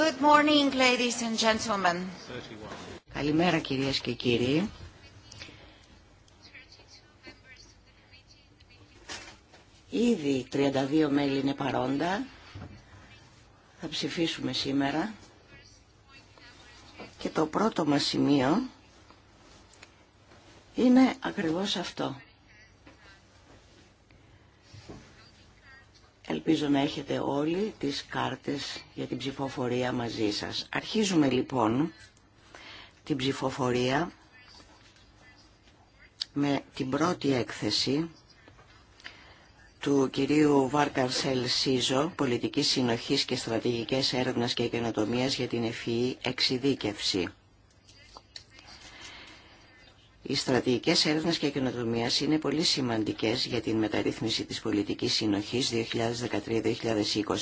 Good Καλημέρα κυρίες και κύριοι. Ήδη 32 μέλη είναι παρόντα. Θα ψηφίσουμε σήμερα. Και το πρώτο μας σημείο είναι ακριβώς αυτό. Ελπίζω να έχετε όλοι τις κάρτες για την ψηφοφορία μαζί σας. Αρχίζουμε λοιπόν την ψηφοφορία με την πρώτη έκθεση του κυρίου Βάρκαρσελ Σίζο, Πολιτικής Συνοχής και Στρατηγικές Έρευνας και Καινοτομίας για την εφή Εξειδίκευση. Οι στρατηγικές έρευνε και καινοτομία είναι πολύ σημαντικές για την μεταρρύθμιση της πολιτικής συνοχής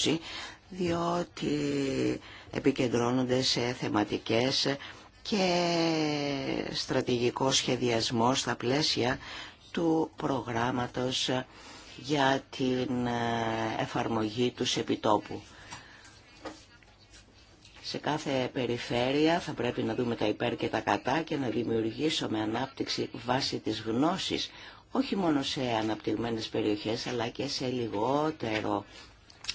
2013-2020, διότι επικεντρώνονται σε θεματικές και στρατηγικό σχεδιασμό στα πλαίσια του προγράμματος για την ε, εφαρμογή τους επιτόπου. Σε κάθε περιφέρεια θα πρέπει να δούμε τα υπέρ και τα κατά και να δημιουργήσουμε ανάπτυξη βάσει της γνώσης, όχι μόνο σε αναπτυγμένες περιοχές αλλά και σε λιγότερο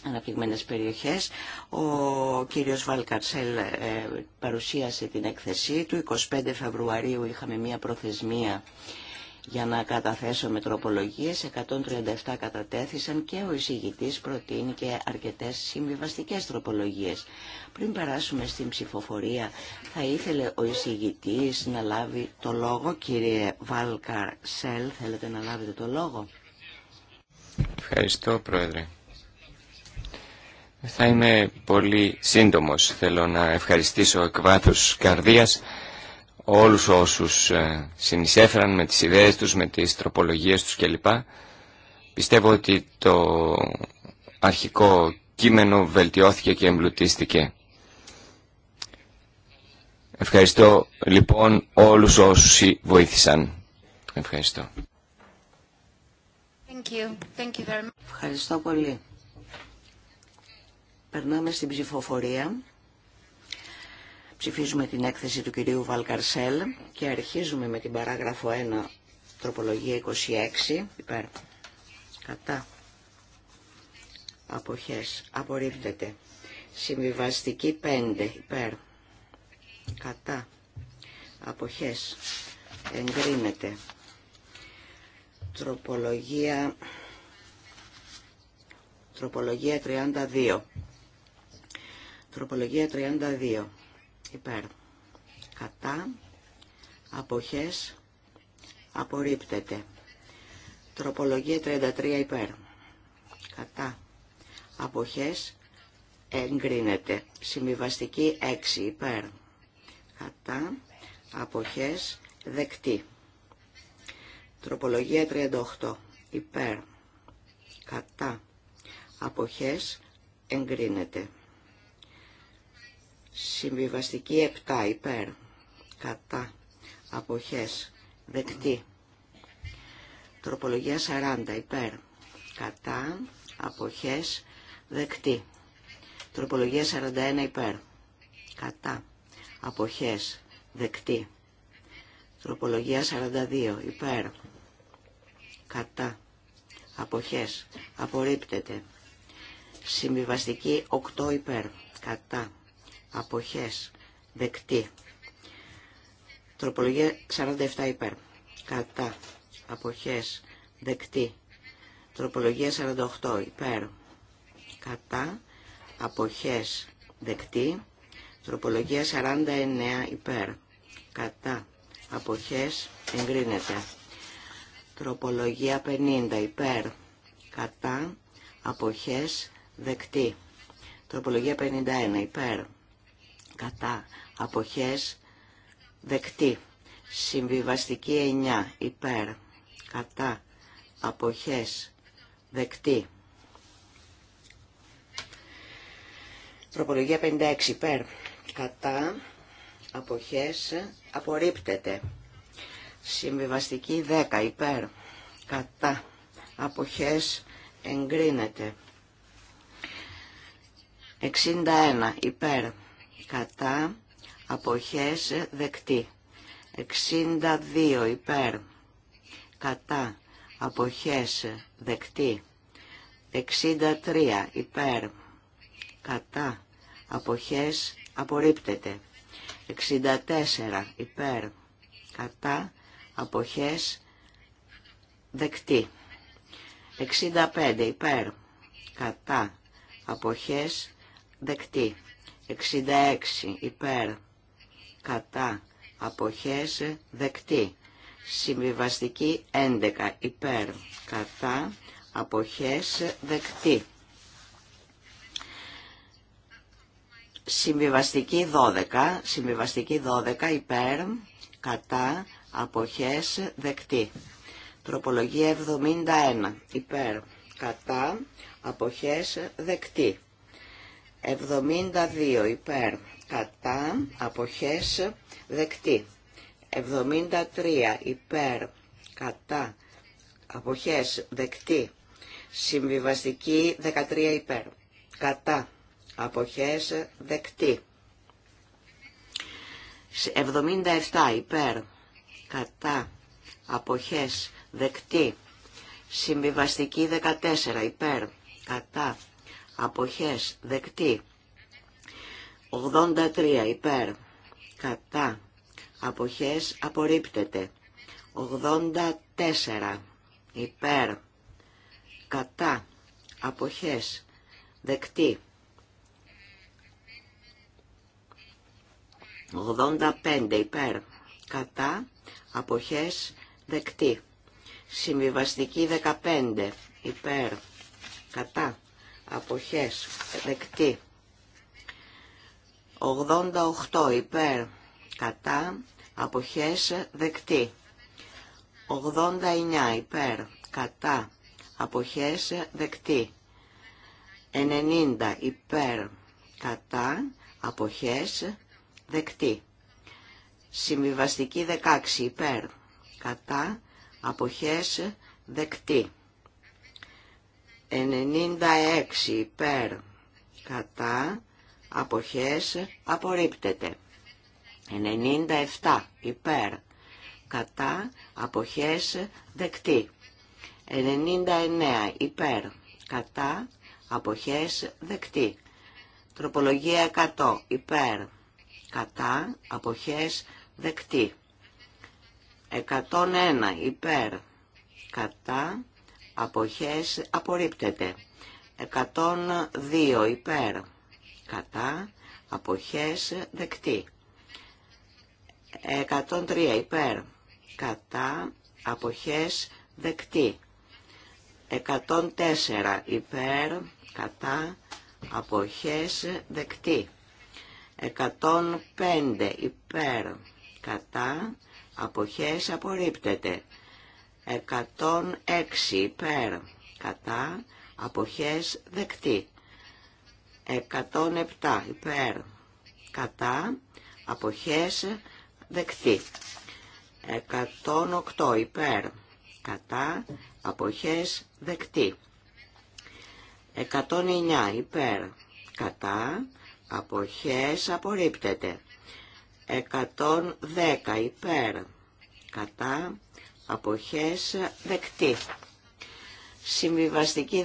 αναπτυγμένες περιοχές. Ο κύριος Βαλκαρσέλ ε, παρουσίασε την έκθεσή του. 25 Φεβρουαρίου είχαμε μία προθεσμία για να καταθέσω με 137 κατατέθησαν και ο εισηγητής προτείνει και αρκετές συμβιβαστικές τροπολογίες. Πριν περάσουμε στην ψηφοφορία, θα ήθελε ο εισηγητής να λάβει το λόγο. Κύριε Βάλκαρ Σέλ, θέλετε να λάβετε το λόγο. Ευχαριστώ, Πρόεδρε. Θα είμαι πολύ σύντομος. Θέλω να ευχαριστήσω εκ βάθους καρδίας όλους όσους ε, συνεισέφεραν με τις ιδέες τους, με τις τροπολογίες τους κλπ. Πιστεύω ότι το αρχικό κείμενο βελτιώθηκε και εμπλουτίστηκε. Ευχαριστώ λοιπόν όλους όσους βοήθησαν. Ευχαριστώ. Thank you. Thank you very Ευχαριστώ πολύ. Περνάμε στην ψηφοφορία. Ψηφίζουμε την έκθεση του κυρίου Βαλκαρσέλ και αρχίζουμε με την παράγραφο 1, τροπολογία 26, υπέρ, κατά, αποχές, απορρίπτεται. Συμβιβαστική 5, υπέρ, κατά, αποχές, εγκρίνεται. Τροπολογία, τροπολογία 32. Τροπολογία 32 υπέρ κατά αποχές απορρίπτεται τροπολογία 33 υπέρ κατά αποχές εγκρίνεται συμβιβαστική 6 υπέρ κατά αποχές δεκτή τροπολογία 38 υπέρ κατά αποχές εγκρίνεται Συμβιβαστική 7 υπέρ. Κατά. Αποχές. Δεκτή. Τροπολογία 40 υπέρ. Κατά. Αποχές. Δεκτή. Τροπολογία 41 υπέρ. Κατά. Αποχές. Δεκτή. Τροπολογία 42 υπέρ. Κατά. Αποχές. Απορρίπτεται. Συμβιβαστική 8 υπέρ. Κατά αποχές δεκτή τροπολογία 47 υπέρ κατά αποχές δεκτή τροπολογία 48 υπέρ κατά αποχές δεκτή τροπολογία 49 υπέρ κατά αποχές εγκρίνεται τροπολογία 50 υπέρ κατά αποχές δεκτή τροπολογία 51 υπέρ κατά αποχές δεκτή. Συμβιβαστική 9 υπέρ κατά αποχές δεκτή. Τροπολογία 56 υπέρ κατά αποχές απορρίπτεται. Συμβιβαστική 10 υπέρ κατά αποχές εγκρίνεται. 61 υπέρ κατά αποχές δεκτή 62 υπέρ κατά αποχές δεκτή 63 υπέρ κατά αποχές απορρίπτεται 64 υπέρ κατά αποχές δεκτή 65 υπέρ κατά αποχές δεκτή 66 υπέρ κατά αποχές δεκτή. Συμβιβαστική 11 υπέρ κατά αποχές δεκτή. Συμβιβαστική 12, συμβιβαστική 12 υπέρ κατά αποχές δεκτή. Τροπολογία 71 υπέρ κατά αποχές δεκτή. 72 υπέρ κατά αποχές δεκτή 73 υπέρ κατά αποχές δεκτή συμβιβαστική 13 υπέρ κατά αποχές δεκτή 77 υπέρ κατά αποχές δεκτή συμβιβαστική 14 υπέρ κατά αποχές δεκτή 83 υπέρ κατά αποχές απορρίπτεται 84 υπέρ κατά αποχές δεκτή 85 υπέρ κατά αποχές δεκτή συμβιβαστική 15 υπέρ κατά αποχές δεκτή 88 υπέρ κατά αποχές δεκτή 89 υπέρ κατά αποχές δεκτή 90 υπέρ κατά αποχές δεκτή συμβιβαστική 16 υπέρ κατά αποχές δεκτή 96 υπέρ κατά αποχές απορρίπτεται. 97 υπέρ κατά αποχές δεκτή. 99 υπέρ κατά αποχές δεκτή. Τροπολογία 100 υπέρ κατά αποχές δεκτή. 101 υπέρ κατά αποχές απορρίπτεται. 102 υπέρ κατά αποχές δεκτή. 103 υπέρ κατά αποχές δεκτή. 104 υπέρ κατά αποχές δεκτή. 105 υπέρ κατά αποχές απορρίπτεται. 106 υπέρ κατά αποχές δεκτή 107 υπέρ κατά αποχές δεκτή 108 υπέρ κατά αποχές δεκτή 109 υπέρ κατά αποχές απορρίπτεται 110 υπέρ κατά αποχές δεκτή. Συμβιβαστική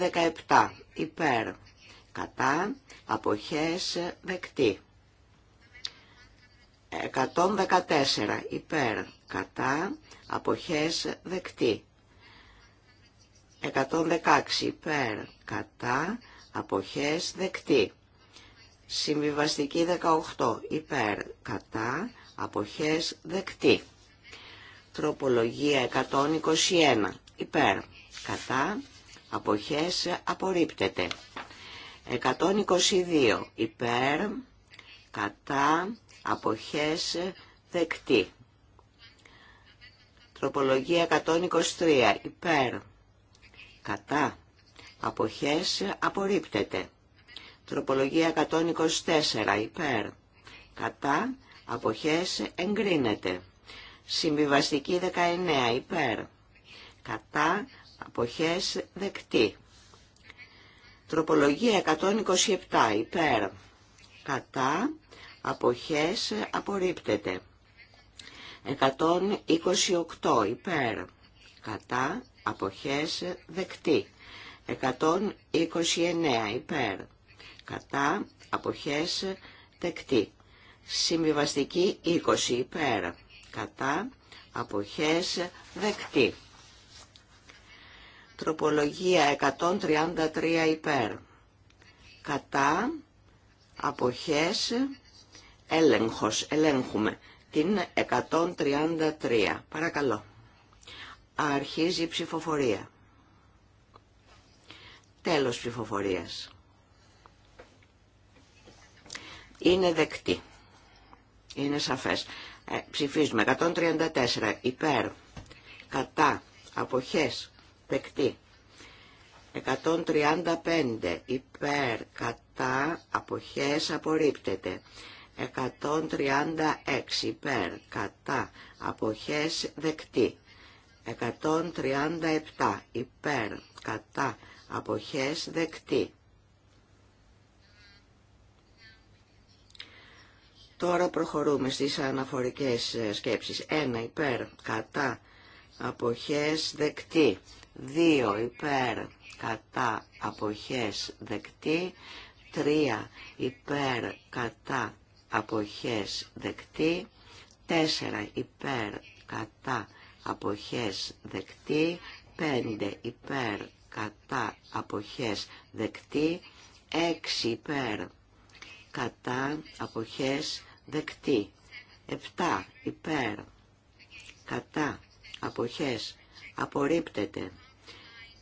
17 υπέρ κατά αποχές δεκτή. 114 υπέρ κατά αποχές δεκτή. 116 υπέρ κατά αποχές δεκτή. Συμβιβαστική 18 υπέρ κατά αποχές δεκτή. Τροπολογία 121. Υπέρ. Κατά. Αποχές απορρίπτεται. 122. Υπέρ. Κατά. Αποχές δεκτή. Τροπολογία 123. Υπέρ. Κατά. Αποχές απορρίπτεται. Τροπολογία 124. Υπέρ. Κατά. Αποχές εγκρίνεται. Συμβιβαστική 19 υπέρ. Κατά αποχές δεκτή. Τροπολογία 127 υπέρ. Κατά αποχές απορρίπτεται. 128 υπέρ. Κατά αποχές δεκτή. 129 υπέρ. Κατά αποχές δεκτή. Συμβιβαστική 20 υπέρ κατά αποχές δεκτή. Τροπολογία 133 υπέρ. Κατά αποχές έλεγχος. Ελέγχουμε την 133. Παρακαλώ. Αρχίζει η ψηφοφορία. Τέλος ψηφοφορίας. Είναι δεκτή. Είναι σαφές. Ε, ψηφίζουμε 134 υπέρ κατά αποχές δεκτή 135 υπέρ κατά αποχές απορρίπτεται 136 υπέρ κατά αποχές δεκτή 137 υπέρ κατά αποχές δεκτή Τώρα προχωρούμε στις αναφορικές ε, σκέψεις. 1 υπέρ κατά αποχές δεκτή. 2 υπέρ κατά αποχές δεκτή. 3 υπέρ κατά αποχές δεκτή. 4 υπέρ κατά αποχές δεκτή. 5 υπέρ κατά αποχές δεκτή. 6 υπέρ κατά αποχές δεκτή. 7 υπέρ κατά αποχές απορρίπτεται.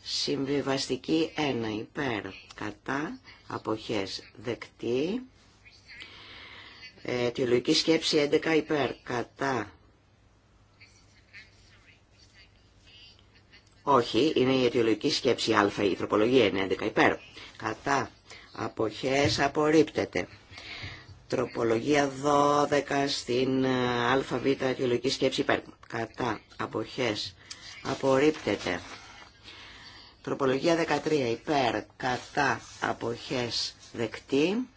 Συμβιβαστική 1 υπέρ κατά αποχές δεκτή. Ε, τη σκέψη 11 υπέρ κατά Όχι, είναι η αιτιολογική σκέψη α, η τροπολογία είναι 11 υπέρ. Κατά αποχές απορρίπτεται. Τροπολογία 12 στην ε, ΑΒ αιτιολογική σκέψη υπέρ. Κατά. Αποχές. Απορρίπτεται. Τροπολογία 13 υπέρ. Κατά. Αποχές. Δεκτή.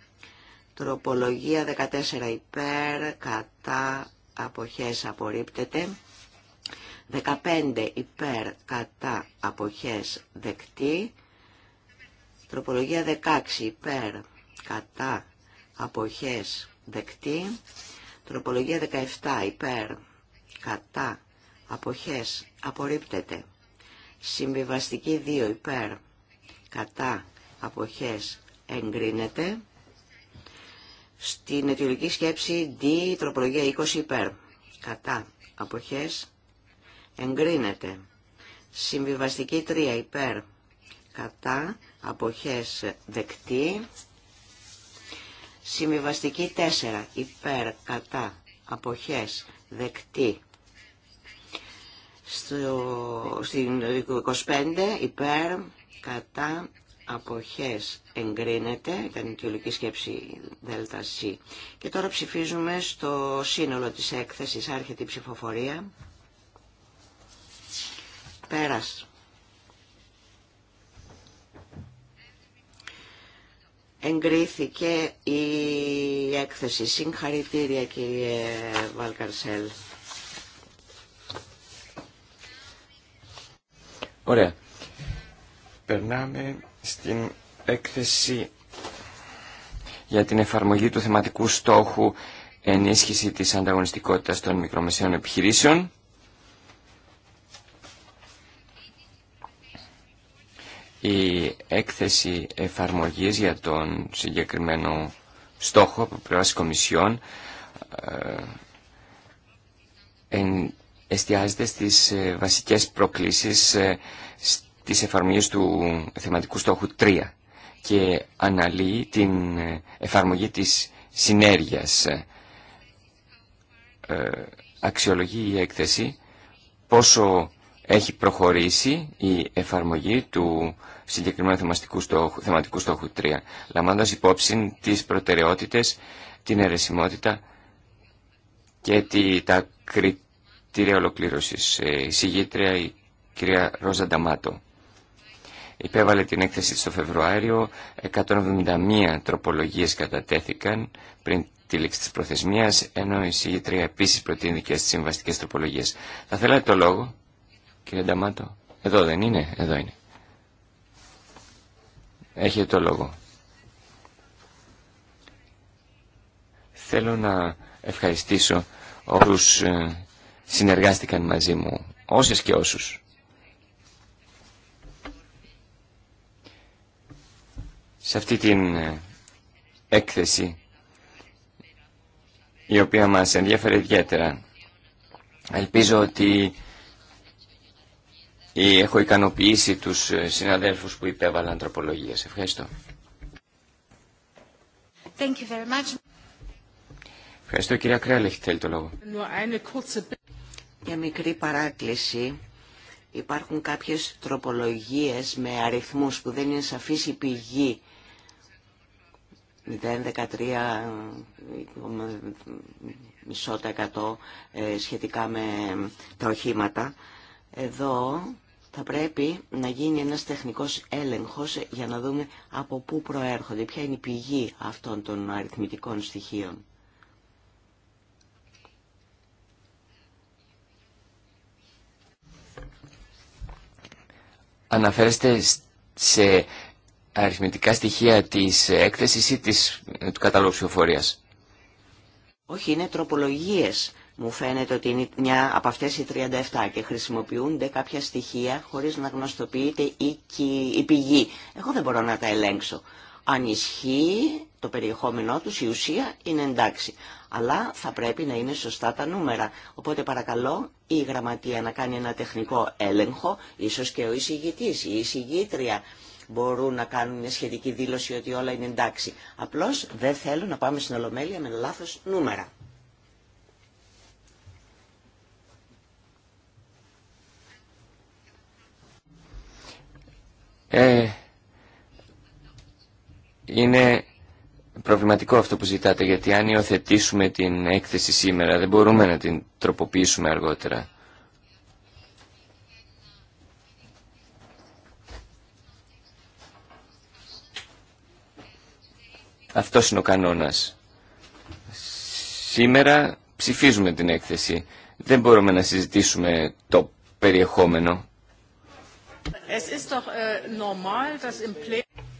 Τροπολογία 14 υπέρ. Κατά. Αποχές. Απορρίπτεται. 15 υπέρ. Κατά. Αποχές. Δεκτή. Τροπολογία 16 υπέρ. Κατά αποχές δεκτή. Τροπολογία 17 υπέρ κατά αποχές απορρίπτεται. Συμβιβαστική 2 υπέρ κατά αποχές εγκρίνεται. Στην αιτιολογική σκέψη D τροπολογία 20 υπέρ κατά αποχές εγκρίνεται. Συμβιβαστική 3 υπέρ κατά αποχές δεκτή. Συμβιβαστική 4. Υπέρ, κατά, αποχές, δεκτή. Στο, στην 25 υπέρ, κατά, αποχές εγκρίνεται, η αιτιολογική σκέψη ΔΕΛΤΑ Και τώρα ψηφίζουμε στο σύνολο της έκθεσης, άρχεται η ψηφοφορία. Πέρας. Εγκρίθηκε η έκθεση. Συγχαρητήρια κύριε Βαλκαρσέλ. Ωραία. Περνάμε στην έκθεση για την εφαρμογή του θεματικού στόχου ενίσχυση της ανταγωνιστικότητας των μικρομεσαίων επιχειρήσεων. Η έκθεση εφαρμογής για τον συγκεκριμένο στόχο από πλευράς Κομισιόν ε, εστιάζεται στις ε, βασικές προκλήσεις ε, της εφαρμογής του θεματικού στόχου 3 και αναλύει την εφαρμογή της συνέργειας. Αξιολογεί η έκθεση πόσο έχει προχωρήσει η εφαρμογή του συγκεκριμένου θεματικού στόχου, θεματικού στόχου 3, λαμβάνοντας υπόψη τις προτεραιότητες, την αιρεσιμότητα και τη, τα κριτήρια ολοκλήρωσης. Ε, η συγγήτρια η κυρία Ρόζα Νταμάτο υπέβαλε την έκθεση στο Φεβρουάριο, 171 τροπολογίες κατατέθηκαν πριν τη λήξη της προθεσμίας, ενώ η συγγήτρια επίσης προτείνει και στις συμβαστικές τροπολογίες. Θα θέλατε το λόγο. Κύριε Νταμάτο, εδώ δεν είναι, εδώ είναι. Έχετε το λόγο. Θέλω να ευχαριστήσω όσους ε, συνεργάστηκαν μαζί μου, όσες και όσους. Σε αυτή την ε, έκθεση, η οποία μας ενδιαφέρει ιδιαίτερα, ελπίζω ότι ή έχω ικανοποιήσει τους ε, συναδέλφους που υπέβαλαν τροπολογίες. Ευχαριστώ. Thank you very much. Ευχαριστώ κυρία Κρέαλ, έχει θέλει το λόγο. Μια μικρή παράκληση. Υπάρχουν κάποιες τροπολογίες με αριθμούς που δεν είναι σαφής η πηγή. 0,13 μισό τα εκατό ε, σχετικά με τα οχήματα. Εδώ θα πρέπει να γίνει ένας τεχνικός έλεγχος για να δούμε από πού προέρχονται, ποια είναι η πηγή αυτών των αριθμητικών στοιχείων. Αναφέρεστε σε αριθμητικά στοιχεία της έκθεσης ή της, του καταλόγου Όχι, είναι τροπολογίες μου φαίνεται ότι είναι μια από αυτές οι 37 και χρησιμοποιούνται κάποια στοιχεία χωρίς να γνωστοποιείται η, η πηγή. Εγώ δεν μπορώ να τα ελέγξω. Αν ισχύει το περιεχόμενό τους, η ουσία είναι εντάξει. Αλλά θα πρέπει να είναι σωστά τα νούμερα. Οπότε παρακαλώ η γραμματεία να κάνει ένα τεχνικό έλεγχο, ίσως και ο εισηγητής ή η εισηγήτρια μπορούν να κάνουν μια σχετική δήλωση ότι όλα είναι εντάξει. Απλώς δεν θέλω να πάμε στην Ολομέλεια με λάθος νούμερα. Ε, είναι προβληματικό αυτό που ζητάτε, γιατί αν υιοθετήσουμε την έκθεση σήμερα, δεν μπορούμε να την τροποποιήσουμε αργότερα. Αυτός είναι ο κανόνας. Σήμερα ψηφίζουμε την έκθεση. Δεν μπορούμε να συζητήσουμε το περιεχόμενο. Äh,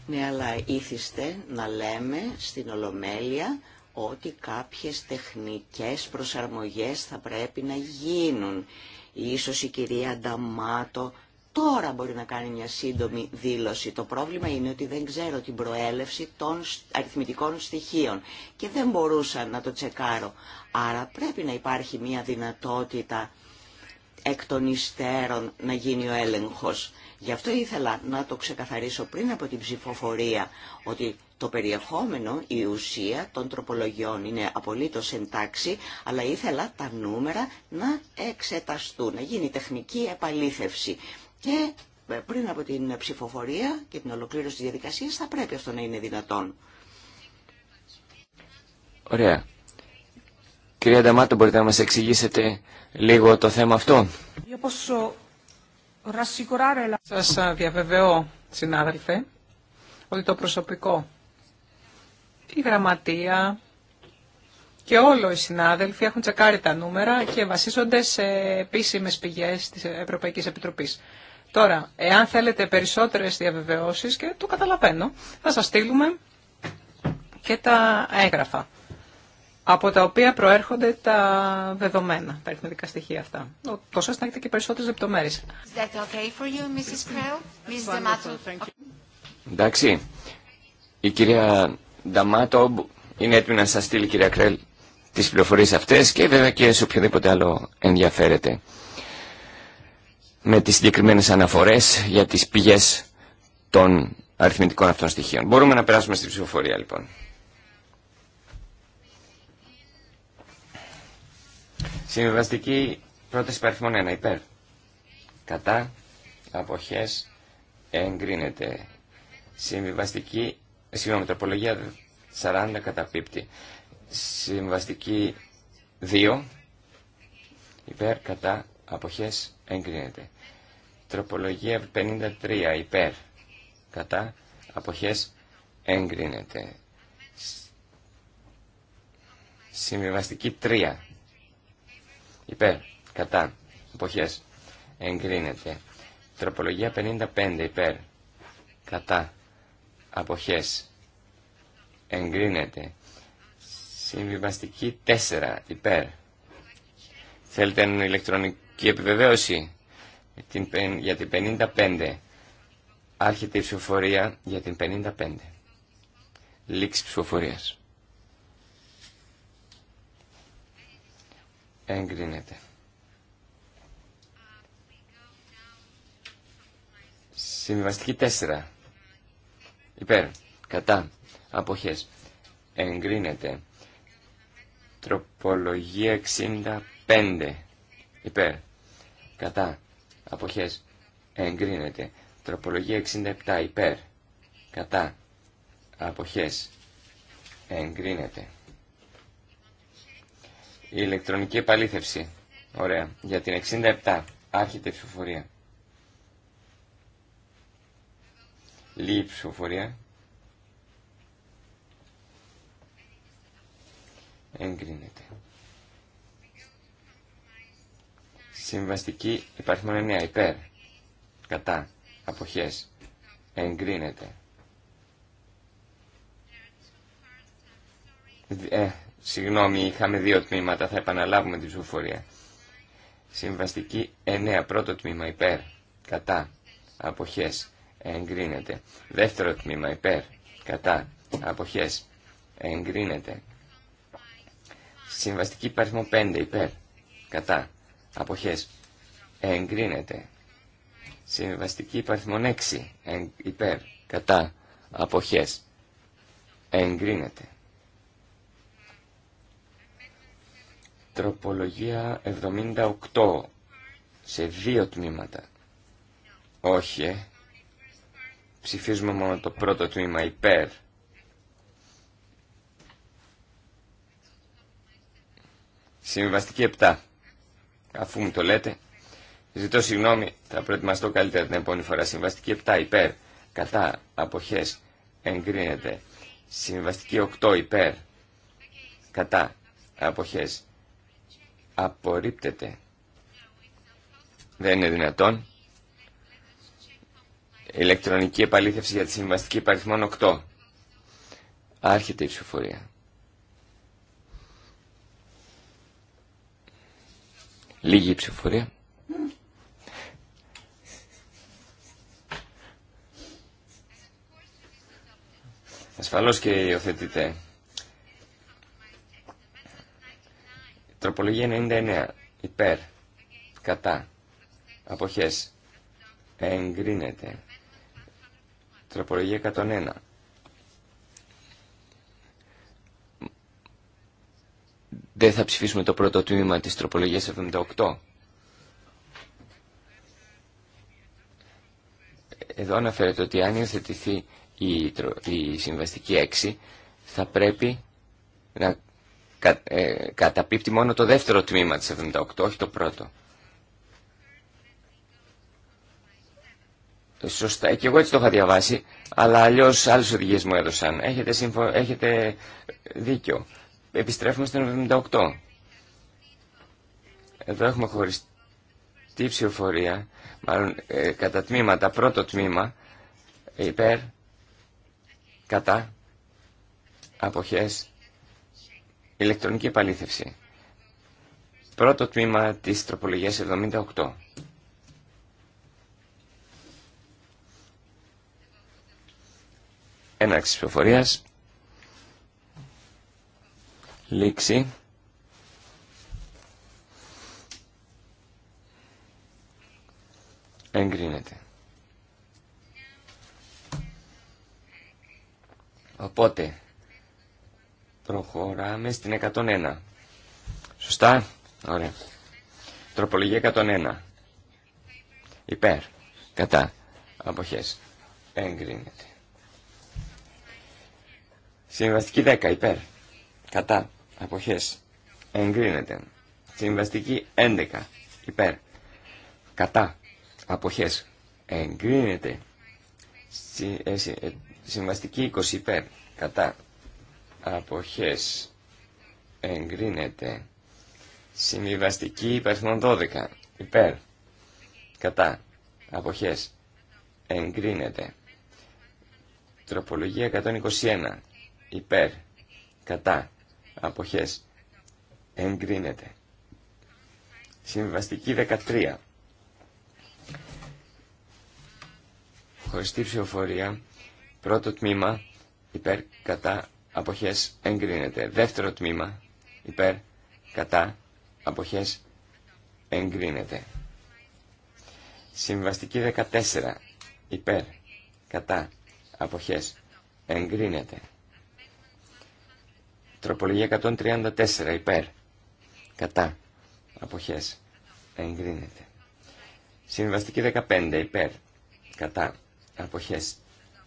ναι, αλλά ήθιστε να λέμε στην Ολομέλεια ότι κάποιες τεχνικές προσαρμογές θα πρέπει να γίνουν. Ίσως η κυρία Νταμάτο τώρα μπορεί να κάνει μια σύντομη δήλωση. Το πρόβλημα είναι ότι δεν ξέρω την προέλευση των αριθμητικών στοιχείων και δεν μπορούσα να το τσεκάρω. Άρα πρέπει να υπάρχει μια δυνατότητα εκ των υστέρων να γίνει ο έλεγχος. Γι' αυτό ήθελα να το ξεκαθαρίσω πριν από την ψηφοφορία, ότι το περιεχόμενο, η ουσία των τροπολογιών είναι απολύτως εντάξει, αλλά ήθελα τα νούμερα να εξεταστούν, να γίνει τεχνική επαλήθευση. Και ε, πριν από την ψηφοφορία και την ολοκλήρωση της διαδικασίας θα πρέπει αυτό να είναι δυνατόν. Ωραία. Κυρία Νταμάτο, μπορείτε να μας εξηγήσετε λίγο το θέμα αυτό. Σας διαβεβαιώ, συνάδελφε, ότι το προσωπικό, η γραμματεία και όλοι οι συνάδελφοι έχουν τσεκάρει τα νούμερα και βασίζονται σε επίσημες πηγές της Ευρωπαϊκής Επιτροπής. Τώρα, εάν θέλετε περισσότερες διαβεβαιώσεις, και το καταλαβαίνω, θα σας στείλουμε και τα έγγραφα από τα οποία προέρχονται τα δεδομένα, τα αριθμητικά στοιχεία αυτά. Τόσο να έχετε και περισσότερες λεπτομέρειες. Εντάξει, η κυρία Νταμάτο είναι έτοιμη να σας στείλει κυρία Κρέλ τις πληροφορίες αυτές και βέβαια και σε οποιοδήποτε άλλο ενδιαφέρεται με τις συγκεκριμένες αναφορές για τις πηγές των αριθμητικών αυτών στοιχείων. Μπορούμε να περάσουμε στην ψηφοφορία λοιπόν. Συμβιβαστική πρόταση παριθμών 1 υπέρ. Κατά αποχές εγκρίνεται. Συμβιβαστική, ε, συγγνώμη, τροπολογία 40 καταπίπτει. Συμβαστική 2 υπέρ κατά αποχές εγκρίνεται. Τροπολογία 53 υπέρ κατά αποχές εγκρίνεται. Συμβιβαστική 3 Υπέρ. Κατά. Αποχές. Εγκρίνεται. Τροπολογία 55. Υπέρ. Κατά. Αποχές. Εγκρίνεται. Συμβιβαστική 4. Υπέρ. Θέλετε ηλεκτρονική επιβεβαίωση για την 55. Άρχεται η ψηφοφορία για την 55. Λήξη ψηφοφορίας. εγκρίνεται. Συμβιβαστική 4. Υπέρ. Κατά. Αποχές. Εγκρίνεται. Τροπολογία 65. Υπέρ. Κατά. Αποχές. Εγκρίνεται. Τροπολογία 67. Υπέρ. Κατά. Αποχές. Εγκρίνεται. Η ηλεκτρονική επαλήθευση. Ωραία. Για την 67. Άρχεται η ψηφοφορία. Λίγη ψηφοφορία. Εγκρίνεται. Συμβαστική μόνο μια υπέρ. Κατά. Αποχές. Εγκρίνεται. Ε, Συγγνώμη, είχαμε δύο τμήματα, θα επαναλάβουμε την ψηφοφορία. Συμβαστική 9, πρώτο τμήμα υπέρ, κατά, αποχές, εγκρίνεται. Δεύτερο τμήμα υπέρ, κατά, αποχές, εγκρίνεται. Συμβαστική παριθμό 5 υπέρ, κατά, αποχές, εγκρίνεται. Συμβαστική παριθμό 6 υπέρ, κατά, αποχές, εγκρίνεται. Τροπολογία 78 σε δύο τμήματα. Όχι, ε. Ψηφίζουμε μόνο το πρώτο τμήμα υπέρ. Συμβαστική 7. Αφού μου το λέτε, ζητώ συγγνώμη, θα προετοιμαστώ καλύτερα την επόμενη φορά. Συμβαστική 7 υπέρ. Κατά αποχές εγκρίνεται. Συμβαστική 8 υπέρ. Κατά αποχές απορρίπτεται. Δεν είναι δυνατόν. Ηλεκτρονική επαλήθευση για τη συμβαστική υπαριθμών 8. Άρχεται η ψηφοφορία. Λίγη η ψηφοφορία. Ασφαλώς και υιοθετείτε. Τροπολογία 99. Υπέρ. Κατά. Αποχές. Εγκρίνεται. Τροπολογία 101. Δεν θα ψηφίσουμε το πρώτο τμήμα της τροπολογίας 78. Εδώ αναφέρεται ότι αν υιοθετηθεί η, η συμβαστική 6 θα πρέπει να κα, ε, καταπίπτει μόνο το δεύτερο τμήμα της 78, όχι το πρώτο. Σωστά, και εγώ έτσι το είχα διαβάσει, αλλά αλλιώ άλλε οδηγίες μου έδωσαν. Έχετε, συμφω... Έχετε δίκιο. Επιστρέφουμε στην 78. Εδώ έχουμε χωριστή ψηφοφορία, μάλλον ε, κατά τμήματα, πρώτο τμήμα, υπέρ, κατά, αποχές, Ηλεκτρονική επαλήθευση. Πρώτο τμήμα της τροπολογίας 78. Έναρξη ψηφοφορίας. Λήξη. Εγκρίνεται. Οπότε, Προχωράμε στην 101. Σωστά. Ωραία. Τροπολογία 101. Υπέρ. Κατά. Αποχές. Εγκρίνεται. Συμβαστική 10. Υπέρ. Κατά. Αποχές. Εγκρίνεται. Συμβαστική 11. Υπέρ. Κατά. Αποχές. Εγκρίνεται. Ε, ε, συμβαστική 20. Υπέρ. Κατά αποχές εγκρίνεται συμβιβαστική υπαριθμών 12 υπέρ κατά αποχές εγκρίνεται τροπολογία 121 υπέρ κατά αποχές εγκρίνεται συμβιβαστική 13 χωριστή ψηφοφορία πρώτο τμήμα υπέρ κατά αποχές εγκρίνεται. Δεύτερο τμήμα υπέρ κατά αποχές εγκρίνεται. Συμβαστική 14 υπέρ κατά αποχές εγκρίνεται. Τροπολογία 134 υπέρ κατά αποχές εγκρίνεται. Συμβαστική 15 υπέρ κατά αποχές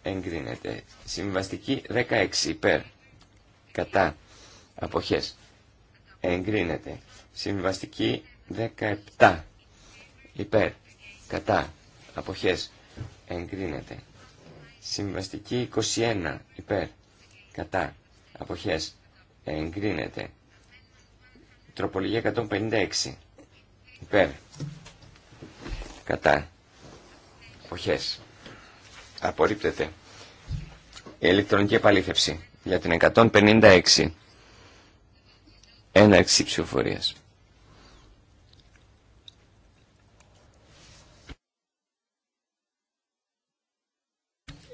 εγκρίνεται. Συμβαστική 16 υπέρ κατά αποχές εγκρίνεται Συμβαστική 17 υπέρ κατά αποχές εγκρίνεται Συμβαστική 21 υπέρ κατά αποχές εγκρίνεται τροπολογία 156 υπέρ κατά αποχές απορρίπτεται ηλεκτρονική επαλήθευση για την 156 έναρξη ψηφοφορίας.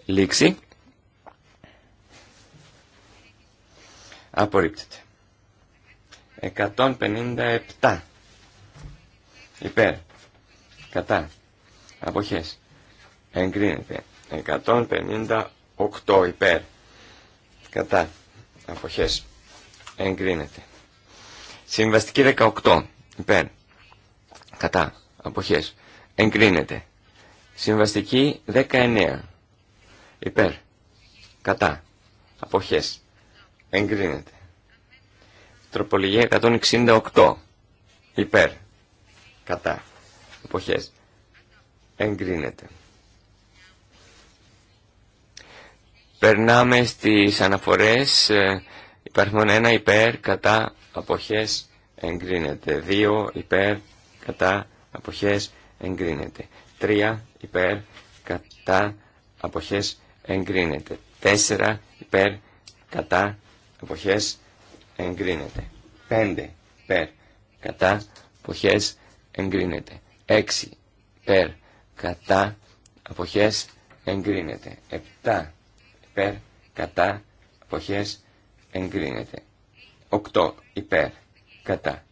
Λήξη. Απορρίπτεται. 157. Υπέρ. Κατά. Αποχές. Εγκρίνεται. 158 υπέρ κατά αποχές εγκρίνεται. Συμβαστική 18 υπέρ κατά αποχές εγκρίνεται. Συμβαστική 19 υπέρ κατά αποχές εγκρίνεται. Τροπολογία 168 υπέρ κατά αποχές εγκρίνεται. Περνάμε στις αναφορές ε, υπάρχουν ένα υπέρ κατά αποχές εγκρίνεται. 2 υπέρ κατά αποχές εγκρίνεται. 3 υπέρ κατά αποχές εγκρίνεται. 4 υπέρ κατά αποχές εγκρίνεται. 5 υπέρ κατά αποχές εγκρίνεται. 6 υπέρ κατά αποχές εγκρίνεται. 7 υπέρ, κατά, αποχές, εγκρίνεται. 8 υπέρ, κατά,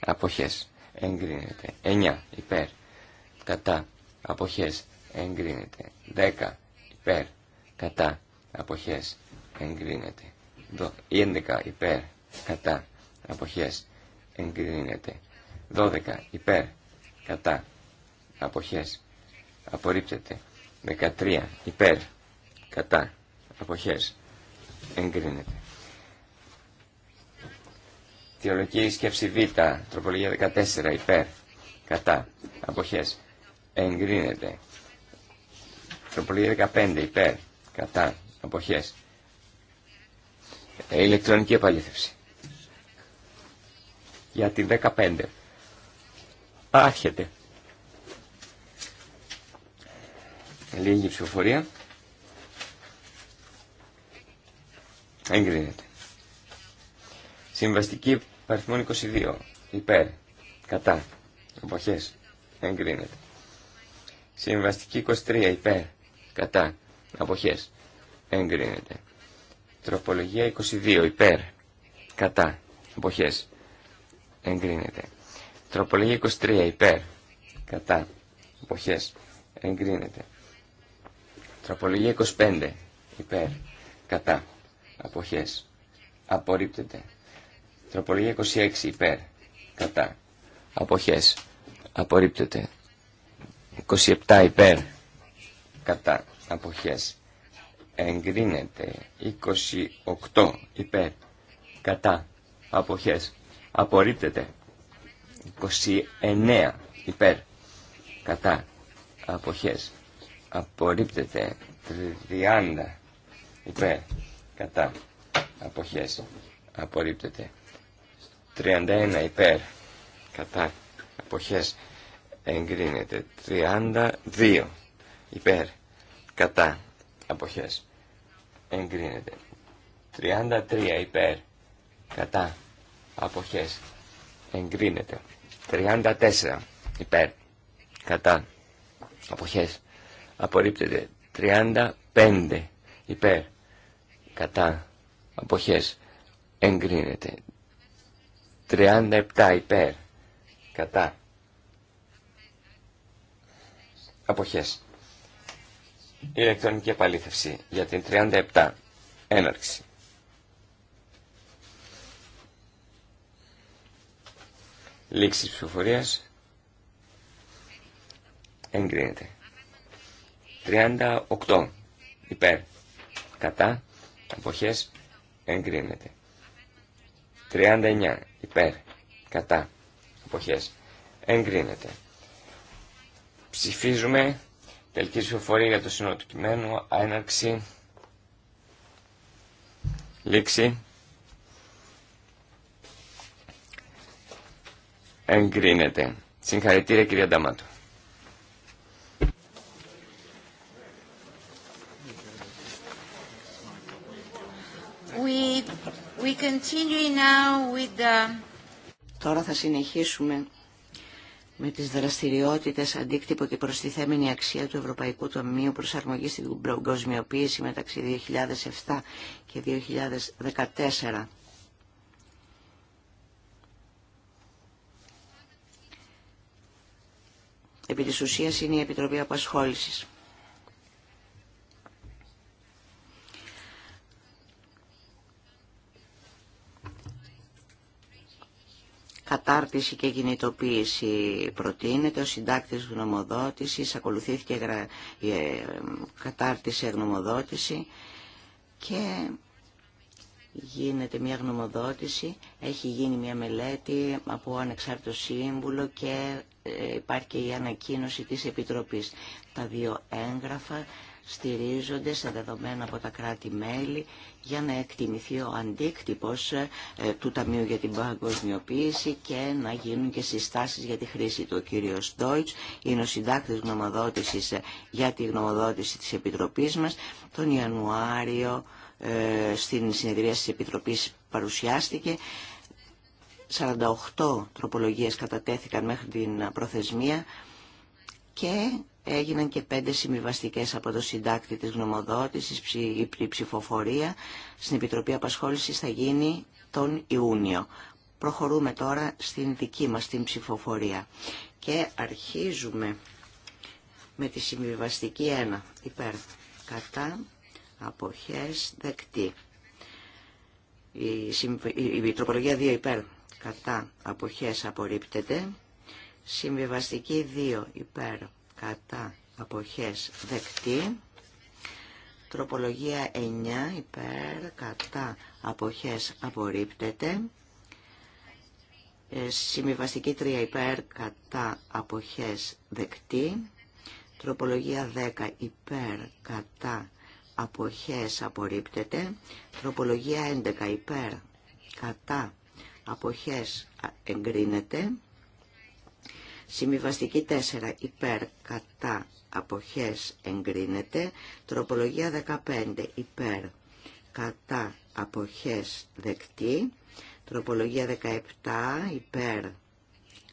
αποχές, εγκρίνεται. 9 υπέρ, κατά, αποχές, εγκρίνεται. 10 υπέρ, κατά, αποχές, εγκρίνεται. 11 υπέρ, κατά, αποχές, εγκρίνεται. 12 υπέρ, κατά, αποχές, απορρίπτεται. 13 υπέρ, κατά, αποχές εγκρίνεται. Θεολογική σκέψη Β, τροπολογία 14, υπέρ, κατά, αποχές, εγκρίνεται. Τροπολογία 15, υπέρ, κατά, αποχές. Ε, ηλεκτρονική επαλήθευση. Για την 15. Άρχεται. Λίγη ψηφοφορία. Εγκρίνεται. Συμβαστική παριθμών 22. Υπέρ. Κατά. Εποχέ. Εγκρίνεται. Συμβαστική 23. Υπέρ. Κατά. Αποχές. Εγκρίνεται. Τροπολογία 22. Υπέρ. Κατά. Αποχές. Εγκρίνεται. Τροπολογία 23. Υπέρ. Κατά. Αποχές. Εγκρίνεται. Τροπολογία 25. Υπέρ. Κατά αποχές απορρίπτεται. Τροπολογία 26 υπέρ κατά αποχές απορρίπτεται. 27 υπέρ κατά αποχές εγκρίνεται. 28 υπέρ κατά αποχές απορρίπτεται. 29 υπέρ κατά αποχές απορρίπτεται 30 υπέρ κατά αποχές απορρίπτεται 31 υπέρ κατά αποχές εγκρίνεται 32 υπέρ κατά αποχές εγκρίνεται 33 υπέρ κατά αποχές εγκρίνεται 34 υπέρ κατά αποχές απορρίπτεται 35 υπέρ κατά αποχές εγκρίνεται 37 υπέρ κατά αποχές ηλεκτρονική επαλήθευση για την 37 έναρξη λήξη ψηφοφορίας εγκρίνεται 38 υπέρ κατά Αποχές εγκρίνεται. 39 υπέρ. Κατά. Αποχές εγκρίνεται. Ψηφίζουμε τελική ψηφοφορία για το σύνολο του κειμένου. Έναρξη. Λήξη. Εγκρίνεται. Συγχαρητήρια κυρία Νταμάτου. Τώρα θα συνεχίσουμε με τις δραστηριότητες αντίκτυπο και προστιθέμενη αξία του Ευρωπαϊκού Τομείου προσαρμογής στην προγκοσμιοποίηση μεταξύ 2007 και 2014. Επί της ουσίας είναι η Επιτροπή Απασχόλησης. Κατάρτιση και κινητοποίηση προτείνεται, ο συντάκτης γνωμοδότησης, ακολουθήθηκε γρα... Ε, κατάρτιση γνωμοδότηση και γίνεται μια γνωμοδότηση, έχει γίνει μια μελέτη από ανεξάρτητο σύμβουλο και ε, υπάρχει και η ανακοίνωση της Επιτροπής. Τα δύο έγγραφα στηρίζονται σε δεδομένα από τα κράτη-μέλη για να εκτιμηθεί ο αντίκτυπος ε, του Ταμείου για την Παγκοσμιοποίηση και να γίνουν και συστάσεις για τη χρήση του. Ο κύριος Ντόιτς είναι ο συντάκτης γνωμοδότησης ε, για τη γνωμοδότηση της Επιτροπής μας τον Ιανουάριο ε, στην συνεδρία της Επιτροπής παρουσιάστηκε 48 τροπολογίες κατατέθηκαν μέχρι την προθεσμία και έγιναν και πέντε συμβιβαστικέ από το συντάκτη της γνωμοδότησης, η ψηφοφορία στην Επιτροπή Απασχόλησης θα γίνει τον Ιούνιο. Προχωρούμε τώρα στην δική μας την ψηφοφορία και αρχίζουμε με τη συμβιβαστική 1 υπέρ κατά αποχές δεκτή. Η, η τροπολογία 2 υπέρ κατά αποχές απορρίπτεται. Συμβιβαστική 2 υπέρ κατά αποχές δεκτή. Τροπολογία 9 υπέρ κατά αποχές απορρίπτεται. Ε, συμβιβαστική 3 υπέρ κατά αποχές δεκτή. Τροπολογία 10 υπέρ κατά αποχές απορρίπτεται. Τροπολογία 11 υπέρ κατά αποχές εγκρίνεται. Συμβιβαστική 4 υπέρ κατά αποχές εγκρίνεται. Τροπολογία 15 υπέρ κατά αποχές δεκτή. Τροπολογία 17 υπέρ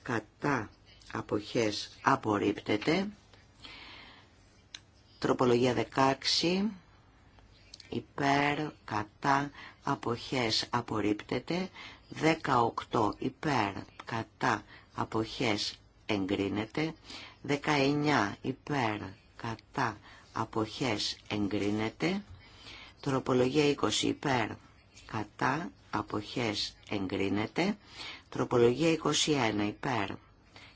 κατά αποχές απορρίπτεται. Τροπολογία 16 υπέρ κατά αποχές απορρίπτεται. 18 υπέρ κατά αποχές εγκρίνεται. 19 υπέρ κατά αποχές εγκρίνεται. Τροπολογία 20 υπέρ κατά αποχές εγκρίνεται. Τροπολογία 21 υπέρ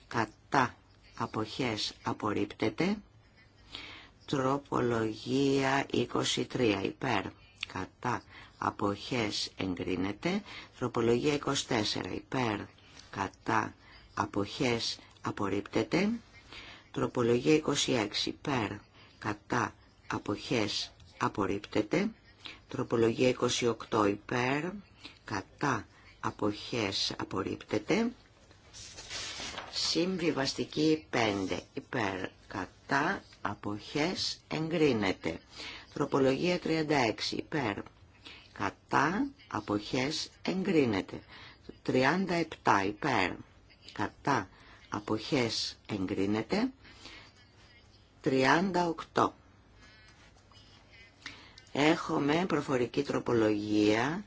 κατά αποχές απορρίπτεται. Τροπολογία 23 υπέρ κατά αποχές εγκρίνεται. Τροπολογία 24 υπέρ κατά αποχές απορρίπτεται. Τροπολογία 26 Περ, κατά αποχές απορρίπτεται. Τροπολογία 28 υπέρ κατά αποχές απορρίπτεται. Συμβιβαστική 5 υπέρ κατά αποχές εγκρίνεται. Τροπολογία 36 υπέρ κατά αποχές εγκρίνεται. 37 υπέρ κατά αποχές εγκρίνεται 38 έχουμε προφορική τροπολογία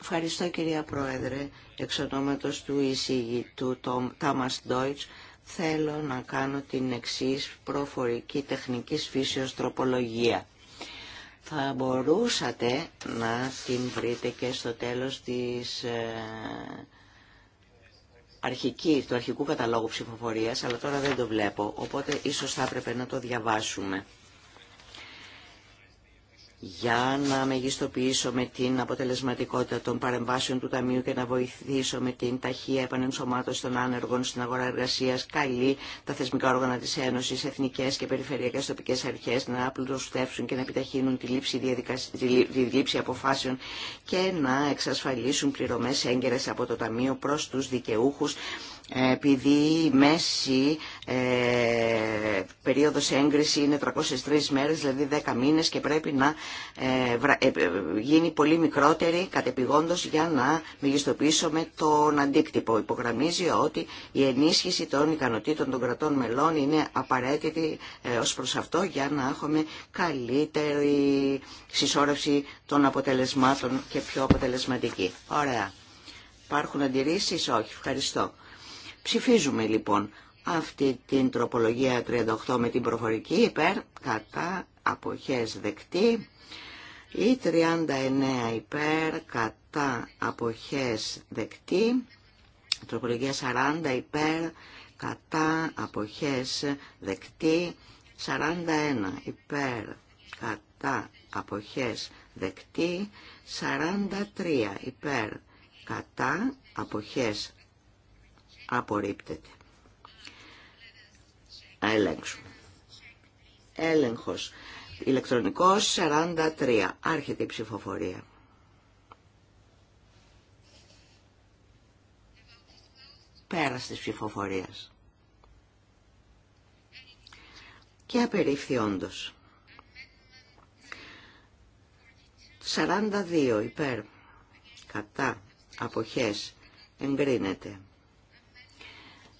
Ευχαριστώ κυρία Πρόεδρε, εξ ονόματος του εισηγητού Τάμας Ντόιτς, θέλω να κάνω την εξής προφορική τεχνικής φύσεως τροπολογία. Θα μπορούσατε να την βρείτε και στο τέλος της ε, αρχική, του αρχικού καταλόγου ψηφοφορίας, αλλά τώρα δεν το βλέπω, οπότε ίσως θα έπρεπε να το διαβάσουμε για να με την αποτελεσματικότητα των παρεμβάσεων του Ταμείου και να βοηθήσω με την ταχεία επανενσωμάτωση των άνεργων στην αγορά εργασία, καλεί τα θεσμικά όργανα τη Ένωση, εθνικέ και περιφερειακέ τοπικέ αρχέ να απλουστεύσουν και να επιταχύνουν τη λήψη, τη λήψη αποφάσεων και να εξασφαλίσουν πληρωμέ έγκαιρε από το Ταμείο προ του δικαιούχου επειδή η μέση ε, περίοδος έγκριση είναι 303 μέρες, δηλαδή 10 μήνες και πρέπει να ε, ε, γίνει πολύ μικρότερη κατεπηγόντως για να μεγιστοποιήσουμε τον αντίκτυπο. Υπογραμμίζει ότι η ενίσχυση των ικανοτήτων των κρατών μελών είναι απαραίτητη ε, ως προς αυτό για να έχουμε καλύτερη συσσόρευση των αποτελεσμάτων και πιο αποτελεσματική. Ωραία. Υπάρχουν αντιρρήσεις? Όχι. Ευχαριστώ. Ψηφίζουμε λοιπόν αυτή την τροπολογία 38 με την προφορική υπέρ, κατά, αποχές δεκτή. Η 39 υπέρ, κατά, αποχές δεκτή. Τροπολογία 40 υπέρ, κατά, αποχές δεκτή. 41 υπέρ, κατά, αποχές δεκτή. 43 υπέρ, κατά, αποχές Απορρίπτεται. Να ελέγξουμε. Έλεγχος. Ηλεκτρονικός 43. Άρχεται η ψηφοφορία. Πέρας της ψηφοφορίας. Και απερίφθη όντως. 42 υπέρ. Κατά. Αποχές. Εγκρίνεται.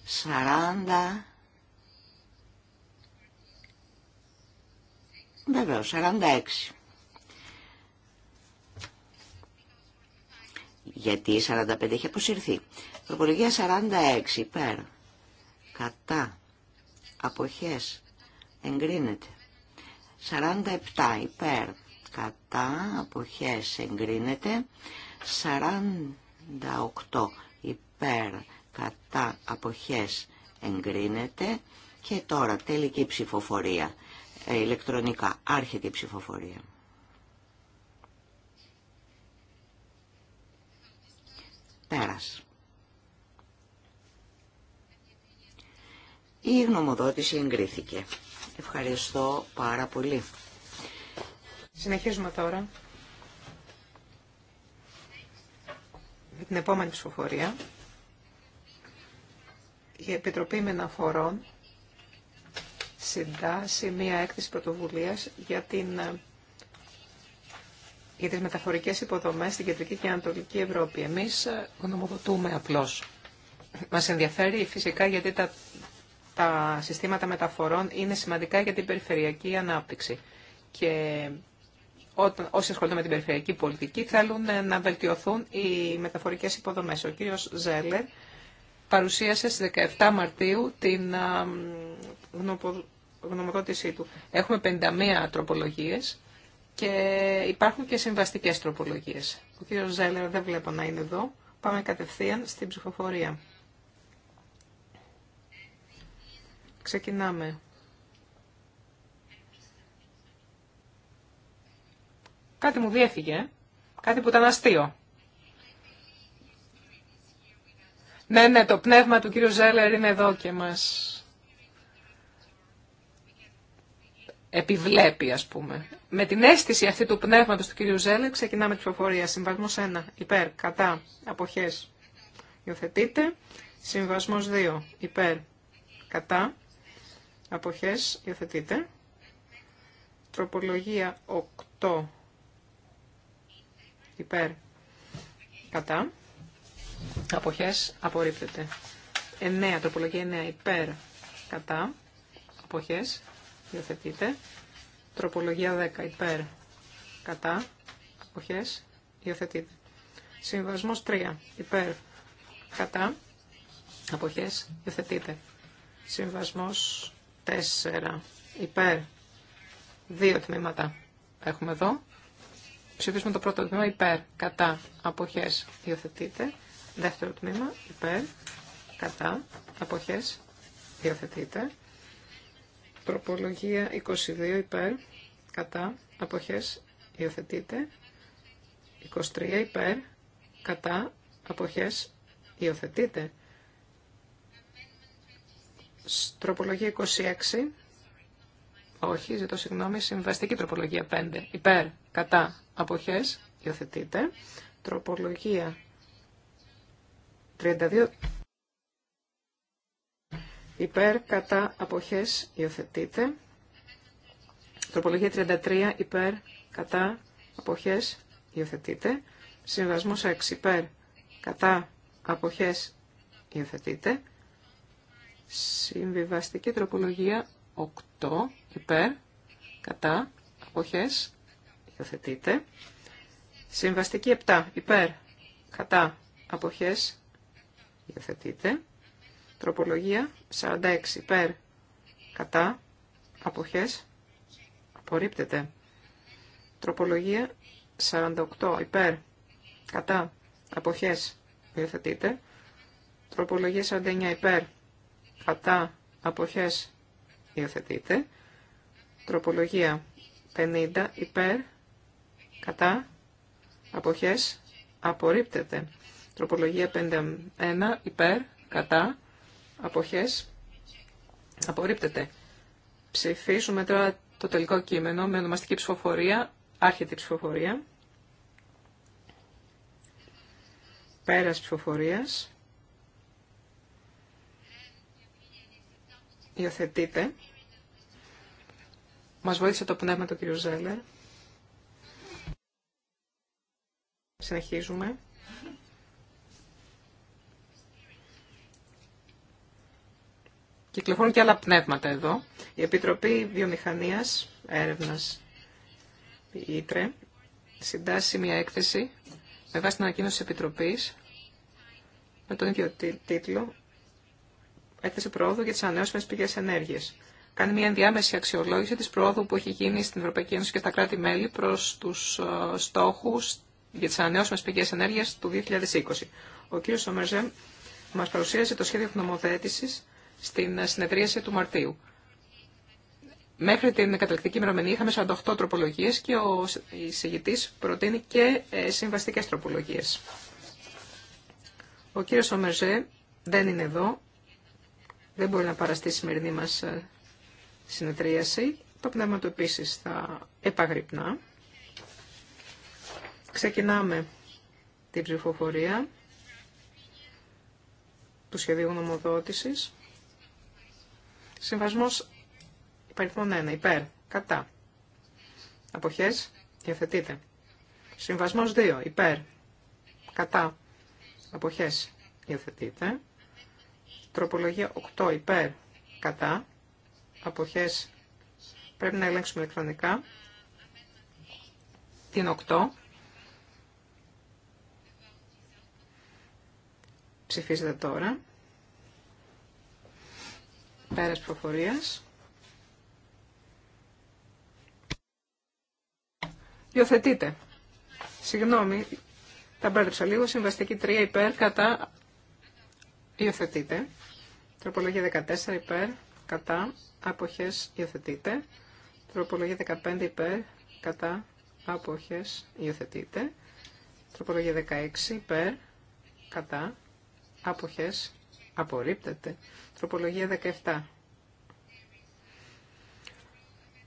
40. Βεβαίω, 46. Γιατί η 45 έχει αποσυρθεί. Προπολογία 46 υπέρ. Κατά. Αποχές. Εγκρίνεται. 47 υπέρ. Κατά. Αποχές. Εγκρίνεται. 48 υπέρ κατά αποχές εγκρίνεται και τώρα τελική ψηφοφορία ε, ηλεκτρονικά άρχεται η ψηφοφορία πέρας η γνωμοδότηση εγκρίθηκε ευχαριστώ πάρα πολύ συνεχίζουμε τώρα με την επόμενη ψηφοφορία η Επιτροπή Μεναφορών συντάσσει μία έκθεση πρωτοβουλίας για, την, για τις μεταφορικές υποδομές στην Κεντρική και Ανατολική Ευρώπη. Εμείς γνωμοδοτούμε απλώς. Μας ενδιαφέρει φυσικά γιατί τα, τα συστήματα μεταφορών είναι σημαντικά για την περιφερειακή ανάπτυξη. Και όσοι ασχολούνται με την περιφερειακή πολιτική θέλουν να βελτιωθούν οι μεταφορικές υποδομές. Ο κύριος Ζέλερ παρουσίασε στις 17 Μαρτίου την γνωμοδότησή του. Έχουμε 51 τροπολογίες και υπάρχουν και συμβαστικές τροπολογίες. Ο κ. Ζέλερ δεν βλέπω να είναι εδώ. Πάμε κατευθείαν στην ψηφοφορία. Ξεκινάμε. Κάτι μου διέφυγε. Κάτι που ήταν αστείο. Ναι, ναι, το πνεύμα του κύριου Ζέλερ είναι εδώ και μας επιβλέπει, ας πούμε. Με την αίσθηση αυτή του πνεύματος του κύριου Ζέλερ ξεκινάμε τη προφορία. Συμβασμός 1, υπέρ, κατά, αποχές, υιοθετείτε. Συμβασμός 2, υπέρ, κατά, αποχές, υιοθετείτε. Τροπολογία 8, υπέρ, κατά Αποχές απορρίπτεται. 9, τροπολογία 9, υπέρ, κατά. Αποχές, υιοθετείται. Τροπολογία 10, υπέρ, κατά. Αποχές, υιοθετείται. Συμβασμός 3, υπέρ, κατά. Αποχές, υιοθετείται. Συμβασμός 4, υπέρ, δύο τμήματα έχουμε εδώ. Ψηφίσουμε το πρώτο τμήμα υπέρ, κατά, αποχές, υιοθετείται. Δεύτερο τμήμα, υπέρ, κατά, αποχές, υιοθετείτε. Τροπολογία 22, υπέρ, κατά, αποχές, υιοθετείτε. 23, υπέρ, κατά, αποχές, υιοθετείτε. Τροπολογία 26, όχι, ζητώ συγγνώμη, συμβαστική τροπολογία 5, υπέρ, κατά, αποχές, υιοθετείτε. Τροπολογία 32 υπέρ κατά αποχές υιοθετείται. Τροπολογία 33 υπέρ κατά αποχές υιοθετείται. Συμβασμός 6 υπέρ κατά αποχές υιοθετείται. Συμβιβαστική τροπολογία 8 υπέρ κατά αποχές υιοθετείται. Συμβαστική 7 υπέρ κατά αποχές Υιοθετείται. Τροπολογία 46 υπέρ κατά αποχές απορρίπτεται. Τροπολογία 48 υπέρ κατά αποχές υιοθετείται. Τροπολογία 49 υπέρ κατά αποχές υιοθετείται. Τροπολογία 50 υπέρ κατά αποχές απορρίπτεται. Τροπολογία 51 υπέρ, κατά, αποχές, απορρίπτεται. Ψηφίσουμε τώρα το τελικό κείμενο με ονομαστική ψηφοφορία, άρχεται ψηφοφορία. Πέρας ψηφοφορίας. Υιοθετείτε. Μας βοήθησε το πνεύμα του κ. Ζέλερ. Συνεχίζουμε. κυκλοφορούν και άλλα πνεύματα εδώ. Η Επιτροπή Βιομηχανίας, Έρευνας, η ΙΤΡΕ, συντάσσει μια έκθεση με βάση την ανακοίνωση της Επιτροπής με τον ίδιο τίτλο «Έκθεση πρόοδου για τις ανανεώσιμες πηγές ενέργειας». Κάνει μια ενδιάμεση αξιολόγηση της πρόοδου που έχει γίνει στην Ευρωπαϊκή Ένωση και τα κράτη-μέλη προς τους ε, στόχους για τις ανανεώσιμες πηγές ενέργειας του 2020. Ο κ. Σομερζέμ μας παρουσίασε το σχέδιο νομοθέτησης στην συνεδρίαση του Μαρτίου. Μέχρι την καταληκτική ημερομηνία είχαμε 48 τροπολογίες και ο εισηγητής προτείνει και ε, συμβαστικές τροπολογίες. Ο κύριος Ομερζέ δεν είναι εδώ, δεν μπορεί να παραστεί η σημερινή μας ε, συνεδρίαση. Το πνεύμα του επίσης θα επαγρυπνά. Ξεκινάμε την ψηφοφορία του σχεδίου νομοδότησης. Συμβασμό υπαριθμών 1. Υπέρ. Κατά. Αποχέ. Διαθετείτε. Συμβασμό 2. Υπέρ. Κατά. Αποχέ. Διαθετείτε. Τροπολογία 8. Υπέρ. Κατά. αποχέ. Πρέπει να ελέγξουμε ηλεκτρονικά. Την 8. Ψηφίζετε τώρα. Πέρας προφορίας. Υιοθετείτε. Συγγνώμη, τα μπέρδεψα λίγο. Συμβαστική 3 υπέρ κατά. Υιοθετείτε. Τροπολογία 14 υπέρ κατά. Αποχές υιοθετείτε. Τροπολογία 15 υπέρ κατά. Αποχές υιοθετείτε. Τροπολογία 16 υπέρ κατά. Αποχές Απορρίπτεται. Τροπολογία 17.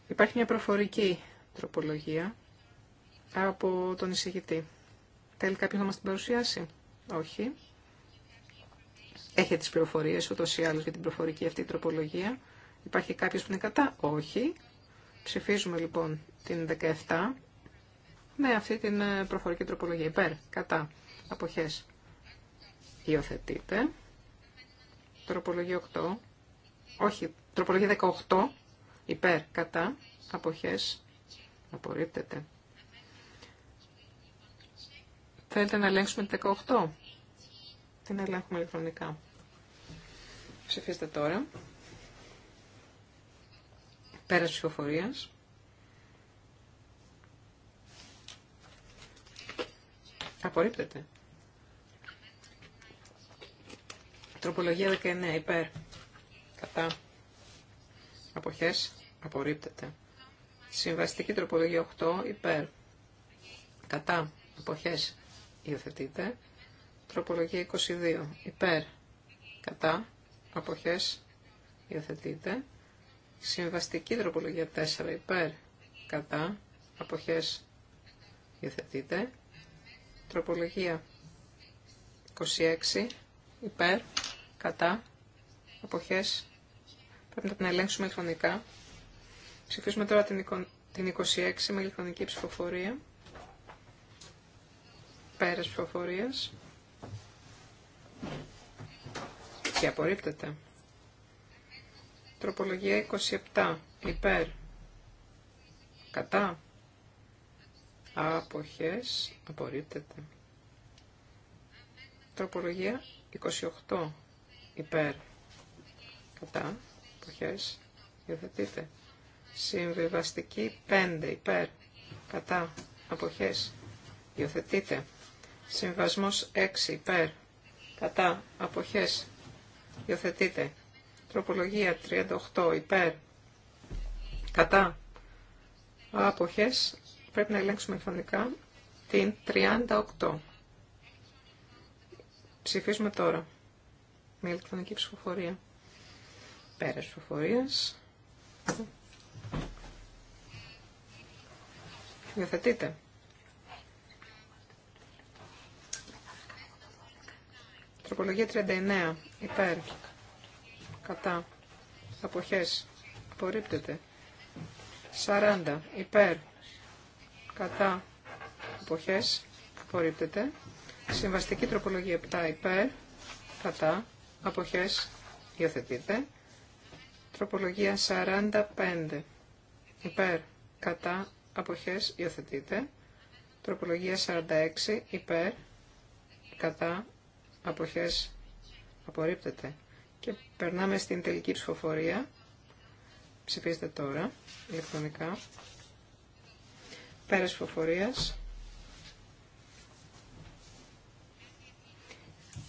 Υπάρχει μια προφορική τροπολογία από τον εισηγητή. Θέλει κάποιος να μας την παρουσιάσει. Όχι. Έχει τις πληροφορίες ούτως ή άλλως για την προφορική αυτή τροπολογία. Υπάρχει κάποιος που είναι κατά. Όχι. Ψηφίζουμε λοιπόν την 17 με αυτή την ε, προφορική τροπολογία. Υπέρ, κατά, αποχές. Υιοθετείται τροπολογία 8, όχι, τροπολογία 18, υπέρ, κατά, αποχές, απορρίπτεται. Θέλετε να ελέγξουμε την 18. Την ελέγχουμε ηλεκτρονικά. Ψηφίστε τώρα. Πέρας ψηφοφορίας. Απορρίπτεται. Τροπολογία 19. Υπέρ. Κατά. Αποχές. Απορρίπτεται. Συμβαστική τροπολογία 8. Υπέρ. Κατά. Αποχές. Υιοθετείται. Τροπολογία 22. Υπέρ. Κατά. Αποχές. Υιοθετείται. Συμβαστική τροπολογία 4. Υπέρ. Κατά. Αποχές. Υιοθετείται. Τροπολογία 26. Υπέρ κατά, αποχές, πρέπει να την ελέγξουμε ηλεκτρονικά. Ψηφίσουμε τώρα την 26 με ηλεκτρονική ψηφοφορία. Πέρας ψηφοφορίας. Και απορρίπτεται. Τροπολογία 27. Υπέρ. Κατά. Αποχές. Απορρίπτεται. Τροπολογία 28 υπέρ κατά εποχές υιοθετείται. Συμβιβαστική 5 υπέρ κατά αποχές υιοθετείται. Συμβασμός 6 υπέρ κατά αποχές υιοθετείται. Τροπολογία 38 υπέρ κατά αποχές πρέπει να ελέγξουμε φωνικά την 38. Ψηφίζουμε τώρα με ηλεκτρονική ψηφοφορία. Πέρα ψηφοφορίας. Υιοθετείτε. Τροπολογία 39. Υπέρ. Κατά. Αποχές. Απορρίπτεται. 40. Υπέρ. Κατά. Αποχές. Απορρίπτεται. Συμβαστική τροπολογία 7. Υπέρ. Κατά αποχές υιοθετείτε. Τροπολογία 45 υπέρ κατά αποχές υιοθετείτε. Τροπολογία 46 υπέρ κατά αποχές απορρίπτεται. Και περνάμε στην τελική ψηφοφορία. Ψηφίστε τώρα ηλεκτρονικά. Πέρας ψηφοφορίας.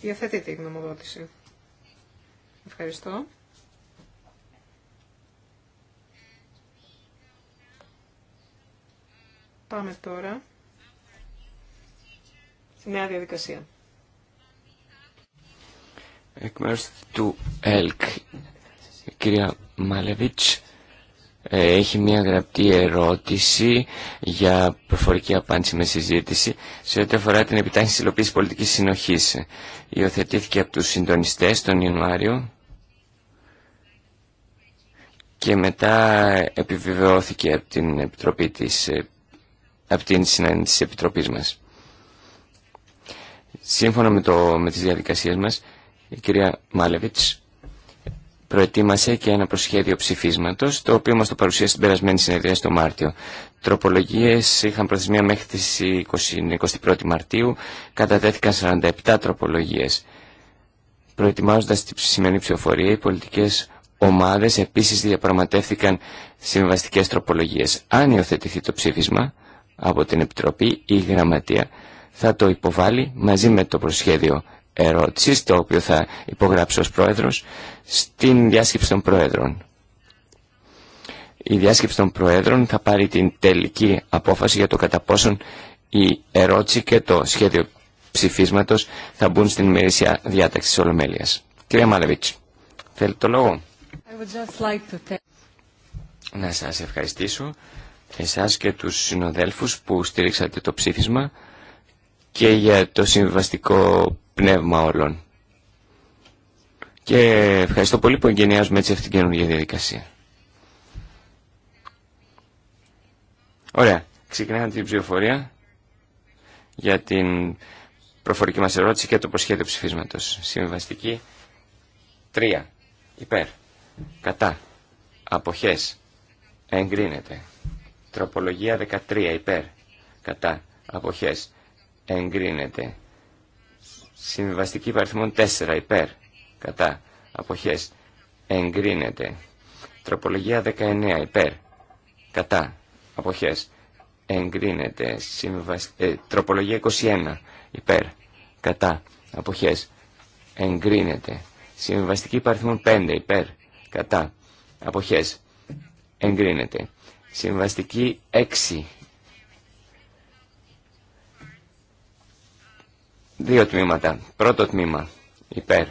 Υιοθετείτε η γνωμοδότηση. Ευχαριστώ. Πάμε τώρα στη νέα διαδικασία. Εκ μέρους του ΕΛΚ, κυρία Μάλεβιτς ε, έχει μια γραπτή ερώτηση για προφορική απάντηση με συζήτηση σε ό,τι αφορά την επιτάχυνση υλοποίηση πολιτικής συνοχής. Υιοθετήθηκε από τους συντονιστές τον Ιανουάριο και μετά επιβεβαιώθηκε από την Επιτροπή της, ε, από την συνάντηση της Επιτροπής μας. Σύμφωνα με, το, με τις διαδικασίες μας, η κυρία Μάλεβιτς προετοίμασε και ένα προσχέδιο ψηφίσματος, το οποίο μα το παρουσίασε στην περασμένη συνεδρία στο Μάρτιο. Τροπολογίες είχαν προθεσμία μέχρι τι 21 21 Μαρτίου, κατατέθηκαν 47 τροπολογίες. προετοιμάζοντα τη σημερινή ψηφοφορία, οι πολιτικές ομάδες επίση διαπραγματεύτηκαν συμβαστικέ τροπολογίε. Αν υιοθετηθεί το ψήφισμα από την Επιτροπή ή η Γραμματεία, θα το υποβάλει μαζί με το προσχέδιο ερώτησης, το οποίο θα υπογράψει ως πρόεδρος, στην διάσκεψη των πρόεδρων. Η διάσκεψη των Προέδρων θα πάρει την τελική απόφαση για το κατά πόσον η ερώτηση και το σχέδιο ψηφίσματος θα μπουν στην ημερήσια διάταξη της Ολομέλειας. Κυρία Μάλεβιτς, θέλετε το λόγο. Να σας ευχαριστήσω εσάς και τους συνοδέλφους που στήριξατε το ψήφισμα και για το συμβαστικό πνεύμα όλων. Και ευχαριστώ πολύ που εγκαινιάζουμε έτσι αυτήν την καινούργια διαδικασία. Ωραία. Ξεκινάμε την ψηφοφορία για την προφορική μας ερώτηση και το προσχέδιο ψηφίσματος. Συμβαστική 3. Υπέρ. Κατά. Αποχές. Εγκρίνεται. Τροπολογία 13. Υπέρ. Κατά. Αποχές. Εγκρίνεται. Συμβαστική παριθμών 4 υπέρ κατά αποχές εγκρίνεται. Τροπολογία 19 υπέρ κατά αποχές εγκρίνεται. Συμβασ... Ε, τροπολογία 21 υπέρ κατά αποχές εγκρίνεται. Συμβαστική παριθμών 5 υπέρ κατά αποχές εγκρίνεται. Συμβαστική 6 Δύο τμήματα. Πρώτο τμήμα. Υπέρ.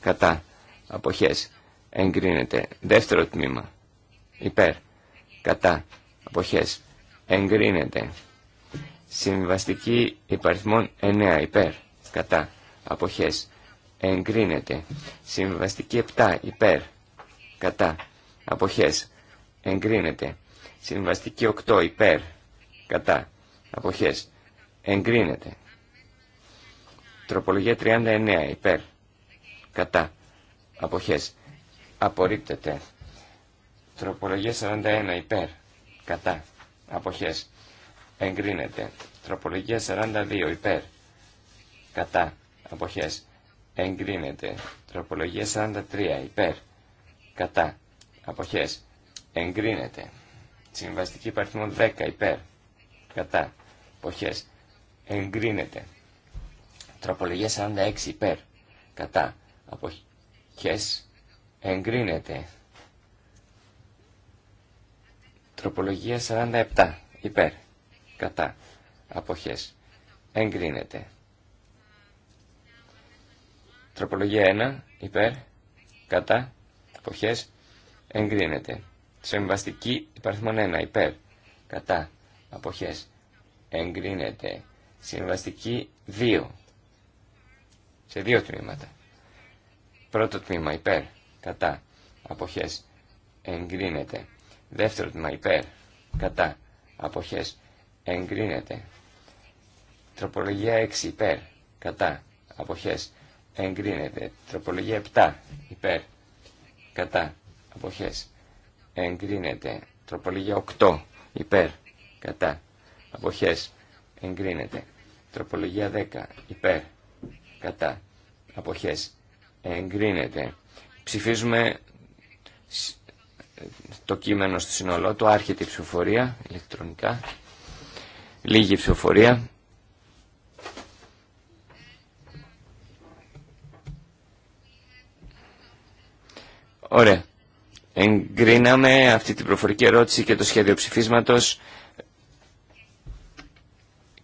Κατά. Αποχές. Εγκρίνεται. Δεύτερο τμήμα. Υπέρ. Κατά. Αποχές. Εγκρίνεται. Συμβαστική υπαριθμών 9. Υπέρ. Κατά. Αποχές. Εγκρίνεται. Συμβαστική 7. Υπέρ. Κατά. Αποχές. Εγκρίνεται. Συμβαστική 8. Υπέρ. Κατά. Αποχές. Εγκρίνεται. Τροπολογία 39 υπέρ. Κατά. Αποχές. Απορρίπτεται. Τροπολογία 41 υπέρ. Κατά. Αποχές. Εγκρίνεται. Τροπολογία 42 υπέρ. Κατά. Αποχές. Εγκρίνεται. Τροπολογία 43 υπέρ. Κατά. Αποχές. Εγκρίνεται. Συμβαστική παριθμό 10 υπέρ. Κατά. Αποχές. Εγκρίνεται. Τροπολογία 46 υπέρ. Κατά. Αποχές. Εγκρίνεται. Τροπολογία 47 υπέρ. Κατά. Αποχές. Εγκρίνεται. Τροπολογία 1 υπέρ. Κατά. Αποχές. Εγκρίνεται. Συμβαστική υπαριθμόν 1 υπέρ. Κατά. Αποχές. Εγκρίνεται. Συμβαστική 2 σε δύο τμήματα. Πρώτο τμήμα υπέρ, κατά, αποχές, εγκρίνεται. Δεύτερο τμήμα υπέρ, κατά, αποχές, εγκρίνεται. Τροπολογία 6 υπέρ, κατά, αποχές, εγκρίνεται. Τροπολογία 7 υπέρ, κατά, αποχές, εγκρίνεται. Τροπολογία 8 υπέρ, κατά, αποχές, εγκρίνεται. Τροπολογία 10 υπέρ, κατά αποχές εγκρίνεται. Ψηφίζουμε το κείμενο στο σύνολό του, άρχεται η ψηφοφορία ηλεκτρονικά, λίγη ψηφοφορία. Ωραία. Εγκρίναμε αυτή την προφορική ερώτηση και το σχέδιο ψηφίσματος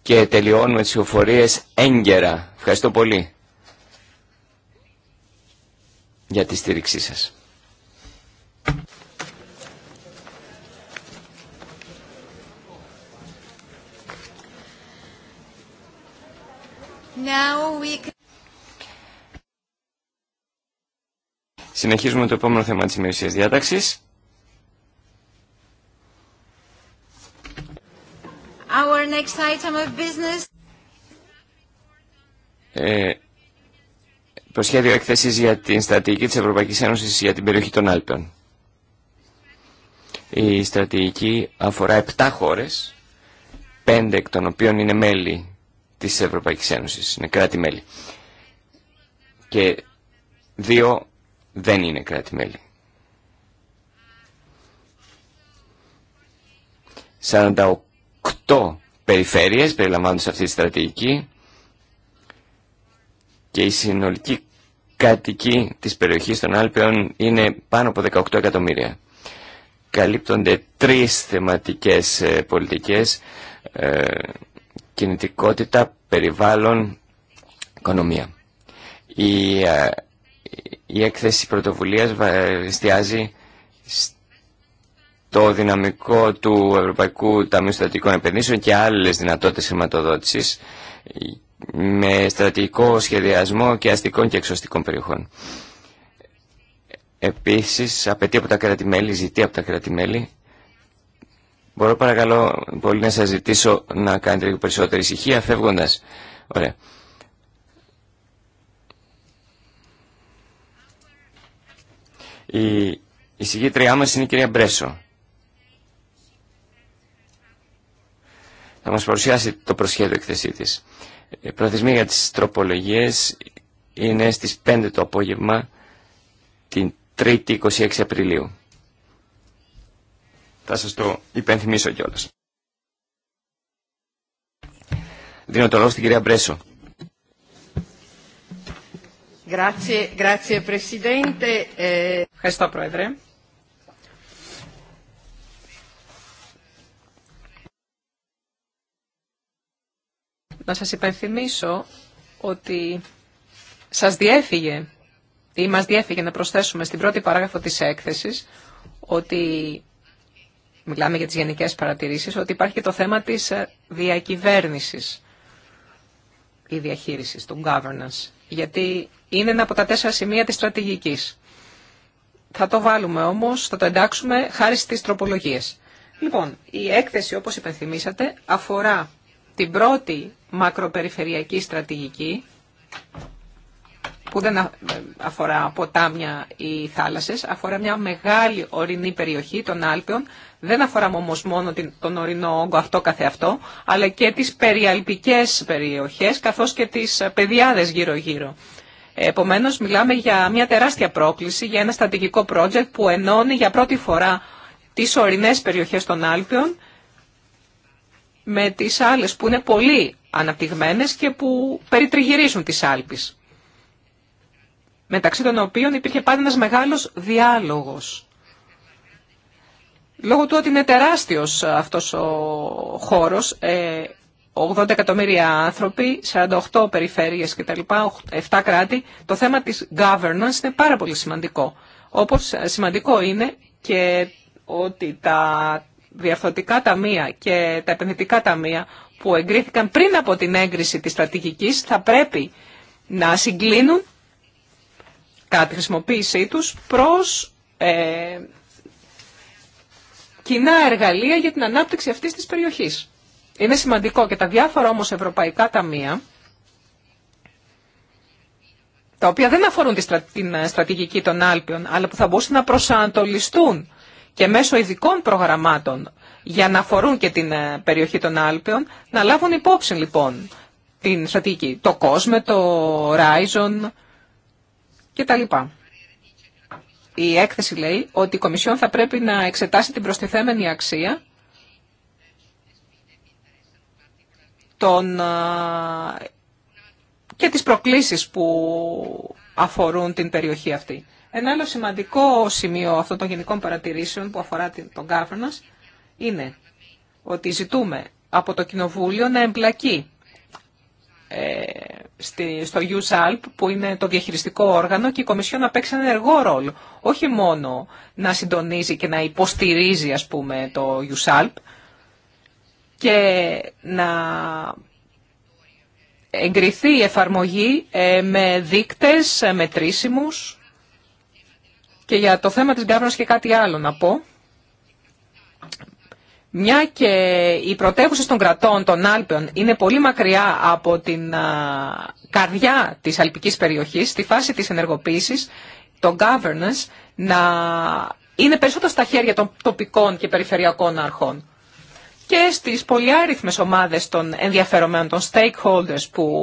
και τελειώνουμε τις ψηφοφορίες έγκαιρα. Ευχαριστώ πολύ για τη στήριξή σας. Συνεχίζουμε το επόμενο θέμα της ημερησίας διάταξης. Our next item of business. Ε, το σχέδιο για την στρατηγική της Ευρωπαϊκής Ένωσης για την περιοχή των Άλπων. Η στρατηγική αφορά 7 χώρες, 5 εκ των οποίων είναι μέλη της Ευρωπαϊκής Ένωσης, είναι κράτη-μέλη. Και δύο δεν είναι κράτη-μέλη οκτώ περιφέρειες περιλαμβάνονται σε αυτή τη στρατηγική και η συνολική κατοική της περιοχής των Άλπαιων είναι πάνω από 18 εκατομμύρια. Καλύπτονται τρεις θεματικές ε, πολιτικές, ε, κινητικότητα, περιβάλλον, οικονομία. Η, ε, η έκθεση πρωτοβουλίας εστιάζει το δυναμικό του Ευρωπαϊκού Ταμείου Στρατηγικών Επενδύσεων και άλλες δυνατότητες χρηματοδότησης με στρατηγικό σχεδιασμό και αστικών και εξωστικών περιοχών. Επίσης, απαιτεί από τα κράτη-μέλη, ζητεί από τα κράτη-μέλη. Μπορώ παρακαλώ πολύ να σας ζητήσω να κάνετε λίγο περισσότερη ησυχία φεύγοντας. Ωραία. Η, η μα είναι η κυρία Μπρέσο. θα μας παρουσιάσει το προσχέδιο εκθεσή της. Η ε, προθεσμοί για τις τροπολογίες είναι στις 5 το απόγευμα την 3η 26 Απριλίου. Θα σας το υπενθυμίσω κιόλας. Δίνω το λόγο στην κυρία Μπρέσο. Ε, Ευχαριστώ, Πρόεδρε. Να σας υπενθυμίσω ότι σας διέφυγε ή μας διέφυγε να προσθέσουμε στην πρώτη παράγραφο της έκθεσης ότι μιλάμε για τις γενικές παρατηρήσεις, ότι υπάρχει και το θέμα της ε, διακυβέρνησης ή διαχείρισης, του governance, γιατί είναι ένα από τα τέσσερα σημεία της στρατηγικής. Θα το βάλουμε όμως, θα το εντάξουμε χάρη στις τροπολογίες. Λοιπόν, η έκθεση, όπως υπενθυμίσατε, αφορά την πρώτη μακροπεριφερειακή στρατηγική που δεν αφορά ποτάμια ή θάλασσες, αφορά μια μεγάλη ορεινή περιοχή των Άλπαιων. Δεν αφορά όμως μόνο τον ορεινό όγκο αυτό καθεαυτό, αλλά και τις περιαλπικές περιοχές, καθώς και τις πεδιάδες γύρω-γύρω. Επομένως, μιλάμε για μια τεράστια πρόκληση, για ένα στρατηγικό project που ενώνει για πρώτη φορά τις ορεινές περιοχές των Άλπαιων με τις άλλες που είναι πολύ αναπτυγμένες και που περιτριγυρίζουν τις Άλπεις. Μεταξύ των οποίων υπήρχε πάντα ένας μεγάλος διάλογος. Λόγω του ότι είναι τεράστιος αυτός ο χώρος, 80 ε, εκατομμύρια άνθρωποι, 48 περιφέρειες κτλ, 7 κράτη, το θέμα της governance είναι πάρα πολύ σημαντικό. Όπως σημαντικό είναι και ότι τα διαρθωτικά ταμεία και τα επενδυτικά ταμεία που εγκρίθηκαν πριν από την έγκριση της στρατηγικής θα πρέπει να συγκλίνουν κατά τη χρησιμοποίησή τους προς ε, κοινά εργαλεία για την ανάπτυξη αυτής της περιοχής. Είναι σημαντικό και τα διάφορα όμως ευρωπαϊκά ταμεία, τα οποία δεν αφορούν την στρατηγική των Άλπιων, αλλά που θα μπορούσαν να προσανατολιστούν και μέσω ειδικών προγραμμάτων για να αφορούν και την ε, περιοχή των Άλπαιων, να λάβουν υπόψη λοιπόν την στρατηγική, το COSME, το Horizon κτλ. Η έκθεση λέει ότι η Κομισιόν θα πρέπει να εξετάσει την προστιθέμενη αξία των, ε, και τις προκλήσεις που αφορούν την περιοχή αυτή. Ένα άλλο σημαντικό σημείο αυτών των γενικών παρατηρήσεων που αφορά τον governance είναι ότι ζητούμε από το Κοινοβούλιο να εμπλακεί ε, στο USALP που είναι το διαχειριστικό όργανο και η Κομισιόν να παίξει ένα εργό ρόλο. Όχι μόνο να συντονίζει και να υποστηρίζει ας πούμε το USALP και να εγκριθεί η εφαρμογή ε, με δείκτες ε, μετρήσιμους και για το θέμα της governance και κάτι άλλο να πω. Μια και οι πρωτεύουσε των κρατών των Άλπαιων είναι πολύ μακριά από την καρδιά της αλπικής περιοχής, στη φάση της ενεργοποίησης, το governance να είναι περισσότερο στα χέρια των τοπικών και περιφερειακών αρχών. Και στις πολυάριθμες ομάδες των ενδιαφερομένων, των stakeholders που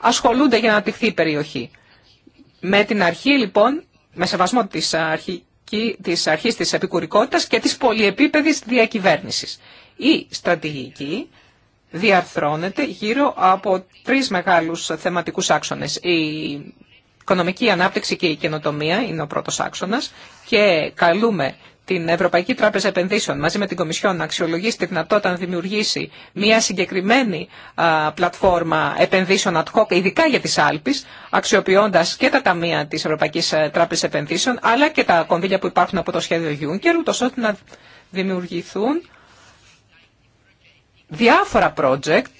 ασχολούνται για να αναπτυχθεί η περιοχή. Με την αρχή λοιπόν με σεβασμό της, αρχική, της αρχής της επικουρικότητας και της πολυεπίπεδης διακυβέρνησης. Η στρατηγική διαρθρώνεται γύρω από τρεις μεγάλους θεματικούς άξονες. Η οικονομική ανάπτυξη και η καινοτομία είναι ο πρώτος άξονας και καλούμε την Ευρωπαϊκή Τράπεζα Επενδύσεων μαζί με την Κομισιόν να αξιολογήσει τη δυνατότητα να δημιουργήσει μια συγκεκριμένη πλατφόρμα επενδύσεων ad hoc, ειδικά για τις Άλπεις, αξιοποιώντας και τα ταμεία της Ευρωπαϊκής ε, Τράπεζας Επενδύσεων, αλλά και τα κονδύλια που υπάρχουν από το σχέδιο Juncker, ούτως ώστε να δημιουργηθούν διάφορα project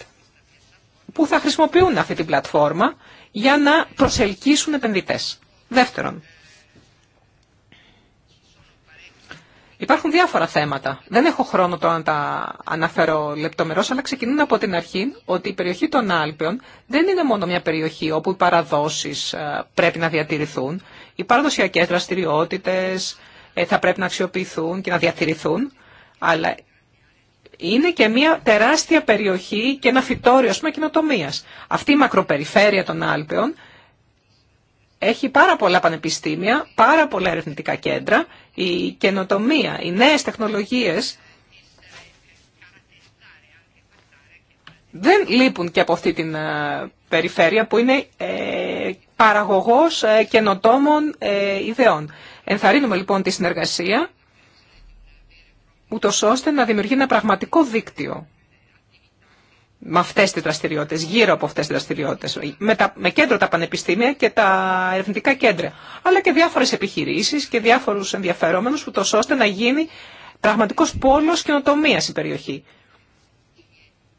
που θα χρησιμοποιούν αυτή την πλατφόρμα για να προσελκύσουν επενδυτές. Δεύτερον, Υπάρχουν διάφορα θέματα. Δεν έχω χρόνο τώρα να τα αναφέρω λεπτομερώς, αλλά ξεκινούν από την αρχή ότι η περιοχή των Άλπαιων δεν είναι μόνο μια περιοχή όπου οι παραδόσεις ε, πρέπει να διατηρηθούν. Οι παραδοσιακέ δραστηριότητε ε, θα πρέπει να αξιοποιηθούν και να διατηρηθούν, αλλά είναι και μια τεράστια περιοχή και ένα φυτόριο, α πούμε, Αυτή η μακροπεριφέρεια των Άλπαιων έχει πάρα πολλά πανεπιστήμια, πάρα πολλά ερευνητικά κέντρα η καινοτομία, οι νέες τεχνολογίες δεν λείπουν και από αυτή την ε, περιφέρεια που είναι ε, παραγωγός ε, καινοτόμων ιδεών. Ενθαρρύνουμε λοιπόν τη συνεργασία, ούτω ώστε να δημιουργεί ένα πραγματικό δίκτυο με αυτέ τι δραστηριότητε, γύρω από αυτέ τι δραστηριότητε, με, με κέντρο τα πανεπιστήμια και τα ερευνητικά κέντρα, αλλά και διάφορε επιχειρήσει και διάφορου ενδιαφερόμενου, ούτω ώστε να γίνει πραγματικό πόλο καινοτομία η περιοχή.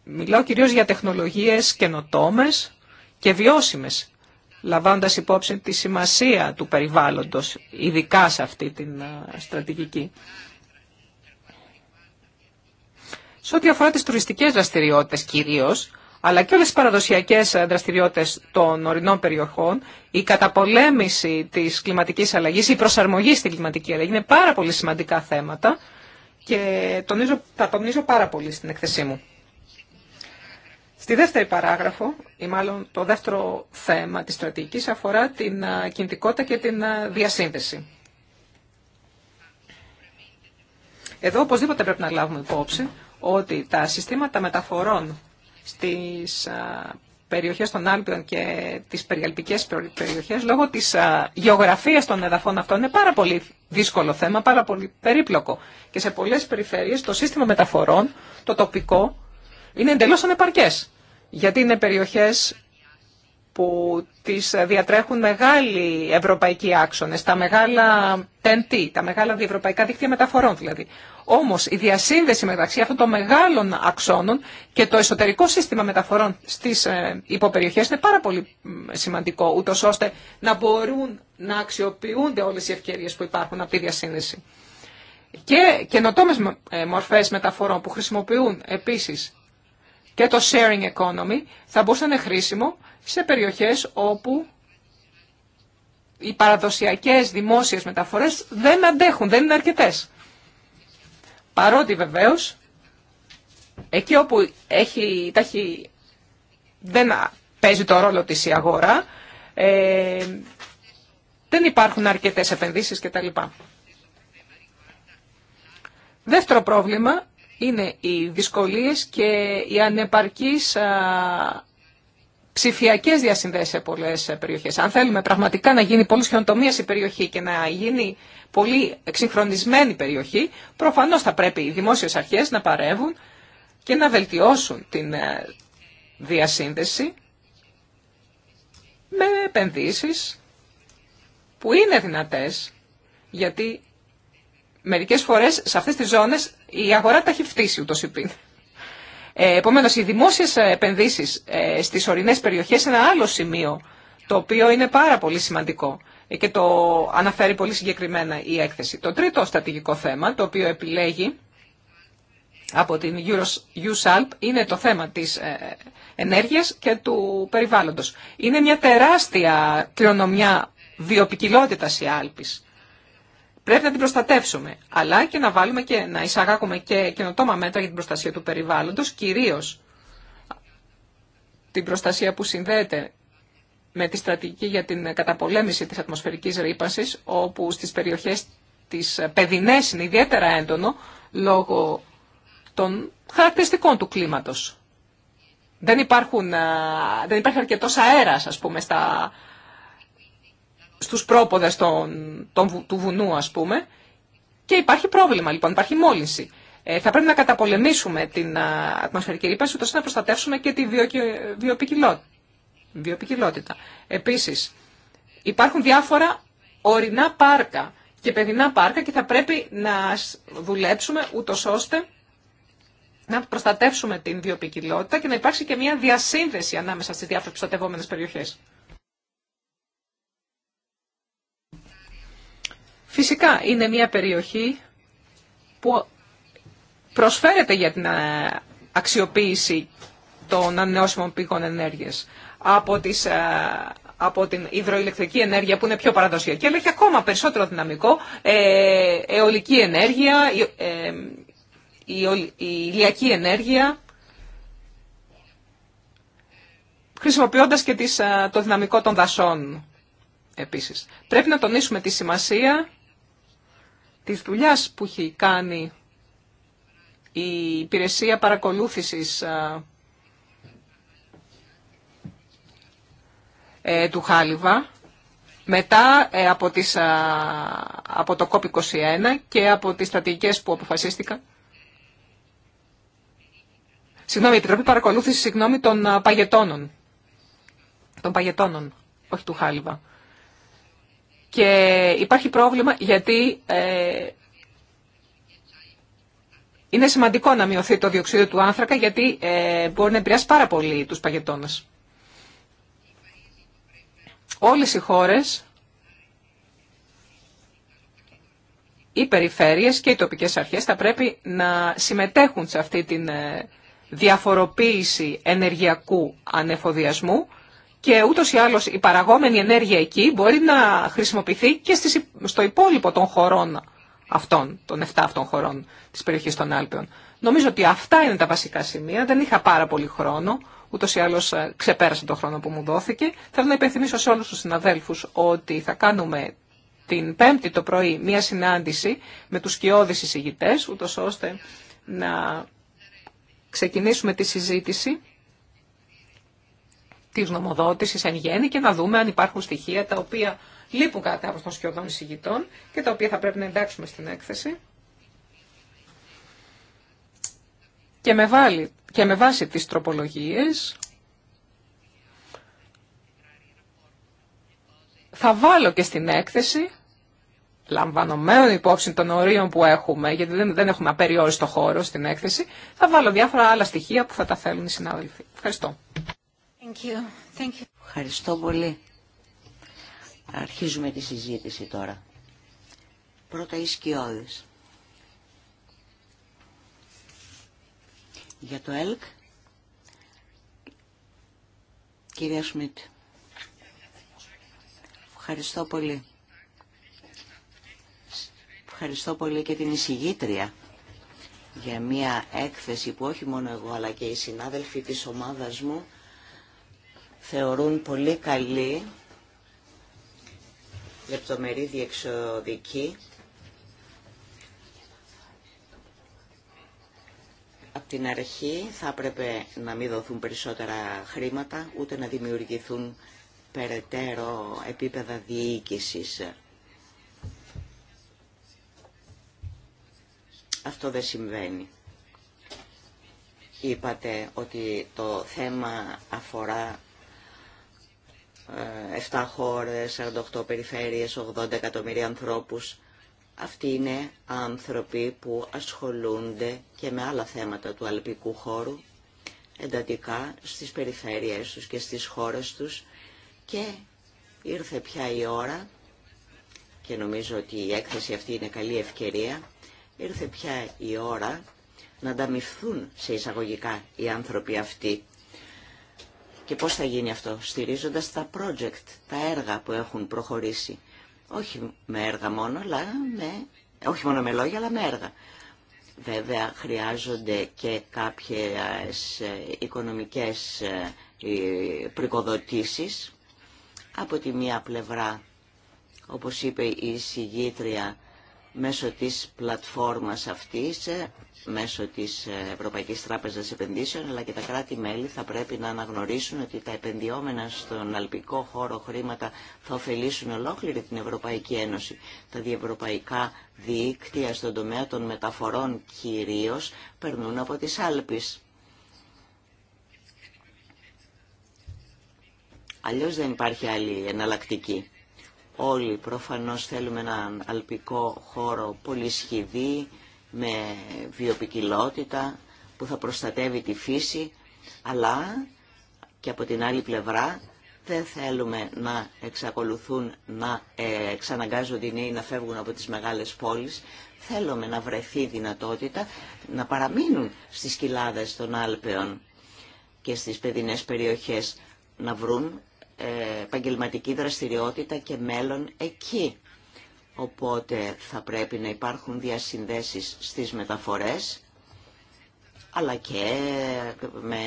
Μιλάω κυρίω για τεχνολογίε καινοτόμε και βιώσιμε, λαμβάνοντα υπόψη τη σημασία του περιβάλλοντο, ειδικά σε αυτή την ε, στρατηγική. Σε ό,τι αφορά τις τουριστικές δραστηριότητες κυρίως, αλλά και όλες τις παραδοσιακές δραστηριότητες των ορεινών περιοχών, η καταπολέμηση της κλιματικής αλλαγής, η προσαρμογή στην κλιματική αλλαγή είναι πάρα πολύ σημαντικά θέματα και τονίζω, τα τονίζω πάρα πολύ στην εκθεσή μου. Στη δεύτερη παράγραφο, ή μάλλον το δεύτερο θέμα της στρατηγικής, αφορά την κινητικότητα και την διασύνδεση. Εδώ οπωσδήποτε πρέπει να λάβουμε υπόψη ότι τα συστήματα μεταφορών στις περιοχές των Άλπιων και τις περιαλπικές περιοχές, λόγω της γεωγραφίας των εδαφών αυτών, είναι πάρα πολύ δύσκολο θέμα, πάρα πολύ περίπλοκο. Και σε πολλές περιφέρειες το σύστημα μεταφορών, το τοπικό, είναι εντελώς ανεπαρκές. Γιατί είναι περιοχές που τις διατρέχουν μεγάλοι ευρωπαϊκοί άξονες, τα μεγάλα TNT, τα μεγάλα διευρωπαϊκά δίκτυα μεταφορών δηλαδή. Όμω η διασύνδεση μεταξύ αυτών των μεγάλων αξώνων και το εσωτερικό σύστημα μεταφορών στις ε, υποπεριοχέ είναι πάρα πολύ σημαντικό, ούτω ώστε να μπορούν να αξιοποιούνται όλες οι ευκαιρίες που υπάρχουν από τη διασύνδεση. Και καινοτόμε ε, μορφές μεταφορών που χρησιμοποιούν επίσης και το sharing economy θα μπορούσαν να είναι χρήσιμο σε περιοχέ όπου οι παραδοσιακές δημόσιες μεταφορές δεν αντέχουν, δεν είναι αρκετές. Παρότι βεβαίως, εκεί όπου έχει, δεν παίζει το ρόλο της η αγορά, ε, δεν υπάρχουν αρκετές επενδύσεις κτλ. Δεύτερο πρόβλημα είναι οι δυσκολίες και η ανεπαρκής ψηφιακέ διασυνδέσει σε πολλέ περιοχέ. Αν θέλουμε πραγματικά να γίνει πολλή χιονοτομία η περιοχή και να γίνει πολύ εξυγχρονισμένη περιοχή, προφανώ θα πρέπει οι δημόσιε αρχέ να παρεύουν και να βελτιώσουν την ε, διασύνδεση με επενδύσει που είναι δυνατέ, γιατί μερικές φορές σε αυτές τις ζώνες η αγορά τα έχει φτύσει ούτως ε, επομένως, οι δημόσιες ε, επενδύσεις ε, στις ορεινές περιοχές είναι ένα άλλο σημείο, το οποίο είναι πάρα πολύ σημαντικό και το αναφέρει πολύ συγκεκριμένα η έκθεση. Το τρίτο στατηγικό θέμα, το οποίο επιλέγει από την USALP, είναι το θέμα της ενέργειας και του περιβάλλοντος. Είναι μια τεράστια κληρονομιά βιοπικιλότητας η Άλπης. Πρέπει να την προστατεύσουμε, αλλά και να βάλουμε και να εισαγάγουμε και καινοτόμα μέτρα για την προστασία του περιβάλλοντος, κυρίως την προστασία που συνδέεται με τη στρατηγική για την καταπολέμηση της ατμοσφαιρικής ρήπανσης, όπου στις περιοχές της παιδινές είναι ιδιαίτερα έντονο λόγω των χαρακτηριστικών του κλίματος. Δεν, υπάρχουν, ε, δεν υπάρχει αρκετός αέρας, ας πούμε, στα στους πρόποδες των, του βουνού ας πούμε και υπάρχει πρόβλημα λοιπόν, υπάρχει μόλυνση. Ε, θα πρέπει να καταπολεμήσουμε την α, ατμοσφαιρική ρήπανση ώστε να προστατεύσουμε και τη βιοπικιλότητα. Επίσης υπάρχουν διάφορα ορεινά πάρκα και παιδινά πάρκα και θα πρέπει να δουλέψουμε ούτως ώστε να προστατεύσουμε την βιοπικιλότητα και να υπάρξει και μια διασύνδεση ανάμεσα στις διάφορες προστατευόμενες περιοχές. Φυσικά είναι μια περιοχή που προσφέρεται για την ε, αξιοποίηση των ανανεώσιμων πηγών ενέργειας από, ε, από την υδροηλεκτρική ενέργεια που είναι πιο παραδοσιακή, αλλά έχει ακόμα περισσότερο δυναμικό, ε, αιωλική ενέργεια, η, ε, ηλιακή ενέργεια, χρησιμοποιώντας και τις, το δυναμικό των δασών επίσης. Πρέπει να τονίσουμε τη σημασία της δουλειάς που έχει κάνει η υπηρεσία παρακολούθησης ε, του Χάλιβα μετά ε, από, τις, από το COP21 και από τις στρατηγικές που αποφασίστηκαν. Συγγνώμη, η Επιτροπή Παρακολούθησης συγγνώμη, των παγετώνων. Των παγετώνων, όχι του Χάλιβα. Και υπάρχει πρόβλημα γιατί ε, είναι σημαντικό να μειωθεί το διοξείδιο του άνθρακα γιατί ε, μπορεί να επηρεάσει πάρα πολύ τους παγετώνες. Όλες οι χώρες, οι περιφέρειες και οι τοπικές αρχές θα πρέπει να συμμετέχουν σε αυτή την ε, διαφοροποίηση ενεργειακού ανεφοδιασμού και ούτω ή άλλω η αλλω η ενέργεια εκεί μπορεί να χρησιμοποιηθεί και στο υπόλοιπο των χωρών αυτών, των 7 αυτών χωρών τη περιοχή των Άλπαιων. Νομίζω ότι αυτά είναι τα βασικά σημεία. Δεν είχα πάρα πολύ χρόνο, Ούτω ή άλλω ε, ξεπέρασε τον χρόνο που μου δόθηκε. Θέλω να υπενθυμίσω σε όλου του συναδέλφου ότι θα κάνουμε την Πέμπτη το πρωί μία συνάντηση με τους σκιώδει εισηγητέ, ούτω ώστε να ξεκινήσουμε τη συζήτηση τη νομοδότησης εν γέννη και να δούμε αν υπάρχουν στοιχεία τα οποία λείπουν κατά από των σκιωδών εισηγητών και τα οποία θα πρέπει να εντάξουμε στην έκθεση. Και με, βάλει, και με βάση τις τροπολογίες θα βάλω και στην έκθεση λαμβανωμένων υπόψη των ορίων που έχουμε, γιατί δεν, δεν έχουμε απεριόριστο χώρο στην έκθεση, θα βάλω διάφορα άλλα στοιχεία που θα τα θέλουν οι συνάδελφοι. Ευχαριστώ. Ευχαριστώ πολύ. Αρχίζουμε τη συζήτηση τώρα. Πρώτα οι σκιώδες. Για το ΕΛΚ, κυρία Σμιτ. Ευχαριστώ πολύ. Ευχαριστώ πολύ και την εισηγήτρια για μια έκθεση που όχι μόνο εγώ αλλά και οι συνάδελφοι της ομάδας μου θεωρούν πολύ καλή, λεπτομερή διεξοδική, από την αρχή θα έπρεπε να μην δοθούν περισσότερα χρήματα, ούτε να δημιουργηθούν περαιτέρω επίπεδα διοίκησης. Αυτό δεν συμβαίνει. Είπατε ότι το θέμα αφορά 7 ε, χώρες, 48 περιφέρειες, 80 εκατομμύρια ανθρώπους. Αυτοί είναι άνθρωποι που ασχολούνται και με άλλα θέματα του αλπικού χώρου, εντατικά στις περιφέρειές τους και στις χώρες τους και ήρθε πια η ώρα και νομίζω ότι η έκθεση αυτή είναι καλή ευκαιρία ήρθε πια η ώρα να ανταμυφθούν σε εισαγωγικά οι άνθρωποι αυτοί και πώς θα γίνει αυτό, στηρίζοντας τα project, τα έργα που έχουν προχωρήσει. Όχι με έργα μόνο, αλλά με... όχι μόνο με λόγια, αλλά με έργα. Βέβαια, χρειάζονται και κάποιες ε, οικονομικές ε, ε, πρικοδοτήσεις. Από τη μία πλευρά, όπως είπε η συγγήτρια, μέσω της πλατφόρμας αυτής, ε, μέσω της ε, Ευρωπαϊκής Τράπεζας Επενδύσεων, αλλά και τα κράτη-μέλη θα πρέπει να αναγνωρίσουν ότι τα επενδυόμενα στον αλπικό χώρο χρήματα θα ωφελήσουν ολόκληρη την Ευρωπαϊκή Ένωση. Τα διευρωπαϊκά διοίκτυα στον τομέα των μεταφορών κυρίως περνούν από τις Άλπεις. Αλλιώς δεν υπάρχει άλλη εναλλακτική. Όλοι προφανώς θέλουμε έναν αλπικό χώρο πολύ με βιοπικιλότητα που θα προστατεύει τη φύση, αλλά και από την άλλη πλευρά δεν θέλουμε να εξακολουθούν να ε, εξαναγκάζονται οι νέοι να φεύγουν από τις μεγάλες πόλεις. Θέλουμε να βρεθεί δυνατότητα να παραμείνουν στις κοιλάδες των Άλπαιων και στις παιδινές περιοχές να βρουν επαγγελματική δραστηριότητα και μέλλον εκεί. Οπότε θα πρέπει να υπάρχουν διασυνδέσεις στις μεταφορές, αλλά και με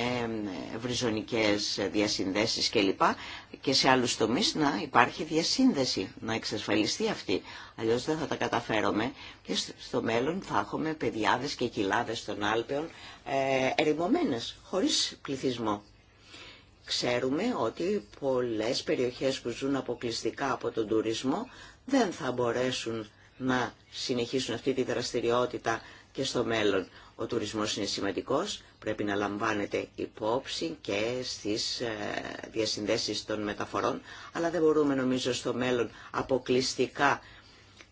βριζονικές διασυνδέσεις κλπ. Και σε άλλους τομείς να υπάρχει διασύνδεση, να εξασφαλιστεί αυτή. Αλλιώς δεν θα τα καταφέρομαι και στο μέλλον θα έχουμε παιδιάδες και κοιλάδες των Άλπαιων ε, ερημωμένες, χωρίς πληθυσμό. Ξέρουμε ότι πολλές περιοχές που ζουν αποκλειστικά από τον τουρισμό δεν θα μπορέσουν να συνεχίσουν αυτή τη δραστηριότητα και στο μέλλον. Ο τουρισμός είναι σημαντικός, πρέπει να λαμβάνεται υπόψη και στις ε, διασυνδέσεις των μεταφορών, αλλά δεν μπορούμε νομίζω στο μέλλον αποκλειστικά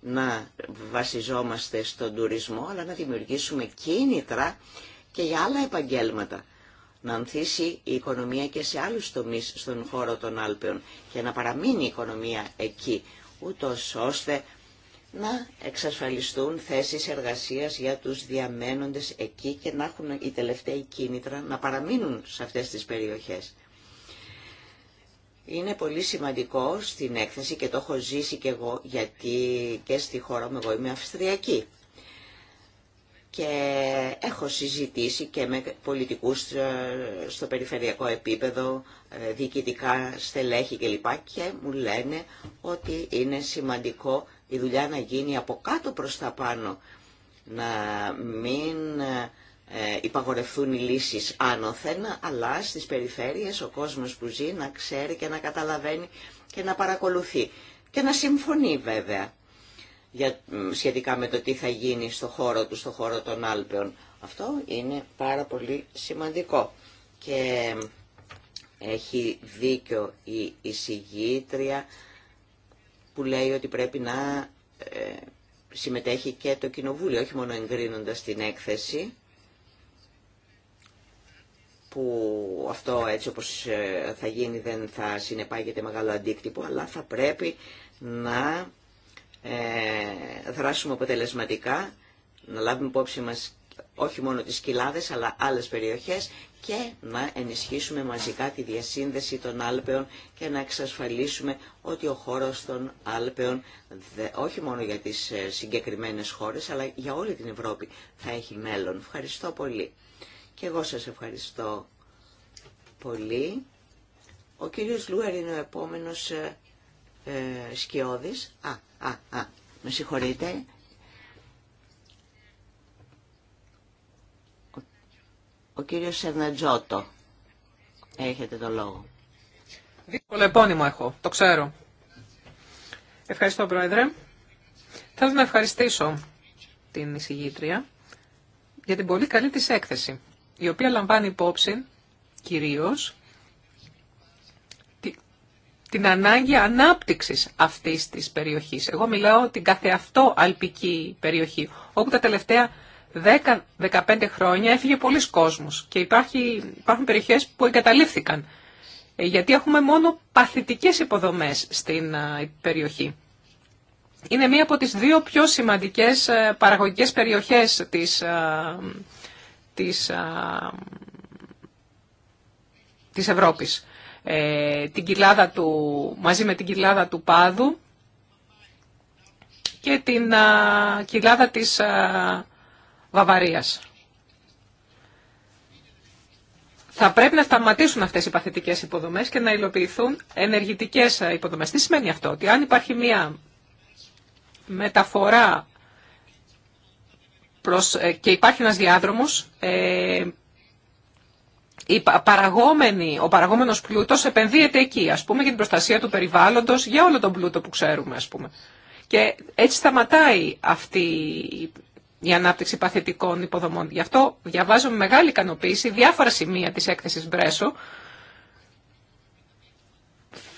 να βασιζόμαστε στον τουρισμό, αλλά να δημιουργήσουμε κίνητρα και για άλλα επαγγέλματα να ανθίσει η οικονομία και σε άλλους τομείς στον χώρο των Άλπαιων και να παραμείνει η οικονομία εκεί, ούτως ώστε να εξασφαλιστούν θέσεις εργασίας για τους διαμένοντες εκεί και να έχουν οι τελευταίοι κίνητρα να παραμείνουν σε αυτές τις περιοχές. Είναι πολύ σημαντικό στην έκθεση και το έχω ζήσει και εγώ γιατί και στη χώρα μου εγώ είμαι Αυστριακή και έχω συζητήσει και με πολιτικούς ε, στο περιφερειακό επίπεδο, ε, διοικητικά στελέχη κλπ. Και μου λένε ότι είναι σημαντικό η δουλειά να γίνει από κάτω προς τα πάνω, να μην ε, υπαγορευτούν οι λύσεις άνωθεν, αλλά στις περιφέρειες ο κόσμος που ζει να ξέρει και να καταλαβαίνει και να παρακολουθεί. Και να συμφωνεί βέβαια για, σχετικά με το τι θα γίνει στο χώρο του, στο χώρο των Άλπαιων. Αυτό είναι πάρα πολύ σημαντικό. Και έχει δίκιο η εισηγήτρια που λέει ότι πρέπει να ε, συμμετέχει και το Κοινοβούλιο, όχι μόνο εγκρίνοντας την έκθεση, που αυτό έτσι όπως ε, θα γίνει δεν θα συνεπάγεται μεγάλο αντίκτυπο, αλλά θα πρέπει να ε, δράσουμε αποτελεσματικά, να λάβουμε υπόψη μας όχι μόνο τις κοιλάδες αλλά άλλες περιοχές και να ενισχύσουμε μαζικά τη διασύνδεση των Άλπαιων και να εξασφαλίσουμε ότι ο χώρος των Άλπαιων όχι μόνο για τις ε, συγκεκριμένες χώρες αλλά για όλη την Ευρώπη θα έχει μέλλον. Ευχαριστώ πολύ. Και εγώ σας ευχαριστώ πολύ. Ο κύριος Λούερ είναι ο επόμενος ε, ε σκιώδης. Α, α, α, με συγχωρείτε. Ο, ο κύριος Σερνατζότο. Έχετε το λόγο. Δύσκολο επώνυμο έχω, το ξέρω. Ευχαριστώ, Πρόεδρε. Θέλω να ευχαριστήσω την εισηγήτρια για την πολύ καλή της έκθεση, η οποία λαμβάνει υπόψη κυρίως την ανάγκη ανάπτυξης αυτής της περιοχής. Εγώ μιλάω την καθεαυτό αλπική περιοχή, όπου τα τελευταία 10-15 χρόνια έφυγε πολλοί κόσμος και υπάρχει, υπάρχουν περιοχές που εγκαταλείφθηκαν, ε, γιατί έχουμε μόνο παθητικές υποδομές στην περιοχή. Είναι μία από τις δύο πιο σημαντικές ε, παραγωγικές περιοχές της, της, της Ευρώπης. Ε, την κοιλάδα του, μαζί με την κοιλάδα του Πάδου και την κοιλάδα της Βαβαρίας. Θα πρέπει να σταματήσουν αυτές οι παθητικές υποδομές και να υλοποιηθούν ενεργητικές υποδομές. Τι σημαίνει αυτό, ότι αν υπάρχει μία μεταφορά προς, ε, και υπάρχει ένας διάδρομος ε, η ο παραγόμενος πλούτος επενδύεται εκεί, ας πούμε, για την προστασία του περιβάλλοντος, για όλο τον πλούτο που ξέρουμε, ας πούμε. Και έτσι σταματάει αυτή η ανάπτυξη παθητικών υποδομών. Γι' αυτό διαβάζω με μεγάλη ικανοποίηση διάφορα σημεία της έκθεσης Μπρέσο.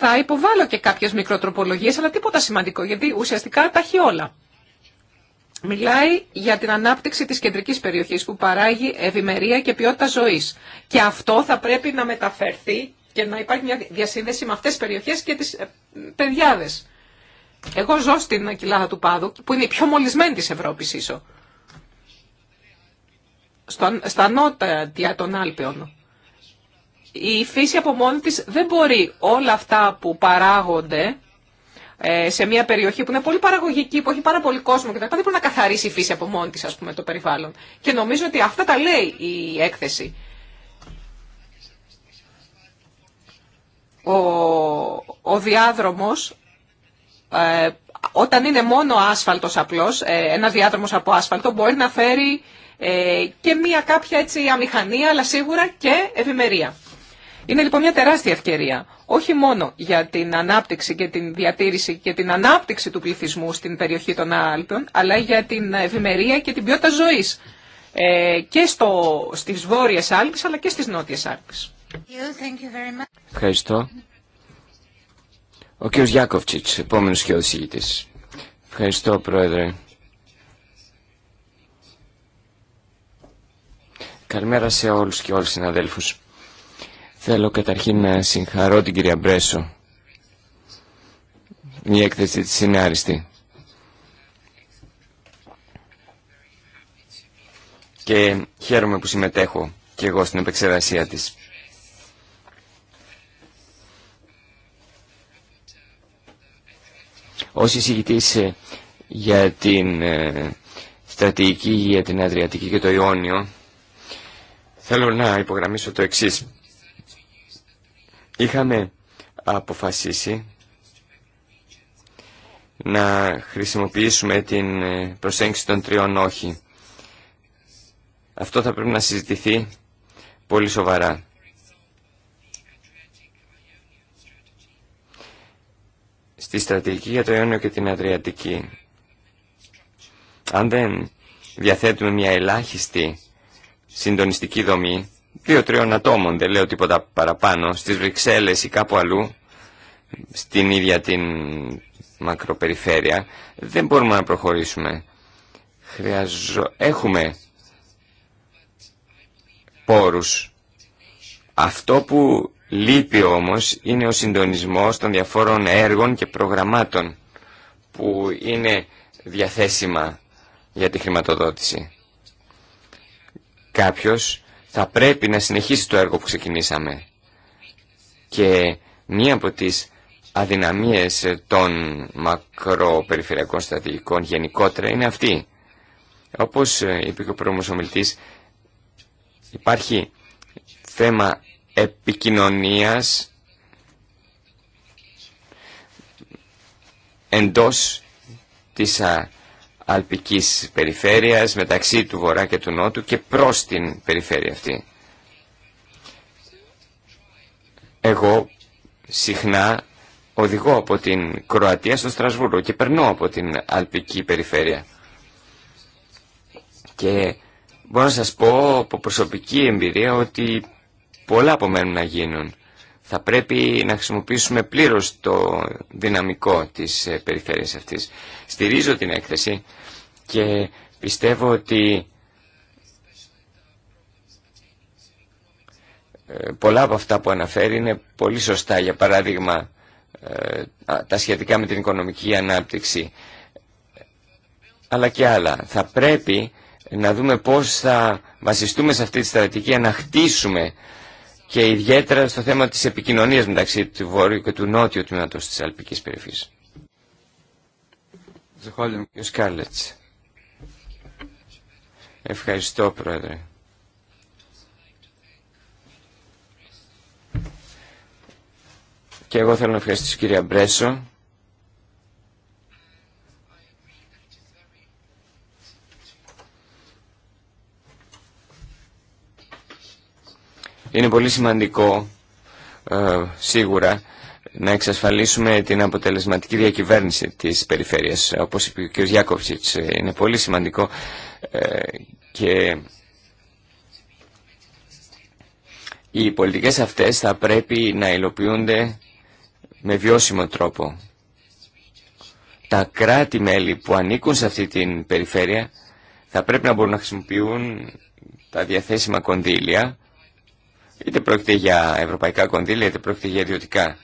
Θα υποβάλω και κάποιες μικροτροπολογίες, αλλά τίποτα σημαντικό, γιατί ουσιαστικά τα έχει όλα. Μιλάει για την ανάπτυξη της κεντρικής περιοχής που παράγει ευημερία και ποιότητα ζωής. Και αυτό θα πρέπει να μεταφερθεί και να υπάρχει μια διασύνδεση με αυτές τις περιοχές και τις ε, παιδιάδες. Εγώ ζω στην κοιλάδα του Πάδου, που είναι η πιο μολυσμένη της Ευρώπης ίσο. Στα νότια των Άλπαιων. Η φύση από μόνη της δεν μπορεί όλα αυτά που παράγονται ε, σε μια περιοχή που είναι πολύ παραγωγική, που έχει πάρα πολύ κόσμο κτλ. Δεν μπορεί να καθαρίσει η φύση από μόνη τη, πούμε, το περιβάλλον. Και νομίζω ότι αυτά τα λέει η έκθεση. Ο, ο διάδρομος ε, όταν είναι μόνο άσφαλτος απλώς, ε, ένα διάδρομος από άσφαλτο μπορεί να φέρει και μία κάποια έτσι αμηχανία αλλά σίγουρα και ευημερία. Είναι λοιπόν μια τεράστια ευκαιρία, όχι μόνο για την ανάπτυξη και την διατήρηση και την ανάπτυξη του πληθυσμού στην περιοχή των Άλπων, αλλά για την ευημερία και την ποιότητα ζωής ε, και στο, στις Βόρειες Άλπες αλλά και στις Νότιες Άλπες. Ευχαριστώ. Ο κ. Γιάκοφτσιτς, επόμενος και ο Ευχαριστώ, Πρόεδρε. Καλημέρα σε όλους και όλους Θέλω καταρχήν να συγχαρώ την κυρία Μπρέσο. Η έκθεση της είναι Και χαίρομαι που συμμετέχω και εγώ στην επεξεργασία της. Ως εισηγητής ε, για την ε, στρατηγική για την Αδριατική και το Ιόνιο, θέλω να υπογραμμίσω το εξής είχαμε αποφασίσει να χρησιμοποιήσουμε την ε, προσέγγιση των τριών όχι. Αυτό θα πρέπει να συζητηθεί πολύ σοβαρά. Στη στρατηγική για το Ιόνιο και την Αδριατική. Αν δεν διαθέτουμε μια ελάχιστη συντονιστική δομή, δύο-τριών ατόμων, δεν λέω τίποτα παραπάνω, στις Βρυξέλλες ή κάπου αλλού, στην ίδια την μακροπεριφέρεια, δεν μπορούμε να προχωρήσουμε. Χρειαζο... Έχουμε πόρους. Αυτό που λείπει όμως είναι ο συντονισμός των διαφόρων έργων και προγραμμάτων που είναι διαθέσιμα για τη χρηματοδότηση. Κάποιος θα πρέπει να συνεχίσει το έργο που ξεκινήσαμε. Και μία από τις αδυναμίες των μακροπεριφερειακών στρατηγικών γενικότερα είναι αυτή. Όπως είπε και ο πρώμος ομιλητής, υπάρχει θέμα επικοινωνίας εντός της αλπικής περιφέρειας μεταξύ του βορρά και του νότου και προς την περιφέρεια αυτή. Εγώ συχνά οδηγώ από την Κροατία στο Στρασβούργο και περνώ από την αλπική περιφέρεια. Και μπορώ να σας πω από προσωπική εμπειρία ότι πολλά απομένουν να γίνουν θα πρέπει να χρησιμοποιήσουμε πλήρως το δυναμικό της ε, περιφέρειας αυτής. Στηρίζω την έκθεση και πιστεύω ότι ε, πολλά από αυτά που αναφέρει είναι πολύ σωστά. Για παράδειγμα, ε, τα σχετικά με την οικονομική ανάπτυξη, αλλά και άλλα. Θα πρέπει να δούμε πώς θα βασιστούμε σε αυτή τη στρατηγική, να χτίσουμε και ιδιαίτερα στο θέμα της επικοινωνίας μεταξύ του βόρειου και του νότιου τμήματος της αλπικής περιφής. Ευχαριστώ, Πρόεδρε. Και εγώ θέλω να ευχαριστήσω κυρία Μπρέσο Είναι πολύ σημαντικό ε, σίγουρα να εξασφαλίσουμε την αποτελεσματική διακυβέρνηση της περιφέρειας. Όπως είπε ο κ. Γιάκοψιτς, ε, είναι πολύ σημαντικό ε, και οι πολιτικές αυτές θα πρέπει να υλοποιούνται με βιώσιμο τρόπο. Τα κράτη-μέλη που ανήκουν σε αυτή την περιφέρεια θα πρέπει να μπορούν να χρησιμοποιούν τα διαθέσιμα κονδύλια Είτε πρόκειται για ευρωπαϊκά κονδύλια, είτε πρόκειται για ιδιωτικά.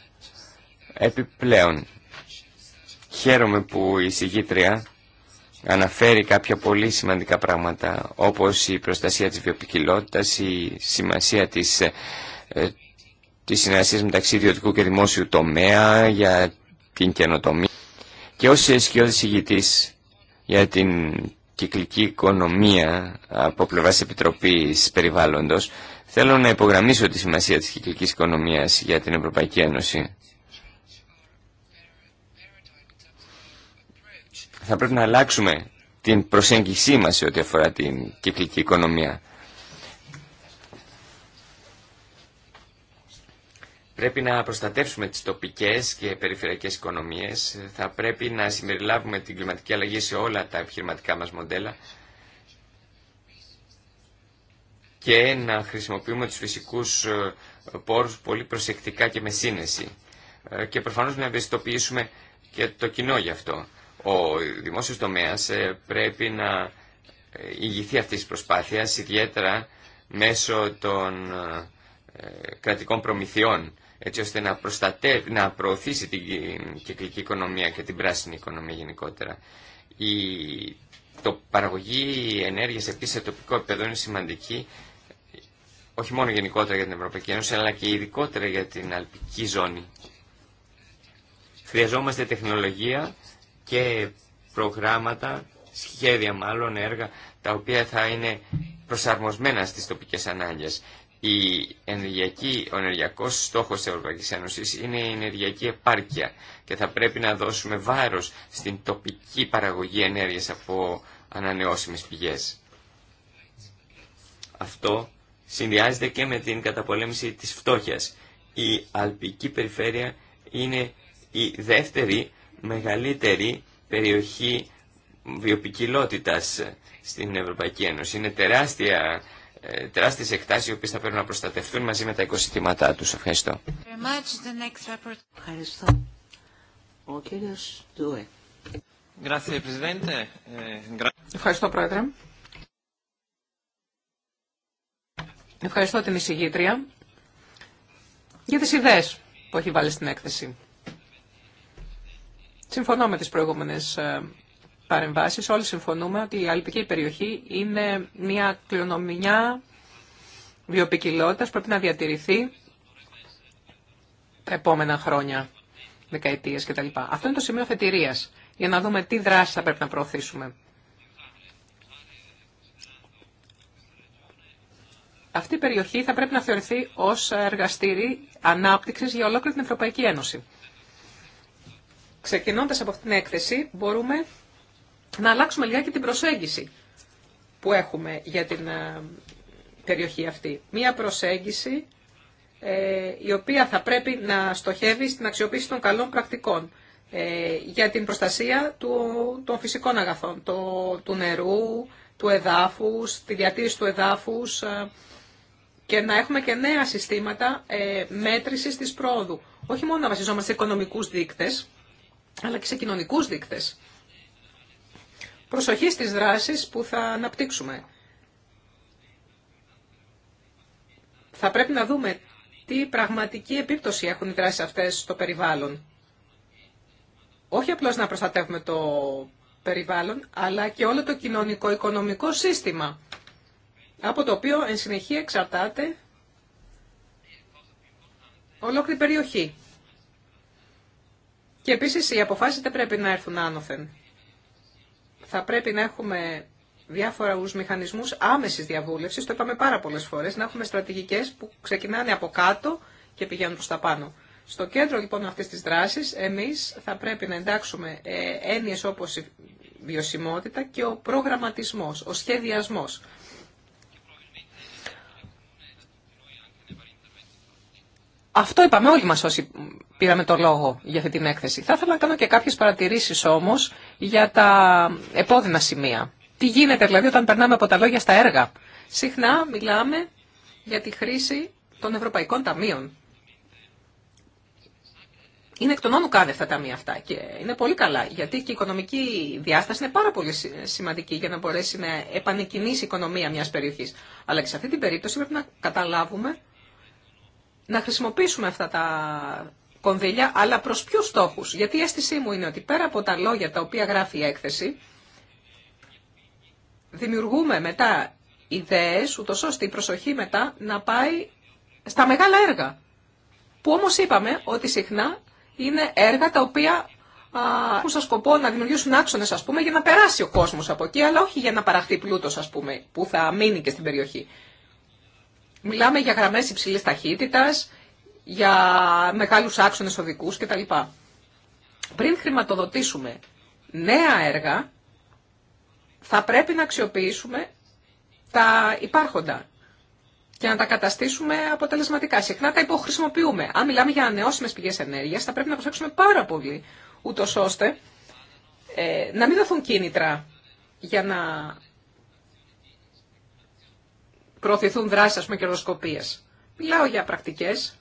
Επιπλέον, χαίρομαι που η συγγήτρια αναφέρει κάποια πολύ σημαντικά πράγματα, όπως η προστασία της βιοπικιλότητας, η σημασία της, ε, της συνεργασίας μεταξύ ιδιωτικού και δημόσιου τομέα για την καινοτομία. Και ως αισιόδης ηγητής για την κυκλική οικονομία από πλευράς Επιτροπής Περιβάλλοντος, Θέλω να υπογραμμίσω τη σημασία της κυκλικής οικονομίας για την Ευρωπαϊκή Ένωση. Θα πρέπει να αλλάξουμε την προσέγγιση μας σε ό,τι αφορά την κυκλική οικονομία. Πρέπει να προστατεύσουμε τις τοπικές και περιφερειακές οικονομίες. Θα πρέπει να συμπεριλάβουμε την κλιματική αλλαγή σε όλα τα επιχειρηματικά μας μοντέλα. και να χρησιμοποιούμε τους φυσικούς ε, πόρους πολύ προσεκτικά και με σύνεση. Ε, και προφανώς να ευαισθητοποιήσουμε και το κοινό γι' αυτό. Ο δημόσιος τομέας ε, πρέπει να ηγηθεί αυτής της προσπάθειας, ιδιαίτερα μέσω των κρατικών προμηθειών, έτσι ώστε να, προστατέ να προωθήσει την κυκλική οικονομία και την πράσινη οικονομία γενικότερα. το παραγωγή ενέργειας επίσης σε τοπικό επίπεδο είναι σημαντική όχι μόνο γενικότερα για την Ευρωπαϊκή Ένωση, αλλά και ειδικότερα για την αλπική ζώνη. Χρειαζόμαστε τεχνολογία και προγράμματα, σχέδια μάλλον, έργα, τα οποία θα είναι προσαρμοσμένα στις τοπικές ανάγκες. Η ενεργειακή, ο ενεργειακός στόχος της Ευρωπαϊκής Ένωσης είναι η ενεργειακή επάρκεια και θα πρέπει να δώσουμε βάρος στην τοπική παραγωγή ενέργειας από ανανεώσιμες πηγές. Αυτό συνδυάζεται και με την καταπολέμηση της φτώχειας. Η αλπική περιφέρεια είναι η δεύτερη μεγαλύτερη περιοχή βιοπικιλότητας στην Ευρωπαϊκή Ένωση. Είναι τεράστια, ε, τεράστιες εκτάσεις οι οποίες θα πρέπει να προστατευτούν μαζί με τα οικοσυστήματά τους. Ευχαριστώ. Ευχαριστώ. Ο κύριος ε, Ευχαριστώ, Πρόεδρε. Ευχαριστώ την εισηγήτρια για τις ιδέες που έχει βάλει στην έκθεση. Συμφωνώ με τις προηγούμενες ε, παρεμβάσεις. Όλοι συμφωνούμε ότι η αλπική περιοχή είναι μια κληρονομιά βιοπικιλότητας που πρέπει να διατηρηθεί τα επόμενα χρόνια, δεκαετίες κτλ. Αυτό είναι το σημείο αφετηρίας για να δούμε τι δράση θα πρέπει να προωθήσουμε. αυτή η περιοχή θα πρέπει να θεωρηθεί ως εργαστήρι ανάπτυξη για ολόκληρη την Ευρωπαϊκή Ένωση. Ξεκινώντας από αυτή την έκθεση μπορούμε να αλλάξουμε λιγάκι την προσέγγιση που έχουμε για την ε, περιοχή αυτή. Μία προσέγγιση ε, η οποία θα πρέπει να στοχεύει στην αξιοποίηση των καλών πρακτικών ε, για την προστασία του, των φυσικών αγαθών, το, του νερού, του εδάφους, τη διατήρηση του εδάφους, και να έχουμε και νέα συστήματα ε, μέτρησης της πρόοδου. Όχι μόνο να βασιζόμαστε σε οικονομικούς δείκτες, αλλά και σε κοινωνικούς δείκτες. Προσοχή στις δράσεις που θα αναπτύξουμε. Θα πρέπει να δούμε τι πραγματική επίπτωση έχουν οι δράσεις αυτές στο περιβάλλον. Όχι απλώς να προστατεύουμε το περιβάλλον, αλλά και όλο το κοινωνικό-οικονομικό σύστημα από το οποίο εν συνεχεία εξαρτάται ολόκληρη περιοχή. Και επίσης οι αποφάσεις δεν πρέπει να έρθουν άνωθεν. Θα πρέπει να έχουμε διάφορους μηχανισμούς άμεσης διαβούλευσης, το είπαμε πάρα πολλές φορές, να έχουμε στρατηγικές που ξεκινάνε από κάτω και πηγαίνουν προς τα πάνω. Στο κέντρο λοιπόν αυτής της δράσης εμείς θα πρέπει να εντάξουμε ε, έννοιες όπως η βιωσιμότητα και ο προγραμματισμός, ο σχεδιασμός. Αυτό είπαμε όλοι μας όσοι πήραμε το λόγο για αυτή την έκθεση. Θα ήθελα να κάνω και κάποιες παρατηρήσεις όμως για τα επώδυνα σημεία. Τι γίνεται δηλαδή όταν περνάμε από τα λόγια στα έργα. Συχνά μιλάμε για τη χρήση των Ευρωπαϊκών Ταμείων. Είναι εκ των όνου αυτά τα ταμεία αυτά και είναι πολύ καλά γιατί και η οικονομική διάσταση είναι πάρα πολύ σημαντική για να μπορέσει να επανεκκινήσει η οικονομία μιας περιοχής. Αλλά και σε αυτή την περίπτωση πρέπει να καταλάβουμε να χρησιμοποιήσουμε αυτά τα κονδύλια, αλλά προς ποιου στόχους. Γιατί η αίσθησή μου είναι ότι πέρα από τα λόγια τα οποία γράφει η έκθεση, δημιουργούμε μετά ιδέες, ούτως ώστε η προσοχή μετά να πάει στα μεγάλα έργα. Που όμως είπαμε ότι συχνά είναι έργα τα οποία έχουν σαν σκοπό να δημιουργήσουν άξονες ας πούμε για να περάσει ο κόσμος από εκεί αλλά όχι για να παραχθεί πλούτος ας πούμε που θα μείνει και στην περιοχή. Μιλάμε για γραμμές υψηλής ταχύτητας, για μεγάλους άξονες οδικούς κτλ. Πριν χρηματοδοτήσουμε νέα έργα, θα πρέπει να αξιοποιήσουμε τα υπάρχοντα και να τα καταστήσουμε αποτελεσματικά. Συχνά τα υποχρησιμοποιούμε. Αν μιλάμε για ανανεώσιμε πηγέ ενέργεια, θα πρέπει να προσέξουμε πάρα πολύ, ούτω ώστε ε, να μην δοθούν κίνητρα για να προωθηθούν δράσεις, ας πούμε, κερδοσκοπίας. Μιλάω για πρακτικές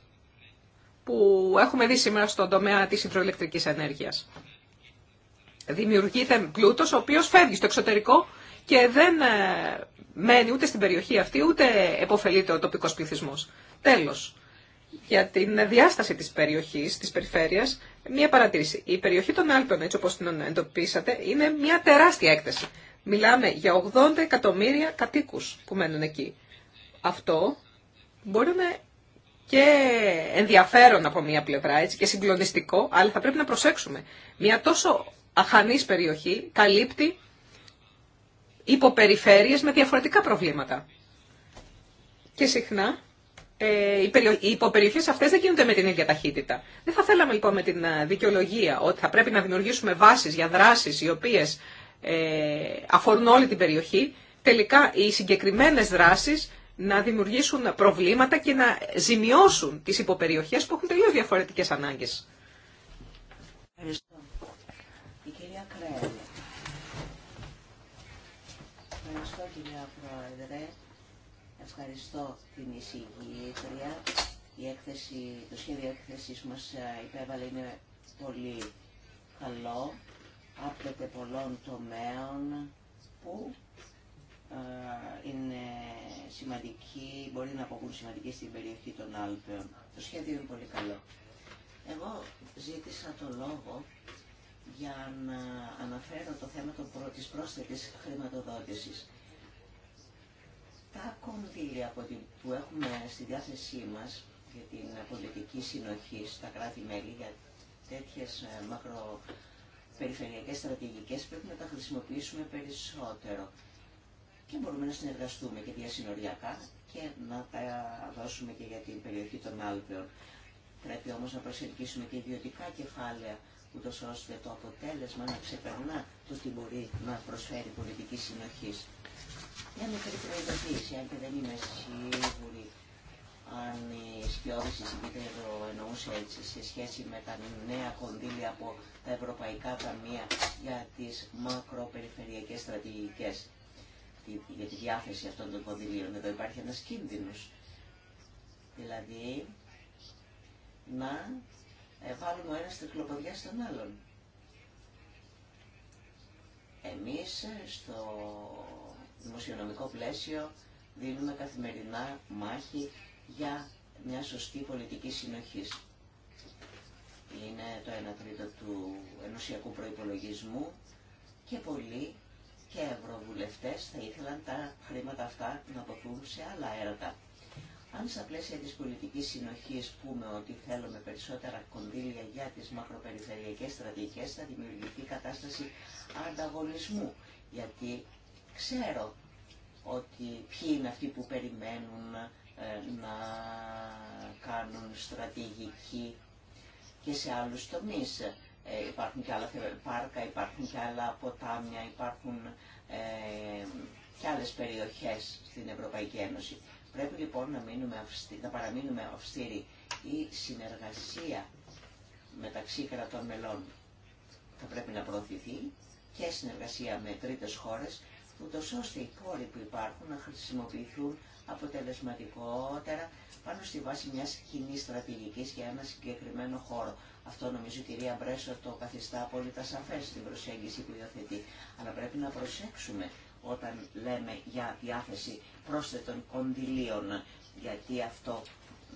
που έχουμε δει σήμερα στον τομέα της υδροηλεκτρικής ενέργειας. Δημιουργείται πλούτος ο οποίος φεύγει στο εξωτερικό και δεν ε, μένει ούτε στην περιοχή αυτή, ούτε επωφελείται ο τοπικός πληθυσμό. Τέλος, για την διάσταση της περιοχής, της περιφέρειας, μία παρατήρηση. Η περιοχή των Άλπων, έτσι όπως την εντοπίσατε, είναι μία τεράστια εκθεση Μιλάμε για 80 εκατομμύρια κατοίκους που μένουν εκεί. Αυτό μπορεί να είναι και ενδιαφέρον από μία πλευρά έτσι, και συγκλονιστικό, αλλά θα πρέπει να προσέξουμε. Μία τόσο αχανής περιοχή καλύπτει υποπεριφέρειες με διαφορετικά προβλήματα. Και συχνά ε, οι, περιο... οι αυτές δεν γίνονται με την ίδια ταχύτητα. Δεν θα θέλαμε λοιπόν με την ε, δικαιολογία ότι θα πρέπει να δημιουργήσουμε βάσεις για δράσεις οι οποίες ε, αφορούν όλη την περιοχή. Τελικά οι συγκεκριμένες δράσεις να δημιουργήσουν προβλήματα και να ζημιώσουν τις υποπεριοχές που έχουν τελείως διαφορετικές ανάγκες. Ευχαριστώ. Η κυρία Κρέλλη. Ευχαριστώ κυρία Πρόεδρε. Ευχαριστώ την εισηγήτρια. Η έκθεση, το σχέδιο έκθεσης μας ε, υπέβαλε είναι πολύ καλό. Άπλεται πολλών τομέων που ε, είναι σημαντική, μπορεί να αποκούν σημαντική στην περιοχή των Άλπαιων. Το σχέδιο είναι πολύ καλό. Εγώ ζήτησα το λόγο για να αναφέρω το θέμα της πρόσθετης χρηματοδότησης. Τα κονδύλια που έχουμε στη διάθεσή μας για την πολιτική συνοχή στα κράτη-μέλη για τέτοιες ε, μακροπεριφερειακές στρατηγικές πρέπει να τα χρησιμοποιήσουμε περισσότερο και μπορούμε να συνεργαστούμε και διασυνοριακά και να τα δώσουμε και για την περιοχή των Άλπαιων. Πρέπει όμως να προσελκύσουμε και ιδιωτικά κεφάλαια, ούτω ώστε το αποτέλεσμα να ξεπερνά το τι μπορεί να προσφέρει η πολιτική συνοχή. Μια μικρή προειδοποίηση, αν και δεν είμαι σίγουρη αν η σκιώδηση συγκεκριμένα εννοούσε έτσι σε σχέση με τα νέα κονδύλια από τα ευρωπαϊκά ταμεία για τι μακροπεριφερειακές στρατηγικέ για τη διάθεση αυτών των κονδυλίων. Εδώ υπάρχει ένας κίνδυνος. Δηλαδή, να ε, βάλουμε ο ένας τρικλοποδιά στον άλλον. Εμείς ε, στο δημοσιονομικό πλαίσιο δίνουμε καθημερινά μάχη για μια σωστή πολιτική συνοχή. Είναι το 1 τρίτο του ενωσιακού προϋπολογισμού και πολλοί και ευρωβουλευτές θα ήθελαν τα χρήματα αυτά να δοθούν σε άλλα έργα. Αν στα πλαίσια της πολιτικής συνοχής πούμε ότι θέλουμε περισσότερα κονδύλια για τις μακροπεριφερειακές στρατηγικές θα δημιουργηθεί κατάσταση ανταγωνισμού. Γιατί ξέρω ότι ποιοι είναι αυτοί που περιμένουν ε, να κάνουν στρατηγική και σε άλλους τομείς. Ε, υπάρχουν και άλλα πάρκα, υπάρχουν και άλλα ποτάμια, υπάρχουν ε, και άλλες περιοχές στην Ευρωπαϊκή Ένωση. Πρέπει λοιπόν να, μείνουμε να παραμείνουμε αυστηροί. Η συνεργασία μεταξύ κρατών μελών θα πρέπει να προωθηθεί και συνεργασία με τρίτες χώρες, ούτω ώστε οι πόροι που υπάρχουν να χρησιμοποιηθούν αποτελεσματικότερα πάνω στη βάση μιας κοινής στρατηγικής για ένα συγκεκριμένο χώρο. Αυτό νομίζω η κυρία Μπρέσο το καθιστά απόλυτα σαφές στην προσέγγιση που υιοθετεί. Αλλά πρέπει να προσέξουμε όταν λέμε για διάθεση πρόσθετων κονδυλίων, γιατί αυτό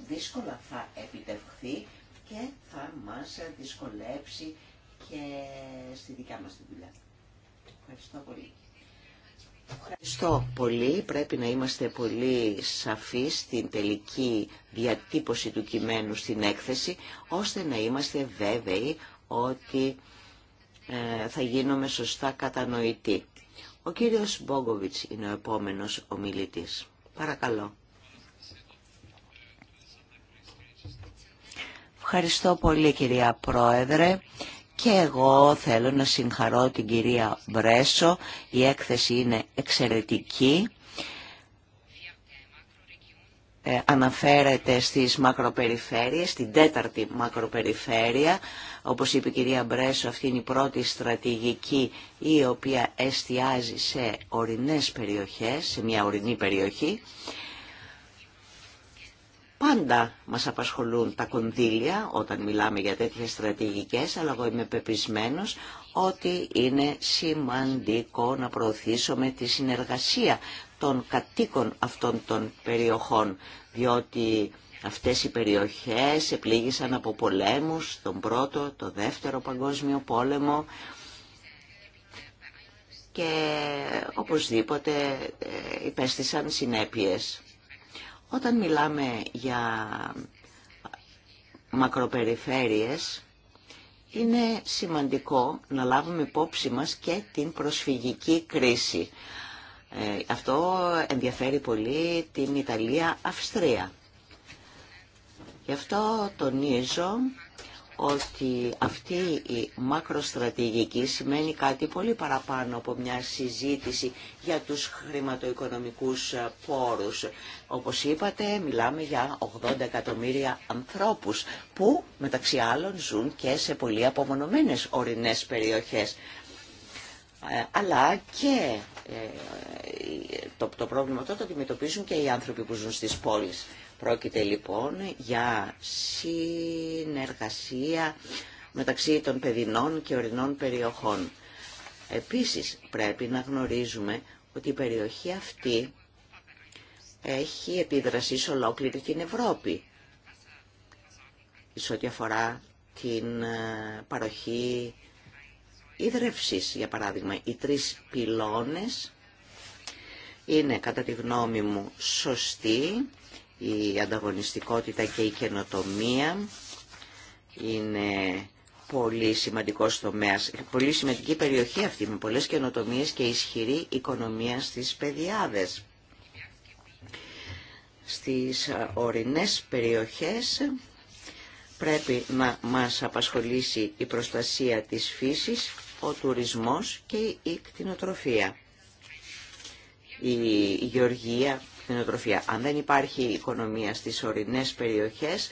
δύσκολα θα επιτευχθεί και θα μας δυσκολέψει και στη δικιά μας τη δουλειά. Ευχαριστώ πολύ. Ευχαριστώ πολύ. Πρέπει να είμαστε πολύ σαφείς στην τελική διατύπωση του κειμένου στην έκθεση, ώστε να είμαστε βέβαιοι ότι ε, θα γίνουμε σωστά κατανοητοί. Ο κύριος Μπόγκοβιτς είναι ο επόμενος ομιλητής. Παρακαλώ. Ευχαριστώ πολύ κυρία Πρόεδρε. Και εγώ θέλω να συγχαρώ την κυρία Μπρέσο. Η έκθεση είναι εξαιρετική. Ε, αναφέρεται στις μακροπεριφέρειες, στην τέταρτη μακροπεριφέρεια. Όπως είπε η κυρία Μπρέσο, αυτή είναι η πρώτη στρατηγική η οποία εστιάζει σε ορεινές περιοχές, σε μια ορεινή περιοχή. Πάντα μας απασχολούν τα κονδύλια όταν μιλάμε για τέτοιες στρατηγικές, αλλά εγώ είμαι πεπισμένος ότι είναι σημαντικό να προωθήσουμε τη συνεργασία των κατοίκων αυτών των περιοχών, διότι αυτές οι περιοχές επλήγησαν από πολέμους, τον πρώτο, το δεύτερο παγκόσμιο πόλεμο και οπωσδήποτε ε, υπέστησαν συνέπειες όταν μιλάμε για μακροπεριφέρειες, είναι σημαντικό να λάβουμε υπόψη μας και την προσφυγική κρίση. Ε, αυτό ενδιαφέρει πολύ την Ιταλία-Αυστρία. Γι' αυτό τονίζω ότι αυτή η μακροστρατηγική σημαίνει κάτι πολύ παραπάνω από μια συζήτηση για τους χρηματοοικονομικούς πόρους. Όπως είπατε, μιλάμε για 80 εκατομμύρια ανθρώπους που μεταξύ άλλων ζουν και σε πολύ απομονωμένες ορεινές περιοχές. Ε, αλλά και ε, το, πρόβλημα τότε το αντιμετωπίζουν και οι άνθρωποι που ζουν στις πόλεις. Πρόκειται λοιπόν για συνεργασία μεταξύ των παιδινών και ορεινών περιοχών. Επίσης πρέπει να γνωρίζουμε ότι η περιοχή αυτή έχει επίδραση σε ολόκληρη την Ευρώπη σε ό,τι αφορά την ε, παροχή ίδρευσης, για παράδειγμα. Οι τρεις πυλώνες είναι, κατά τη γνώμη μου, σωστοί η ανταγωνιστικότητα και η καινοτομία είναι πολύ σημαντικό τομέας, πολύ σημαντική περιοχή αυτή με πολλές καινοτομίε και ισχυρή οικονομία στις παιδιάδες. Στις ορεινές περιοχές πρέπει να μας απασχολήσει η προστασία της φύσης, ο τουρισμός και η κτηνοτροφία. Η γεωργία κτηνοτροφία. Αν δεν υπάρχει οικονομία στις ορεινές περιοχές,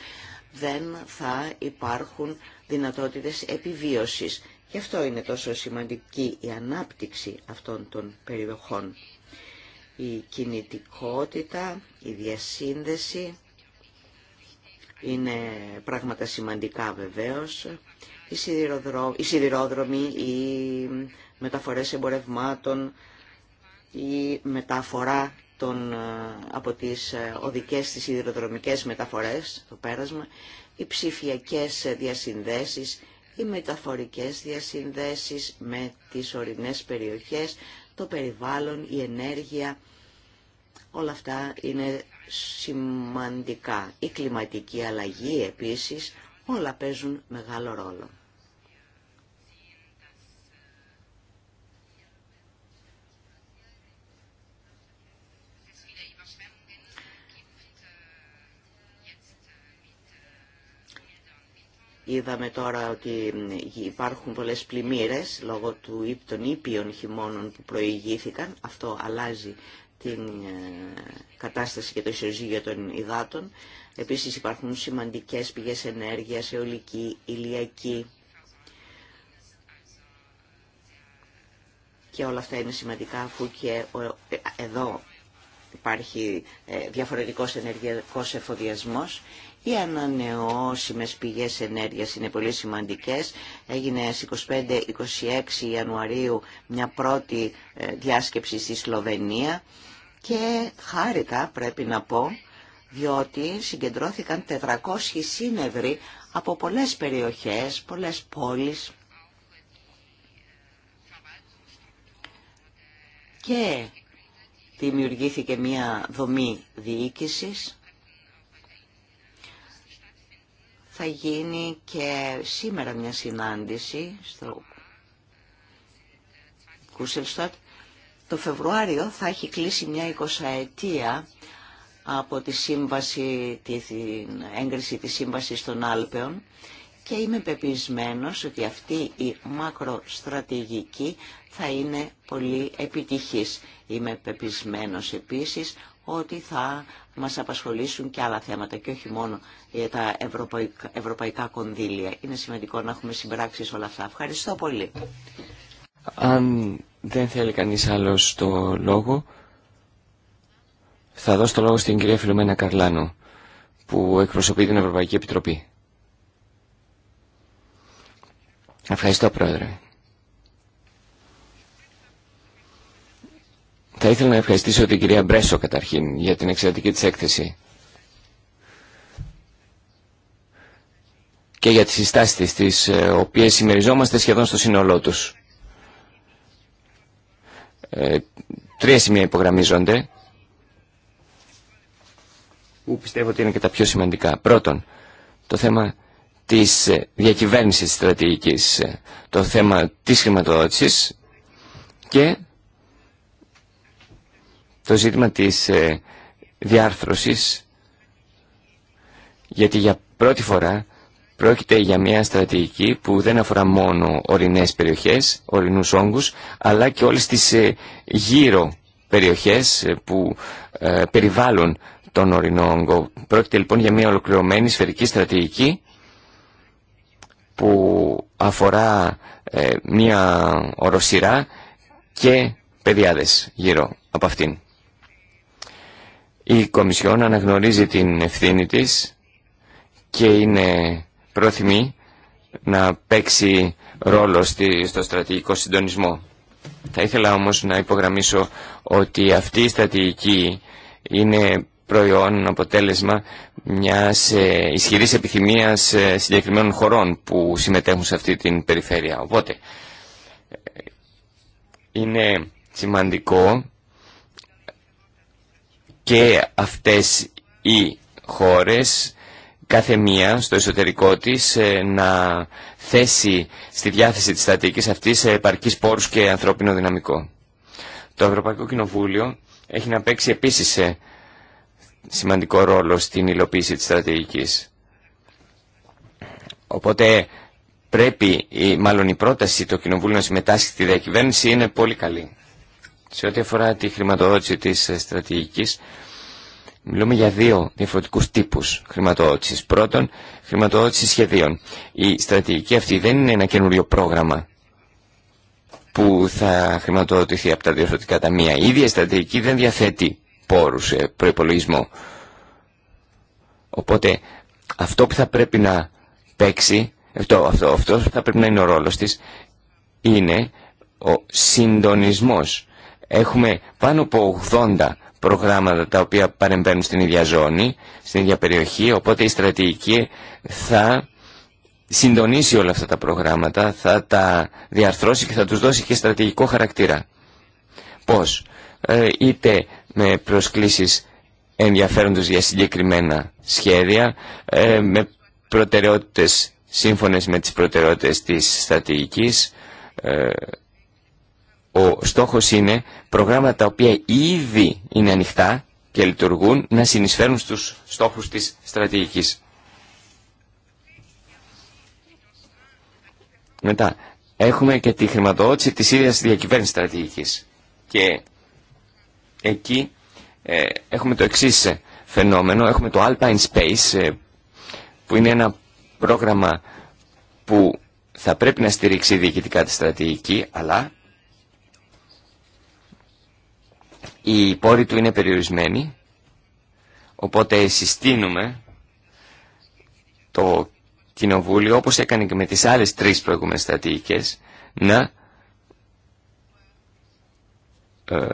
δεν θα υπάρχουν δυνατότητες επιβίωσης. Γι' αυτό είναι τόσο σημαντική η ανάπτυξη αυτών των περιοχών. Η κινητικότητα, η διασύνδεση είναι πράγματα σημαντικά βεβαίως. Οι, οι σιδηρόδρομοι, οι μεταφορές εμπορευμάτων, η μεταφορά των, ε, από τις ε, οδικές τις ιδροδρομικές μεταφορές, το πέρασμα, οι ψηφιακές διασυνδέσεις, οι μεταφορικές διασυνδέσεις με τις ορεινές περιοχές, το περιβάλλον, η ενέργεια, όλα αυτά είναι σημαντικά. Η κλιματική αλλαγή επίσης, όλα παίζουν μεγάλο ρόλο. Είδαμε τώρα ότι υπάρχουν πολλές πλημμύρες λόγω του, των ήπιων χειμώνων που προηγήθηκαν. Αυτό αλλάζει την ε, κατάσταση και το ισοζύγιο των υδάτων. Επίσης υπάρχουν σημαντικές πηγές ενέργειας, αιωλική, ηλιακή. Και όλα αυτά είναι σημαντικά αφού και ε, ε, εδώ υπάρχει διαφορετικός ενεργειακός εφοδιασμός οι ανανεώσιμες πηγές ενέργειας είναι πολύ σημαντικές. Έγινε στις 25-26 Ιανουαρίου μια πρώτη ε, διάσκεψη στη Σλοβενία και χάρηκα πρέπει να πω διότι συγκεντρώθηκαν 400 σύνευροι από πολλές περιοχές, πολλές πόλεις και δημιουργήθηκε μια δομή διοίκησης θα γίνει και σήμερα μια συνάντηση στο Κούσελστατ. Το Φεβρουάριο θα έχει κλείσει μια εικοσαετία από τη σύμβαση, την έγκριση της σύμβασης των Άλπαιων και είμαι πεπισμένος ότι αυτή η μακροστρατηγική θα είναι πολύ επιτυχής. Είμαι πεπισμένος επίσης ότι θα μας απασχολήσουν και άλλα θέματα και όχι μόνο για τα ευρωπαϊκά, κονδύλια. Είναι σημαντικό να έχουμε συμπράξει όλα αυτά. Ευχαριστώ πολύ. Αν δεν θέλει κανείς άλλος το λόγο, θα δώσω το λόγο στην κυρία Φιλομένα Καρλάνου, που εκπροσωπεί την Ευρωπαϊκή Επιτροπή. Ευχαριστώ, Πρόεδρε. Θα ήθελα να ευχαριστήσω την κυρία Μπρέσο καταρχήν για την εξαιρετική της έκθεση και για τις συστάσεις της, τις ε, οποίες συμμεριζόμαστε σχεδόν στο σύνολό τους. Ε, τρία σημεία υπογραμμίζονται που πιστεύω ότι είναι και τα πιο σημαντικά. Πρώτον, το θέμα της ε, διακυβέρνησης στρατηγικής, ε, το θέμα της χρηματοδότησης και το ζήτημα της ε, διάρθρωσης γιατί για πρώτη φορά πρόκειται για μια στρατηγική που δεν αφορά μόνο ορεινές περιοχές, ορεινούς όγκους, αλλά και όλες τις ε, γύρω περιοχές ε, που περιβάλλουν τον ορεινό όγκο. Πρόκειται λοιπόν για μια ολοκληρωμένη σφαιρική στρατηγική που αφορά μια οροσυρά και παιδιάδες γύρω από αυτήν. Η Κομισιόν αναγνωρίζει την ευθύνη της και είναι πρόθυμη να παίξει ρόλο στο στρατηγικό συντονισμό. Θα ήθελα όμως να υπογραμμίσω ότι αυτή η στρατηγική είναι προϊόν, αποτέλεσμα μιας ε, ισχυρής επιθυμίας ε, συγκεκριμένων χωρών που συμμετέχουν σε αυτή την περιφέρεια. Οπότε, ε, είναι σημαντικό και αυτές οι χώρες κάθε μία στο εσωτερικό της ε, να θέσει στη διάθεση της στατικής αυτής επαρκής πόρους και ανθρώπινο δυναμικό. Το Ευρωπαϊκό Κοινοβούλιο έχει να παίξει επίσης ε, σημαντικό ρόλο στην υλοποίηση της στρατηγικής. Οπότε πρέπει, μάλλον η πρόταση του Κοινοβούλιο να συμμετάσχει στη διακυβέρνηση είναι πολύ καλή. Σε ό,τι αφορά τη χρηματοδότηση της ε, στρατηγικής, μιλούμε για δύο διαφορετικούς τύπους χρηματοδότησης. Πρώτον, χρηματοδότηση σχεδίων. Η στρατηγική αυτή δεν είναι ένα καινούριο πρόγραμμα που θα χρηματοδοτηθεί από τα διευθυντικά ταμεία. Η ίδια στρατηγική δεν διαθέτει πόρους σε Οπότε αυτό που θα πρέπει να παίξει, αυτό, αυτό, θα πρέπει να είναι ο ρόλος της, είναι ο συντονισμός Έχουμε πάνω από 80 προγράμματα τα οποία παρεμβαίνουν στην ίδια ζώνη, στην ίδια περιοχή, οπότε η στρατηγική θα συντονίσει όλα αυτά τα προγράμματα, θα τα διαρθρώσει και θα τους δώσει και στρατηγικό χαρακτήρα. Πώς, ε, είτε με προσκλήσεις ενδιαφέροντος για συγκεκριμένα σχέδια, ε, με προτεραιότητες σύμφωνες με τις προτεραιότητες της στρατηγικής, ε, ο στόχος είναι προγράμματα τα οποία ήδη είναι ανοιχτά και λειτουργούν να συνεισφέρουν στους στόχους της στρατηγικής. Μετά, έχουμε και τη χρηματοδότηση της ίδιας διακυβέρνησης στρατηγικής. Και εκεί ε, έχουμε το εξή ε, φαινόμενο. Έχουμε το Alpine Space, ε, που είναι ένα πρόγραμμα που θα πρέπει να στηρίξει διοικητικά τη στρατηγική, αλλά οι πόροι του είναι περιορισμένοι, οπότε συστήνουμε το Κοινοβούλιο, όπως έκανε και με τις άλλες τρεις προηγούμενες στρατηγικές, να ε,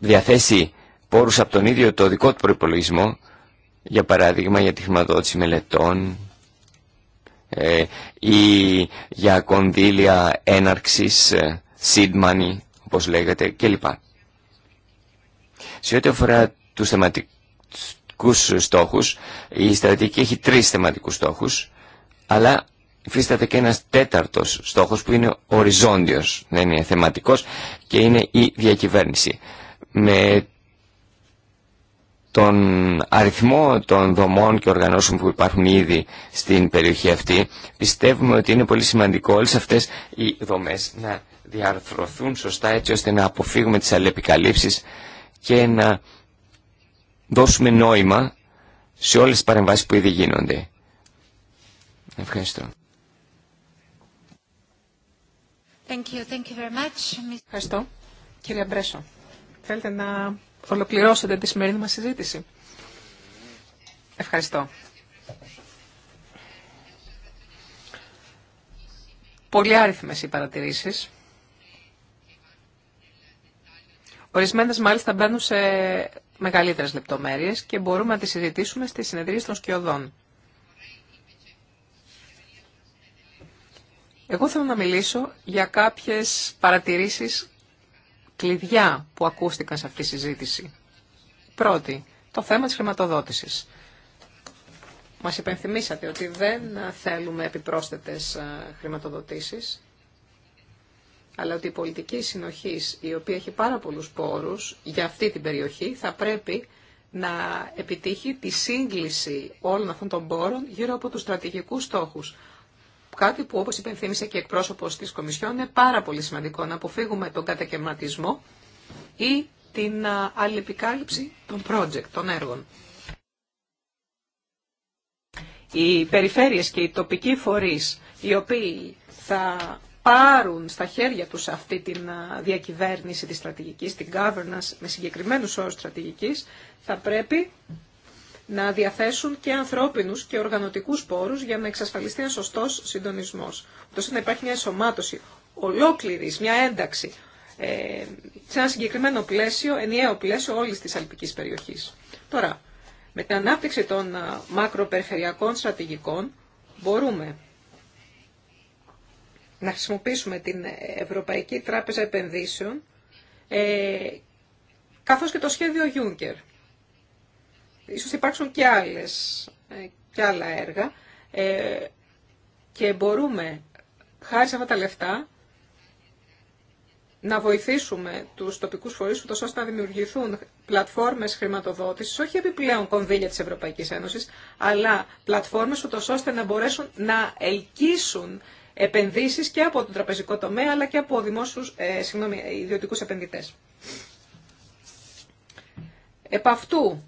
διαθέσει πόρους από τον ίδιο το δικό του προϋπολογισμό, για παράδειγμα για τη χρηματοδότηση μελετών ε, ή για κονδύλια έναρξης, ε, seed money όπως λέγεται κλπ. Σε ό,τι αφορά τους θεματικούς στόχους, η στρατηγική έχει τρεις θεματικούς στόχους, αλλά υφίσταται και ένας τέταρτος στόχος που είναι οριζόντιος, δεν είναι θεματικός και είναι η διακυβέρνηση. Με τον αριθμό των δομών και οργανώσεων που υπάρχουν ήδη στην περιοχή αυτή, πιστεύουμε ότι είναι πολύ σημαντικό όλες αυτές οι δομές να διαρθρωθούν σωστά έτσι ώστε να αποφύγουμε τις αλληλεπικαλύψεις και να δώσουμε νόημα σε όλες τις παρεμβάσεις που ήδη γίνονται. Ευχαριστώ. Thank you. Thank you very much. Ευχαριστώ. Κύριε Μπρέσο, θέλετε να ολοκληρώσετε τη σημερινή μας συζήτηση. Ευχαριστώ. Πολύ άριθμες οι παρατηρήσεις. Ορισμένες μάλιστα μπαίνουν σε μεγαλύτερες λεπτομέρειες και μπορούμε να τις συζητήσουμε στη συνεδρίαση των σκιωδών. Εγώ θέλω να μιλήσω για κάποιες παρατηρήσεις κλειδιά που ακούστηκαν σε αυτή τη συζήτηση. Πρώτη, το θέμα της χρηματοδότησης. Μας υπενθυμίσατε ότι δεν θέλουμε επιπρόσθετες ε, χρηματοδοτήσεις αλλά ότι η πολιτική συνοχής, η οποία έχει πάρα πολλούς πόρους για αυτή την περιοχή, θα πρέπει να επιτύχει τη σύγκληση όλων αυτών των πόρων γύρω από τους στρατηγικούς στόχους. Κάτι που, όπως υπενθύμησε και εκπρόσωπος της Κομισιόν, είναι πάρα πολύ σημαντικό να αποφύγουμε τον κατακαιρματισμό ή την αλληλεπικάλυψη των project, των έργων. Οι περιφέρειες και οι τοπικοί φορείς, οι οποίοι θα πάρουν στα χέρια τους αυτή την διακυβέρνηση της στρατηγικής, την governance με συγκεκριμένους όρους στρατηγικής, θα πρέπει να διαθέσουν και ανθρώπινους και οργανωτικούς πόρους για να εξασφαλιστεί ένα σωστός συντονισμός. Τόσο να υπάρχει μια ενσωμάτωση ολόκληρη, μια ένταξη ε, σε ένα συγκεκριμένο πλαίσιο, ενιαίο πλαίσιο όλης της αλπικής περιοχής. Τώρα, με την ανάπτυξη των μακροπεριφερειακών στρατηγικών μπορούμε να χρησιμοποιήσουμε την Ευρωπαϊκή Τράπεζα Επενδύσεων ε, καθώς και το σχέδιο Juncker. Ίσως υπάρξουν και, άλλες, ε, και άλλα έργα ε, και μπορούμε χάρη σε αυτά τα λεφτά να βοηθήσουμε τους τοπικούς φορείς ούτως ώστε να δημιουργηθούν πλατφόρμες χρηματοδότησης, όχι επιπλέον κονδύλια της Ευρωπαϊκής Ένωσης, αλλά πλατφόρμες ούτως ώστε να μπορέσουν να ελκύσουν επενδύσεις και από τον τραπεζικό τομέα αλλά και από δημόσιους, ε, συγγνώμη, ιδιωτικούς επενδυτές. Επ' αυτού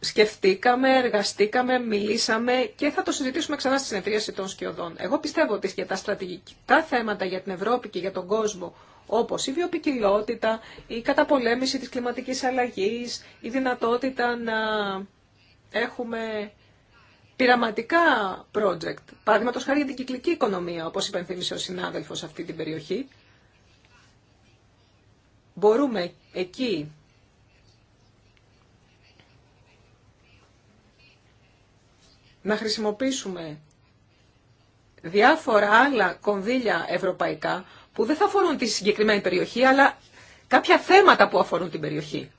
σκεφτήκαμε, εργαστήκαμε, μιλήσαμε και θα το συζητήσουμε ξανά στη συνεδρίαση των σκιωδών. Εγώ πιστεύω ότι για τα στρατηγικά θέματα για την Ευρώπη και για τον κόσμο, όπως η βιοπικιλότητα, η καταπολέμηση της κλιματικής αλλαγής, η δυνατότητα να έχουμε πειραματικά project, Παραδείγματο χάρη για την κυκλική οικονομία, όπως υπενθύμισε ο συνάδελφος αυτή την περιοχή, μπορούμε εκεί να χρησιμοποιήσουμε διάφορα άλλα κονδύλια ευρωπαϊκά που δεν θα αφορούν τη συγκεκριμένη περιοχή, αλλά κάποια θέματα που αφορούν την περιοχή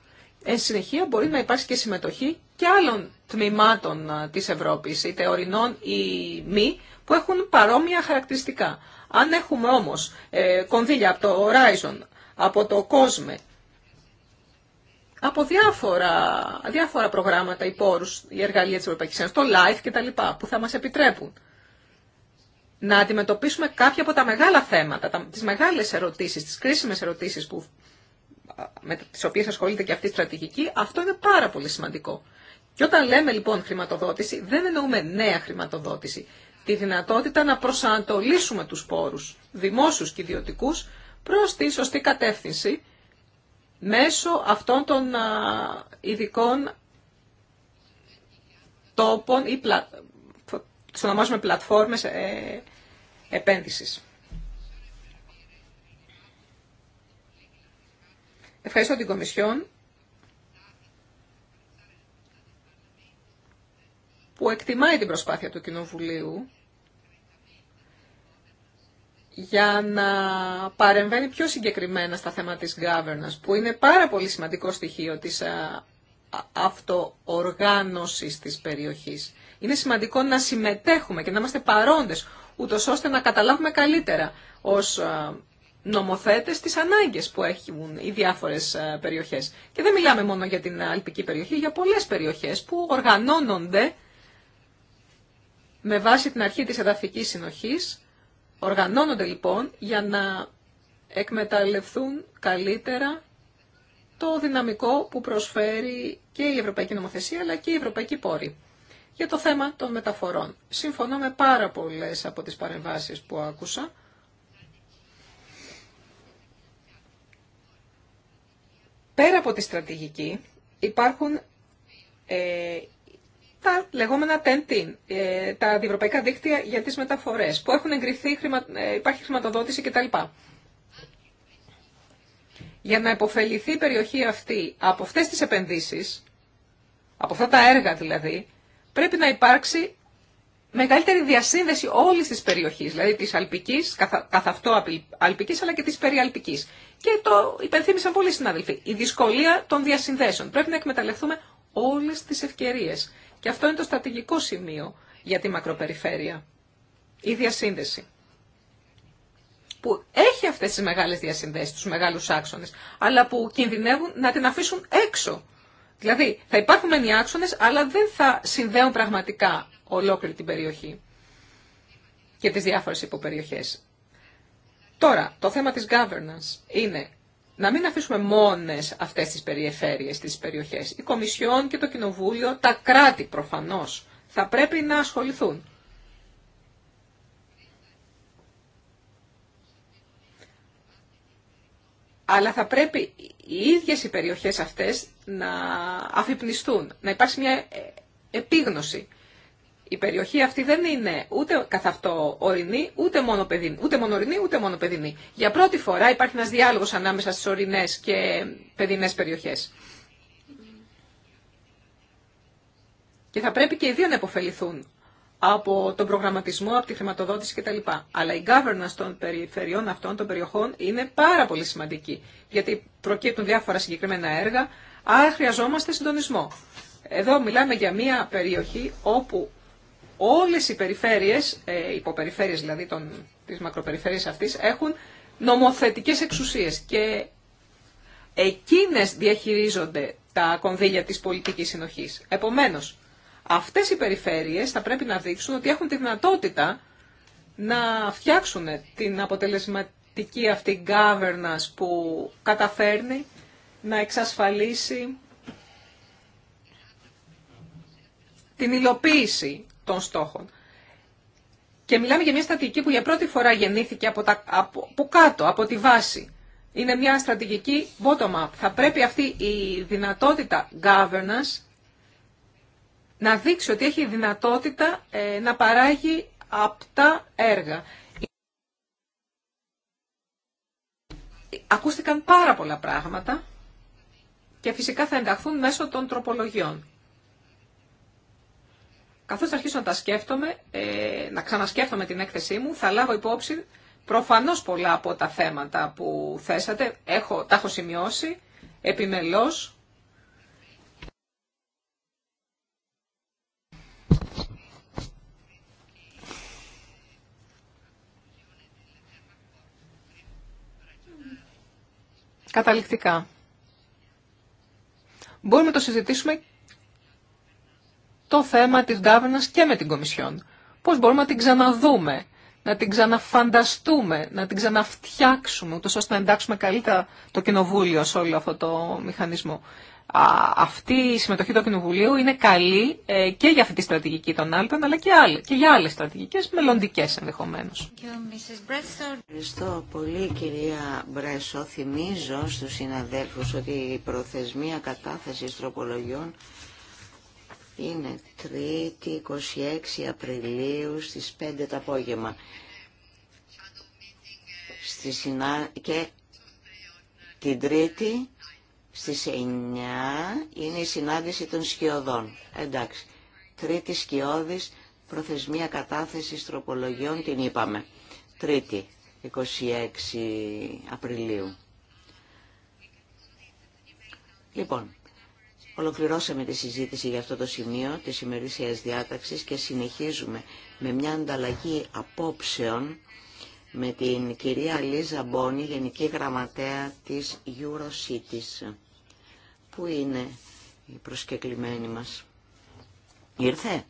εν συνεχεία μπορεί να υπάρξει και συμμετοχή και άλλων τμήματων της Ευρώπης, είτε ορεινών ή μη, που έχουν παρόμοια χαρακτηριστικά. Αν έχουμε όμως ε, κονδύλια από το Horizon, από το COSME, από διάφορα, διάφορα προγράμματα, οι πόρους, οι εργαλεία της Ευρωπαϊκής Ένωσης, το LIFE κτλ. που θα μας επιτρέπουν να αντιμετωπίσουμε κάποια από τα μεγάλα θέματα, τα, τις μεγάλες ερωτήσεις, τις κρίσιμες ερωτήσεις που με τις οποίες ασχολείται και αυτή η στρατηγική, αυτό είναι πάρα πολύ σημαντικό. Και όταν λέμε λοιπόν χρηματοδότηση, δεν εννοούμε νέα χρηματοδότηση. Τη δυνατότητα να προσανατολίσουμε τους πόρους, δημόσιους και ιδιωτικούς, προς τη σωστή κατεύθυνση μέσω αυτών των ειδικών τόπων ή πλα... ονομάζουμε πλατφόρμες ε, επένδυσης. Ευχαριστώ την Κομισιόν που εκτιμάει την προσπάθεια του Κοινοβουλίου για να παρεμβαίνει πιο συγκεκριμένα στα θέματα της governance, που είναι πάρα πολύ σημαντικό στοιχείο της ε, αυτοοργάνωσης της περιοχής. Είναι σημαντικό να συμμετέχουμε και να είμαστε παρόντες, ούτω ώστε να καταλάβουμε καλύτερα ως ε, νομοθέτες τις ανάγκες που έχουν οι διάφορες ε, περιοχές. Και δεν μιλάμε μόνο για την αλπική περιοχή, για πολλές περιοχές που οργανώνονται με βάση την αρχή της εδαφικής συνοχής, οργανώνονται λοιπόν για να εκμεταλλευθούν καλύτερα το δυναμικό που προσφέρει και η Ευρωπαϊκή Νομοθεσία αλλά και η Ευρωπαϊκή Πόρη. Για το θέμα των μεταφορών. Συμφωνώ με πάρα πολλές από τις παρεμβάσεις που άκουσα Πέρα από τη στρατηγική υπάρχουν ε, τα λεγόμενα ε, τα διευρωπαϊκά δίκτυα για τις μεταφορές, που έχουν εγκριθεί, χρημα, ε, υπάρχει χρηματοδότηση κτλ. Για να υποφεληθεί η περιοχή αυτή από αυτές τις επενδύσεις, από αυτά τα έργα δηλαδή, πρέπει να υπάρξει μεγαλύτερη διασύνδεση όλης της περιοχής, δηλαδή της αλπικής, καθ' αυτό αλπικής, αλλά και της περιαλπικής. Και το υπενθύμησαν πολλοί συνάδελφοι. Η δυσκολία των διασυνδέσεων. Πρέπει να εκμεταλλευτούμε όλες τις ευκαιρίες. Και αυτό είναι το στρατηγικό σημείο για τη μακροπεριφέρεια. Η διασύνδεση. Που έχει αυτές τις μεγάλες διασυνδέσεις, τους μεγάλους άξονες, αλλά που κινδυνεύουν να την αφήσουν έξω. Δηλαδή θα υπάρχουν μεν οι άξονες, αλλά δεν θα συνδέουν πραγματικά ολόκληρη την περιοχή και τις διάφορες υποπεριοχές. Τώρα, το θέμα της governance είναι να μην αφήσουμε μόνες αυτές τις περιεφέρειες, τις περιοχές. Η Κομισιόν και το Κοινοβούλιο, τα κράτη προφανώς, θα πρέπει να ασχοληθούν. Αλλά θα πρέπει οι ίδιες οι περιοχές αυτές να αφυπνιστούν, να υπάρξει μια επίγνωση η περιοχή αυτή δεν είναι ούτε καθ' αυτό ορεινή, ούτε μόνο, παιδινή, ούτε μόνο ορεινή, ούτε μόνο παιδινή. Για πρώτη φορά υπάρχει ένας διάλογος ανάμεσα στις ορεινές και παιδινές περιοχές. Και θα πρέπει και οι δύο να υποφεληθούν από τον προγραμματισμό, από τη χρηματοδότηση κτλ. Αλλά η governance των περιφερειών αυτών, των περιοχών, είναι πάρα πολύ σημαντική. Γιατί προκύπτουν διάφορα συγκεκριμένα έργα, άρα χρειαζόμαστε συντονισμό. Εδώ μιλάμε για μια περιοχή όπου Όλες οι περιφέρειες, ε, υποπεριφέρειες δηλαδή των, της μακροπεριφέρειας αυτής, έχουν νομοθετικές εξουσίες και εκείνες διαχειρίζονται τα κονδύλια της πολιτικής συνοχής. Επομένως, αυτές οι περιφέρειες θα πρέπει να δείξουν ότι έχουν τη δυνατότητα να φτιάξουν την αποτελεσματική αυτή governance που καταφέρνει να εξασφαλίσει την υλοποίηση των στόχων. Και μιλάμε για μια στρατηγική που για πρώτη φορά γεννήθηκε από, τα, από, από κάτω, από τη βάση. Είναι μια στρατηγική bottom-up. Θα πρέπει αυτή η δυνατότητα governance να δείξει ότι έχει δυνατότητα ε, να παράγει απτά έργα. Ακούστηκαν πάρα πολλά πράγματα και φυσικά θα ενταχθούν μέσω των τροπολογιών καθώς αρχίσω να τα σκέφτομαι, ε, να ξανασκέφτομαι την έκθεσή μου, θα λάβω υπόψη προφανώς πολλά από τα θέματα που θέσατε. Έχω, τα έχω σημειώσει, επιμελώς. Καταληκτικά. Μπορούμε να το συζητήσουμε το θέμα της governance και με την Κομισιόν. Πώς μπορούμε να την ξαναδούμε, να την ξαναφανταστούμε, να την ξαναφτιάξουμε, ούτως ώστε να εντάξουμε καλύτερα το Κοινοβούλιο σε όλο αυτό το μηχανισμό. αυτή η συμμετοχή του Κοινοβουλίου είναι καλή ε, και για αυτή τη στρατηγική των Άλπων, αλλά και, για άλλε στρατηγικέ μελλοντικέ ενδεχομένω. Ευχαριστώ πολύ κυρία Μπρέσο. Θυμίζω στου συναδέλφου ότι η προθεσμία κατάθεσης τροπολογιών είναι 3η 26 Απριλίου στις 5 το απόγευμα. Στη συνά... Και την Τρίτη στις 9 είναι η συνάντηση των σκιωδών. Εντάξει. Τρίτη σκιώδης, προθεσμία κατάθεσης τροπολογιών την είπαμε. Τρίτη, 26 Απριλίου. Λοιπόν, Ολοκληρώσαμε τη συζήτηση για αυτό το σημείο τη ημερήσιας διάταξης και συνεχίζουμε με μια ανταλλαγή απόψεων με την κυρία Λίζα Μπόνη, Γενική Γραμματέα της EuroCities. Πού είναι η προσκεκλημένη μας. Ήρθε.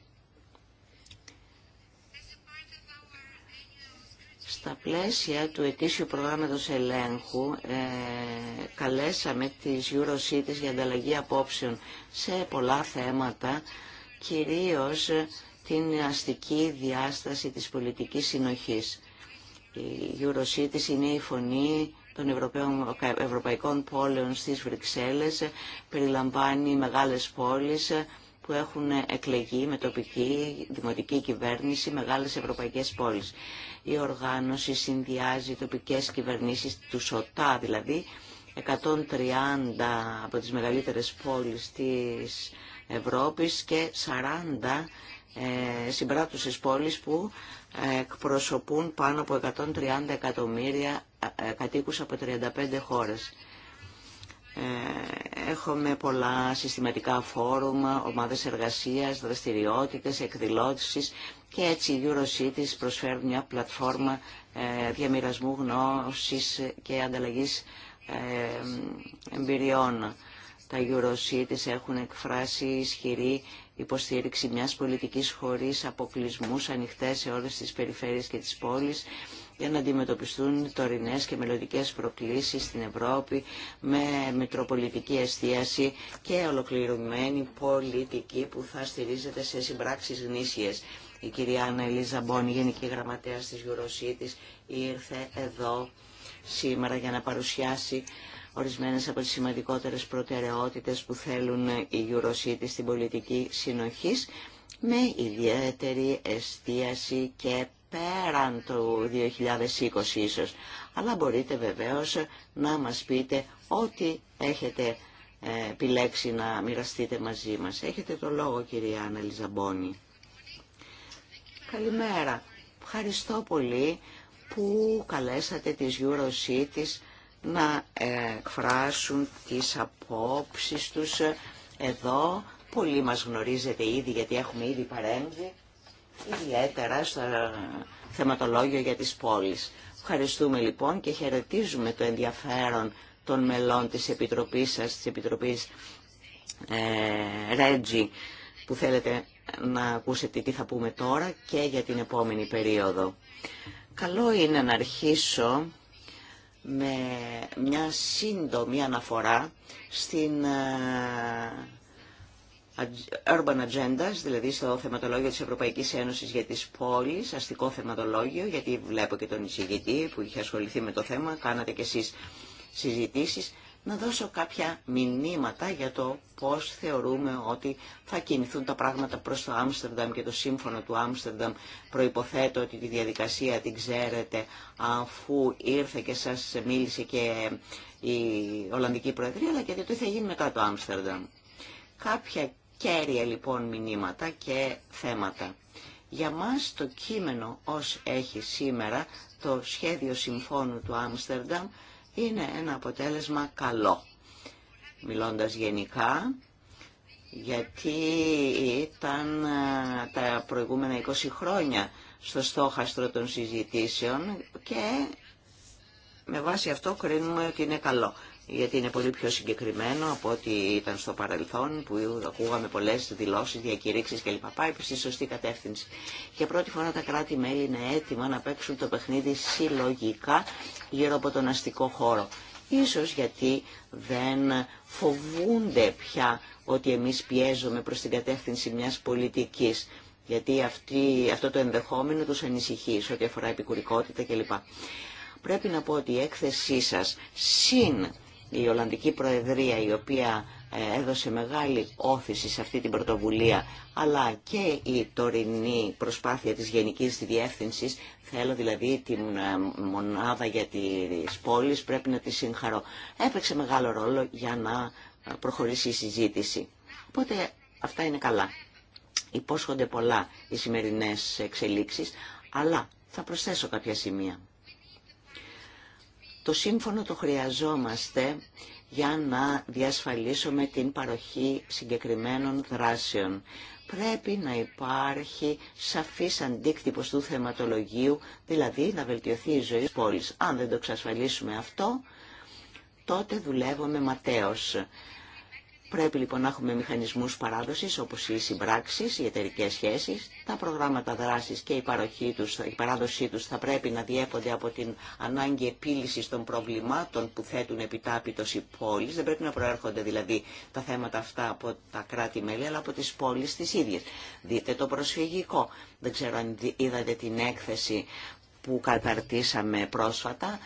Στα πλαίσια του ετήσιου προγράμματος ελέγχου ε, καλέσαμε τις EuroCities για ανταλλαγή απόψεων σε πολλά θέματα, κυρίως την αστική διάσταση της πολιτικής συνοχής. Η EuroCities είναι η φωνή των ευρωπαϊκών πόλεων στις Βρυξέλλες, περιλαμβάνει μεγάλες πόλεις, που έχουν εκλεγεί με τοπική δημοτική κυβέρνηση μεγάλες ευρωπαϊκές πόλεις. Η οργάνωση συνδυάζει τοπικές κυβερνήσεις του ΣΟΤΑ, δηλαδή 130 από τις μεγαλύτερες πόλεις της Ευρώπης και 40 ε, πόλεις που ε, εκπροσωπούν πάνω από 130 εκατομμύρια ε, ε, κατοίκους από 35 χώρες. Ε, έχουμε πολλά συστηματικά φόρουμα, ομάδες εργασίας, δραστηριότητες, εκδηλώσεις και έτσι η EuroCities προσφέρει μια πλατφόρμα ε, διαμοιρασμού γνώσης και ανταλλαγής ε, εμπειριών. Τα EuroCities έχουν εκφράσει ισχυρή υποστήριξη μιας πολιτικής χωρίς αποκλεισμούς ανοιχτές σε όλες τις περιφέρειες και τις πόλεις για να αντιμετωπιστούν τωρινέ και μελλοντικέ προκλήσεις στην Ευρώπη με μετροπολιτική εστίαση και ολοκληρωμένη πολιτική που θα στηρίζεται σε συμπράξει γνήσιε. Η κυρία Άννα Ελίζα Μπόν, Γενική Γραμματέας της Γιουροσίτη, ήρθε εδώ σήμερα για να παρουσιάσει ορισμένες από τις σημαντικότερες προτεραιότητες που θέλουν οι Γιουροσίτη στην πολιτική συνοχής με ιδιαίτερη εστίαση και πέραν του 2020 ίσως. Αλλά μπορείτε βεβαίως να μας πείτε ό,τι έχετε ε, επιλέξει να μοιραστείτε μαζί μας. Έχετε το λόγο κυρία Άννα Λιζαμπόνη. Καλημέρα. Ευχαριστώ πολύ που καλέσατε τις EuroCities να ε, εκφράσουν τις απόψεις τους εδώ. Πολλοί μας γνωρίζετε ήδη γιατί έχουμε ήδη παρέμβει ιδιαίτερα στο θεματολόγιο για τις πόλεις. Ευχαριστούμε λοιπόν και χαιρετίζουμε το ενδιαφέρον των μελών της Επιτροπής σας, της Επιτροπής ε, Ρέτζι, που θέλετε να ακούσετε τι θα πούμε τώρα και για την επόμενη περίοδο. Καλό είναι να αρχίσω με μια σύντομη αναφορά στην ε, urban agendas, δηλαδή στο θεματολόγιο της Ευρωπαϊκής Ένωσης για τις πόλεις, αστικό θεματολόγιο, γιατί βλέπω και τον εισηγητή που είχε ασχοληθεί με το θέμα, κάνατε και εσείς συζητήσεις, να δώσω κάποια μηνύματα για το πώς θεωρούμε ότι θα κινηθούν τα πράγματα προς το Άμστερνταμ και το σύμφωνο του Άμστερνταμ. Προϋποθέτω ότι τη διαδικασία την ξέρετε αφού ήρθε και σας μίλησε και η Ολλανδική Προεδρία, αλλά και το τι θα γίνει μετά το Άμστερνταμ. Κάποια κέρια λοιπόν μηνύματα και θέματα. Για μας το κείμενο ως έχει σήμερα το σχέδιο συμφώνου του Άμστερνταμ είναι ένα αποτέλεσμα καλό. Μιλώντας γενικά, γιατί ήταν ε, τα προηγούμενα 20 χρόνια στο στόχαστρο των συζητήσεων και με βάση αυτό κρίνουμε ότι είναι καλό γιατί είναι πολύ πιο συγκεκριμένο από ό,τι ήταν στο παρελθόν που ακούγαμε πολλές δηλώσεις, διακηρύξεις κλπ. Πάει στη σωστή κατεύθυνση. Και πρώτη φορά τα κράτη-μέλη είναι έτοιμα να παίξουν το παιχνίδι συλλογικά γύρω από τον αστικό χώρο. Ίσως γιατί δεν φοβούνται πια ότι εμείς πιέζουμε προς την κατεύθυνση μιας πολιτικής. Γιατί αυτή, αυτό το ενδεχόμενο τους ανησυχεί σε ό,τι αφορά επικουρικότητα κλπ. Πρέπει να πω ότι η έκθεσή σας συν η Ολλανδική Προεδρία η οποία ε, έδωσε μεγάλη όθηση σε αυτή την πρωτοβουλία αλλά και η τωρινή προσπάθεια της Γενικής Διεύθυνσης θέλω δηλαδή την ε, μονάδα για τις πόλεις πρέπει να τη συγχαρώ έπαιξε μεγάλο ρόλο για να ε, προχωρήσει η συζήτηση οπότε αυτά είναι καλά υπόσχονται πολλά οι σημερινές εξελίξεις αλλά θα προσθέσω κάποια σημεία το σύμφωνο το χρειαζόμαστε για να διασφαλίσουμε την παροχή συγκεκριμένων δράσεων. Πρέπει να υπάρχει σαφής αντίκτυπος του θεματολογίου, δηλαδή να βελτιωθεί η ζωή της πόλης. Αν δεν το εξασφαλίσουμε αυτό, τότε δουλεύουμε ματέως. Πρέπει λοιπόν να έχουμε μηχανισμούς παράδοσης όπως οι συμπράξεις, οι εταιρικέ σχέσεις, τα προγράμματα δράσης και η, παροχή τους, η παράδοσή τους θα πρέπει να διέπονται από την ανάγκη επίλυσης των προβλημάτων που θέτουν επιτάπητος οι πόλεις. Δεν πρέπει να προέρχονται δηλαδή τα θέματα αυτά από τα κράτη-μέλη αλλά από τις πόλεις τις ίδιες. Δείτε το προσφυγικό. Δεν ξέρω αν είδατε την έκθεση που καταρτήσαμε πρόσφατα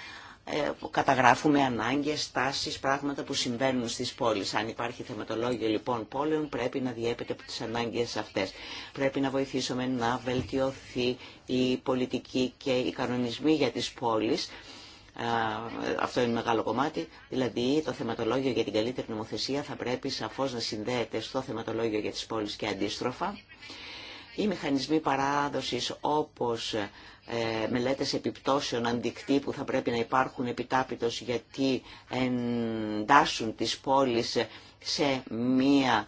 ε, καταγράφουμε ανάγκες, τάσεις, πράγματα που συμβαίνουν στις πόλεις. Αν υπάρχει θεματολόγιο λοιπόν πόλεων πρέπει να διέπεται από τις ανάγκες αυτές. Πρέπει να βοηθήσουμε να βελτιωθεί η πολιτική και οι κανονισμοί για τις πόλεις. Αυτό είναι μεγάλο κομμάτι. Δηλαδή το θεματολόγιο για την καλύτερη νομοθεσία θα πρέπει σαφώς να συνδέεται στο θεματολόγιο για τις πόλεις και αντίστροφα. Οι μηχανισμοί παράδοσης όπως ε, μελέτες επιπτώσεων που θα πρέπει να υπάρχουν επιτάπητος γιατί εντάσσουν τις πόλεις σε μία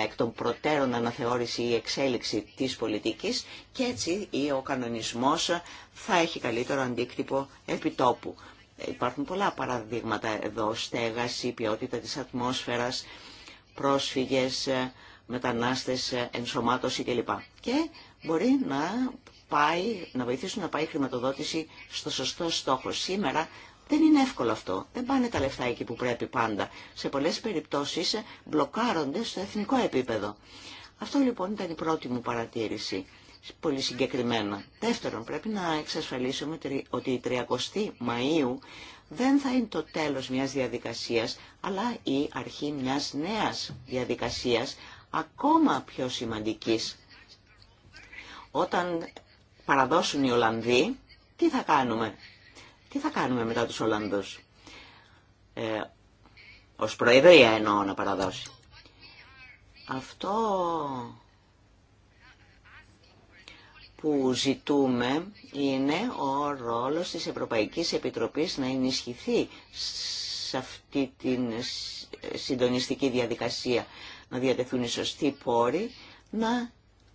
ε, εκ των προτέρων αναθεώρηση ή εξέλιξη της πολιτικής και έτσι ο κανονισμός θα έχει καλύτερο αντίκτυπο επιτόπου. Ε, υπάρχουν πολλά παραδείγματα εδώ, στέγαση, ποιότητα της ατμόσφαιρας, πρόσφυγες, μετανάστες, ενσωμάτωση κλπ. Και μπορεί να πάει, να βοηθήσουν να πάει η χρηματοδότηση στο σωστό στόχο. Σήμερα δεν είναι εύκολο αυτό. Δεν πάνε τα λεφτά εκεί που πρέπει πάντα. Σε πολλές περιπτώσεις μπλοκάρονται στο εθνικό επίπεδο. Αυτό λοιπόν ήταν η πρώτη μου παρατήρηση, πολύ συγκεκριμένα. Δεύτερον, πρέπει να εξασφαλίσουμε ότι η 30η Μαΐου δεν θα είναι το τέλος μιας διαδικασίας, αλλά η αρχή μιας νέας διαδικασίας, ακόμα πιο σημαντικής. Όταν παραδώσουν οι Ολλανδοί, τι θα κάνουμε. Τι θα κάνουμε μετά τους Ολλανδούς. Ε, ως Προεδρία εννοώ να παραδώσει. Αυτό που ζητούμε είναι ο ρόλος της Ευρωπαϊκής Επιτροπής να ενισχυθεί σε αυτή τη συντονιστική διαδικασία, να διατεθούν οι σωστοί πόροι, να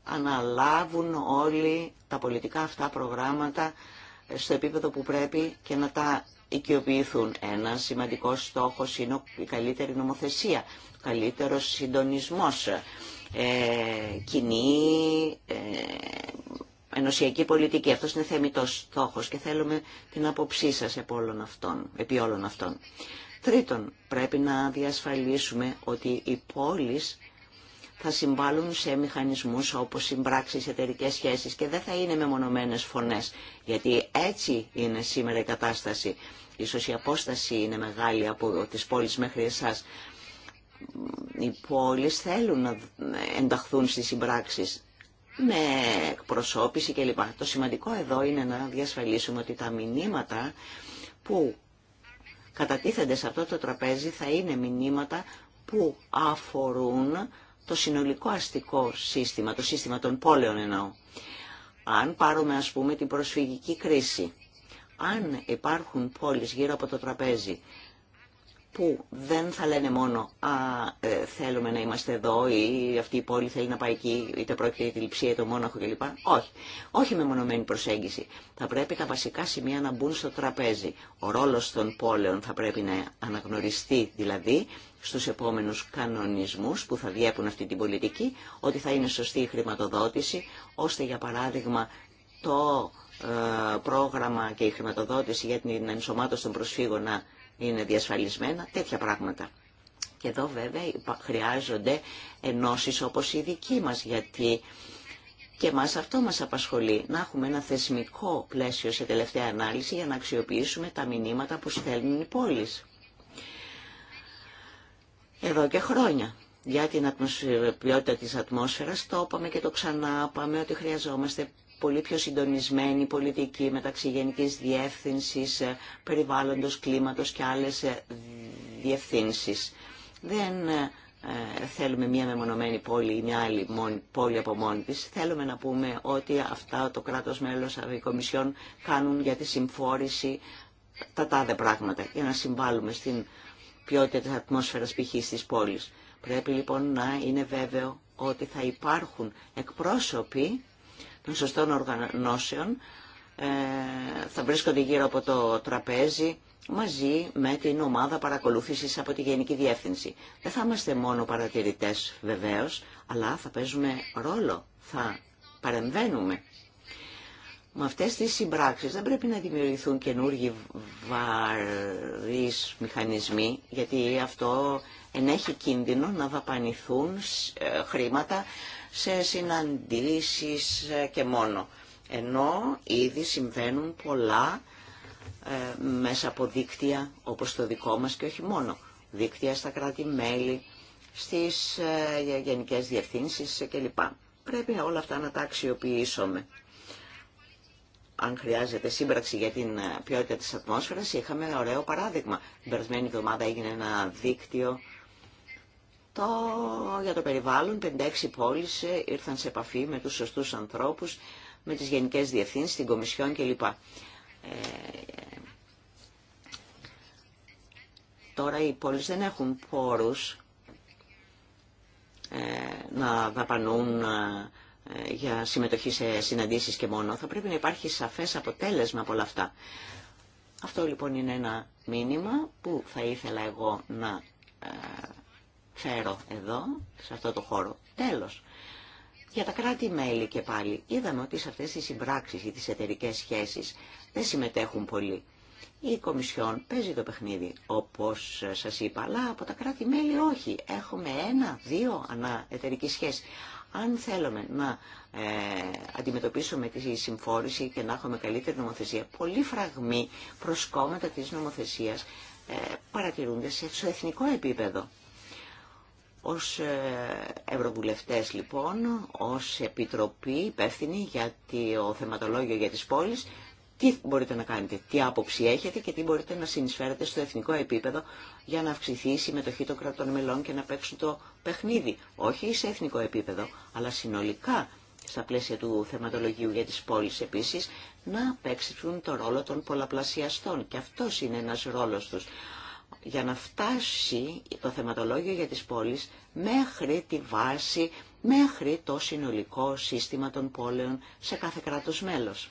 αναλάβουν όλοι τα πολιτικά αυτά προγράμματα στο επίπεδο που πρέπει και να τα οικειοποιηθούν. Ένα σημαντικό στόχος είναι η καλύτερη νομοθεσία, ο καλύτερος συντονισμός, ε, κοινή ε, ενωσιακή πολιτική. Αυτός είναι θεμητό στόχος και θέλουμε την άποψή σα επί όλων αυτών. Επί όλων Τρίτον, πρέπει να διασφαλίσουμε ότι οι πόλεις θα συμβάλλουν σε μηχανισμούς όπως συμπράξεις, εταιρικές σχέσεις και δεν θα είναι μεμονωμένες φωνές, γιατί έτσι είναι σήμερα η κατάσταση. Ίσως η απόσταση είναι μεγάλη από τις πόλεις μέχρι εσάς. Οι πόλεις θέλουν να ενταχθούν στις συμπράξεις με εκπροσώπηση κλπ. Το σημαντικό εδώ είναι να διασφαλίσουμε ότι τα μηνύματα που κατατίθενται σε αυτό το τραπέζι θα είναι μηνύματα που αφορούν το συνολικό αστικό σύστημα, το σύστημα των πόλεων εννοώ. Αν πάρουμε ας πούμε την προσφυγική κρίση, αν υπάρχουν πόλεις γύρω από το τραπέζι που δεν θα λένε μόνο «Α, ε, θέλουμε να είμαστε εδώ» ή «Αυτή η πόλη θέλει να πάει εκεί» είτε πρόκειται για τη λειψία ή το μόναχο κλπ. Όχι. Όχι με μονομένη προσέγγιση. Θα πρέπει τα βασικά σημεία να μπουν στο τραπέζι. Ο ρόλος των πόλεων θα πρέπει να αναγνωριστεί δηλαδή στους επόμενους κανονισμούς που θα διέπουν αυτή την πολιτική, ότι θα είναι σωστή η χρηματοδότηση, ώστε για παράδειγμα το ε, πρόγραμμα και η χρηματοδότηση για την ενσωμάτωση των προσφύγων να είναι διασφαλισμένα, τέτοια πράγματα. Και εδώ βέβαια χρειάζονται ενώσεις όπως η δική μας, γιατί και μας αυτό μας απασχολεί, να έχουμε ένα θεσμικό πλαίσιο σε τελευταία ανάλυση για να αξιοποιήσουμε τα μηνύματα που στέλνουν οι πόλεις. Εδώ και χρόνια για την ποιότητα της ατμόσφαιρας το είπαμε και το ξανά είπαμε ότι χρειαζόμαστε πολύ πιο συντονισμένη πολιτική μεταξύ Γενικής Διεύθυνσης, ε, Περιβάλλοντος, Κλίματος και άλλες ε, διευθύνσεις. Δεν ε, θέλουμε μία μεμονωμένη πόλη ή μια άλλη πόλη από μόνη της. Θέλουμε να πούμε ότι αυτά το κράτος μέλος, οι Κομισιόν κάνουν για τη συμφόρηση τα τάδε πράγματα για να συμβάλλουμε στην ποιότητα της ατμόσφαιρας π.χ. της πόλης. Πρέπει λοιπόν να είναι βέβαιο ότι θα υπάρχουν εκπρόσωποι των σωστών οργανώσεων ε, θα βρίσκονται γύρω από το τραπέζι μαζί με την ομάδα παρακολούθησης από τη Γενική Διεύθυνση. Δεν θα είμαστε μόνο παρατηρητές βεβαίως, αλλά θα παίζουμε ρόλο, θα παρεμβαίνουμε. Με αυτές τις συμπράξεις δεν πρέπει να δημιουργηθούν καινούργιοι βαρύς μηχανισμοί, γιατί αυτό ενέχει κίνδυνο να δαπανηθούν ε, χρήματα σε συναντήσεις ε, και μόνο. Ενώ ήδη συμβαίνουν πολλά ε, μέσα από δίκτυα όπως το δικό μας και όχι μόνο. Δίκτυα στα κράτη-μέλη, στις ε, γενικές διευθύνσεις κλπ. Πρέπει όλα αυτά να τα αξιοποιήσουμε. Αν χρειάζεται σύμπραξη για την ε, ποιότητα της ατμόσφαιρας, είχαμε ωραίο παράδειγμα. Την περασμένη εβδομάδα έγινε ένα δίκτυο το, για το περιβάλλον, 56 πόλεις ε, ήρθαν σε επαφή με τους σωστούς ανθρώπους, με τις γενικές διευθύνσεις, την Κομισιόν κλπ. Ε, τώρα οι πόλεις δεν έχουν πόρους ε, να δαπανούν ε, για συμμετοχή σε συναντήσεις και μόνο. Θα πρέπει να υπάρχει σαφές αποτέλεσμα από όλα αυτά. Αυτό λοιπόν είναι ένα μήνυμα που θα ήθελα εγώ να Φέρω εδώ, σε αυτό το χώρο. Τέλος. Για τα κράτη-μέλη και πάλι, είδαμε ότι σε αυτές τις συμπράξεις ή τις εταιρικέ σχέσεις δεν συμμετέχουν πολλοί. Η Κομισιόν παίζει το παιχνίδι, όπως σας είπα, αλλά από τα κράτη-μέλη όχι. Έχουμε ένα, δύο ανά εταιρική σχέση. Αν θέλουμε να ε, αντιμετωπίσουμε τη συμφόρηση και να έχουμε καλύτερη νομοθεσία, πολλοί φραγμοί προσκόμματα της νομοθεσίας ε, παρατηρούνται σε εθνικό επίπεδο. Ως ε, Ευρωβουλευτές λοιπόν, ως Επιτροπή υπεύθυνη για το θεματολόγιο για τις πόλεις, τι μπορείτε να κάνετε, τι άποψη έχετε και τι μπορείτε να συνεισφέρετε στο εθνικό επίπεδο για να αυξηθεί η συμμετοχή των κρατών μελών και να παίξουν το παιχνίδι. Όχι σε εθνικό επίπεδο, αλλά συνολικά στα πλαίσια του θεματολογίου για τις πόλεις επίσης, να παίξουν το ρόλο των πολλαπλασιαστών. Και αυτός είναι ένας ρόλος τους για να φτάσει το θεματολόγιο για τις πόλεις μέχρι τη βάση, μέχρι το συνολικό σύστημα των πόλεων σε κάθε κράτος μέλος.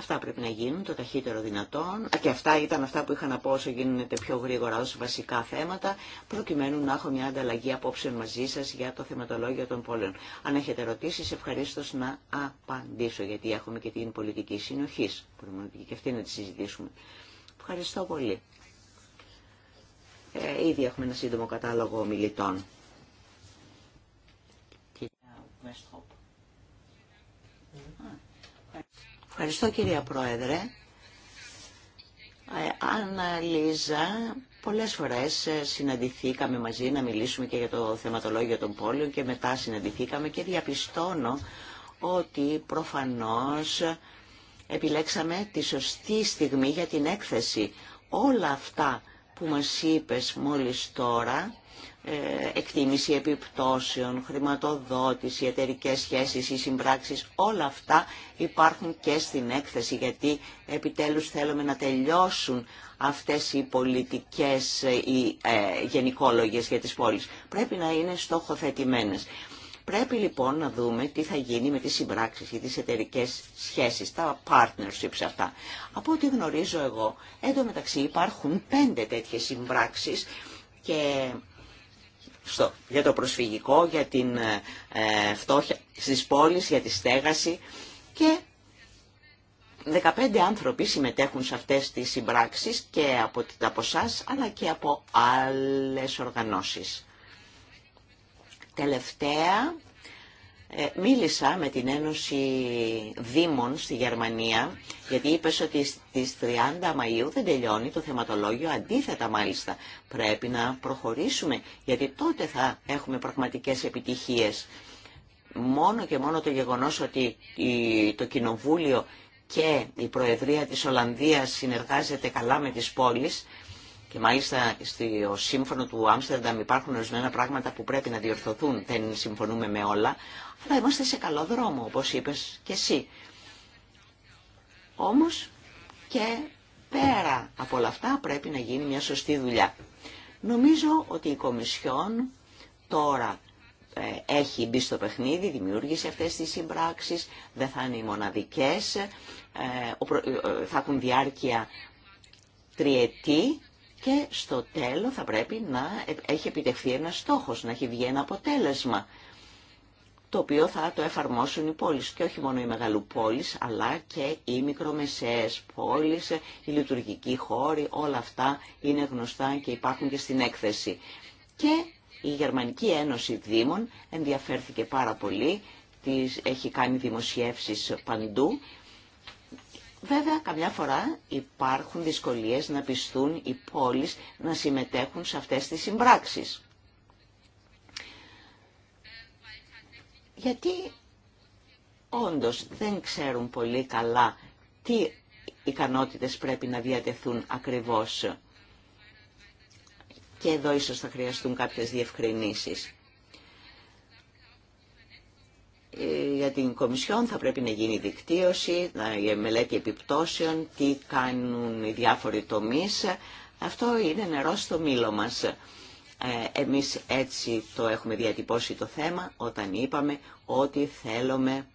Αυτά πρέπει να γίνουν το ταχύτερο δυνατόν και αυτά ήταν αυτά που είχα να πω όσο γίνεται πιο γρήγορα ως βασικά θέματα προκειμένου να έχω μια ανταλλαγή απόψεων μαζί σας για το θεματολόγιο των πόλεων. Αν έχετε ερωτήσεις ευχαρίστω να απαντήσω γιατί έχουμε και την πολιτική συνοχή. Μπορούμε και αυτή να τη συζητήσουμε. Ευχαριστώ πολύ. Ε, ήδη έχουμε ένα σύντομο κατάλογο μιλητών. Ευχαριστώ κυρία Πρόεδρε. Ε, Αναλύζα ε, Πολλές φορές ε, συναντηθήκαμε μαζί να μιλήσουμε και για το θεματολόγιο των πόλεων και μετά συναντηθήκαμε και διαπιστώνω ότι προφανώς επιλέξαμε τη σωστή στιγμή για την έκθεση. Όλα αυτά που μας είπες μόλις τώρα ε, εκτίμηση επιπτώσεων, χρηματοδότηση, εταιρικέ σχέσεις ή συμπράξεις, όλα αυτά υπάρχουν και στην έκθεση γιατί επιτέλους θέλουμε να τελειώσουν αυτές οι πολιτικές ε, οι, ε, για τις πόλεις. Πρέπει να είναι στοχοθετημένες. Πρέπει λοιπόν να δούμε τι θα γίνει με τις συμπράξεις ή τις εταιρικέ σχέσεις, τα partnerships αυτά. Από ό,τι γνωρίζω εγώ, εδώ μεταξύ υπάρχουν πέντε τέτοιες συμπράξεις και στο, για το προσφυγικό, για την ε, ε, φτώχεια στις πόλεις, για τη στέγαση και 15 άνθρωποι συμμετέχουν σε αυτές τις συμπράξεις και από, από εσά αλλά και από άλλες οργανώσεις. Τελευταία, ε, μίλησα με την Ένωση Δήμων στη Γερμανία, γιατί είπες ότι στις 30 Μαΐου δεν τελειώνει το θεματολόγιο, αντίθετα μάλιστα. Πρέπει να προχωρήσουμε, γιατί τότε θα έχουμε πραγματικές επιτυχίες. Μόνο και μόνο το γεγονός ότι το Κοινοβούλιο και η Προεδρία της Ολλανδίας συνεργάζεται καλά με τις πόλεις, και μάλιστα στο σύμφωνο του Άμστερνταμ υπάρχουν ορισμένα πράγματα που πρέπει να διορθωθούν. Δεν συμφωνούμε με όλα, αλλά είμαστε σε καλό δρόμο, όπως είπες και εσύ. Όμως και πέρα από όλα αυτά πρέπει να γίνει μια σωστή δουλειά. Νομίζω ότι η Κομισιόν τώρα ε, έχει μπει στο παιχνίδι, δημιούργησε αυτές τις συμπράξεις, δεν θα είναι οι μοναδικές, ε, ε, θα έχουν διάρκεια τριετή και στο τέλο θα πρέπει να έχει επιτευχθεί ένα στόχος, να έχει βγει ένα αποτέλεσμα το οποίο θα το εφαρμόσουν οι πόλεις και όχι μόνο οι μεγαλοπόλεις αλλά και οι μικρομεσαίες πόλεις, οι λειτουργικοί χώροι, όλα αυτά είναι γνωστά και υπάρχουν και στην έκθεση. Και η Γερμανική Ένωση Δήμων ενδιαφέρθηκε πάρα πολύ, έχει κάνει δημοσιεύσεις παντού Βέβαια, καμιά φορά υπάρχουν δυσκολίες να πιστούν οι πόλεις να συμμετέχουν σε αυτές τις συμπράξεις. Γιατί όντως δεν ξέρουν πολύ καλά τι ικανότητες πρέπει να διατεθούν ακριβώς. Και εδώ ίσως θα χρειαστούν κάποιες διευκρινήσεις για την Κομισιόν θα πρέπει να γίνει δικτύωση, η μελέτη επιπτώσεων, τι κάνουν οι διάφοροι τομείς. Αυτό είναι νερό στο μήλο μας. Ε, εμείς έτσι το έχουμε διατυπώσει το θέμα όταν είπαμε ότι θέλουμε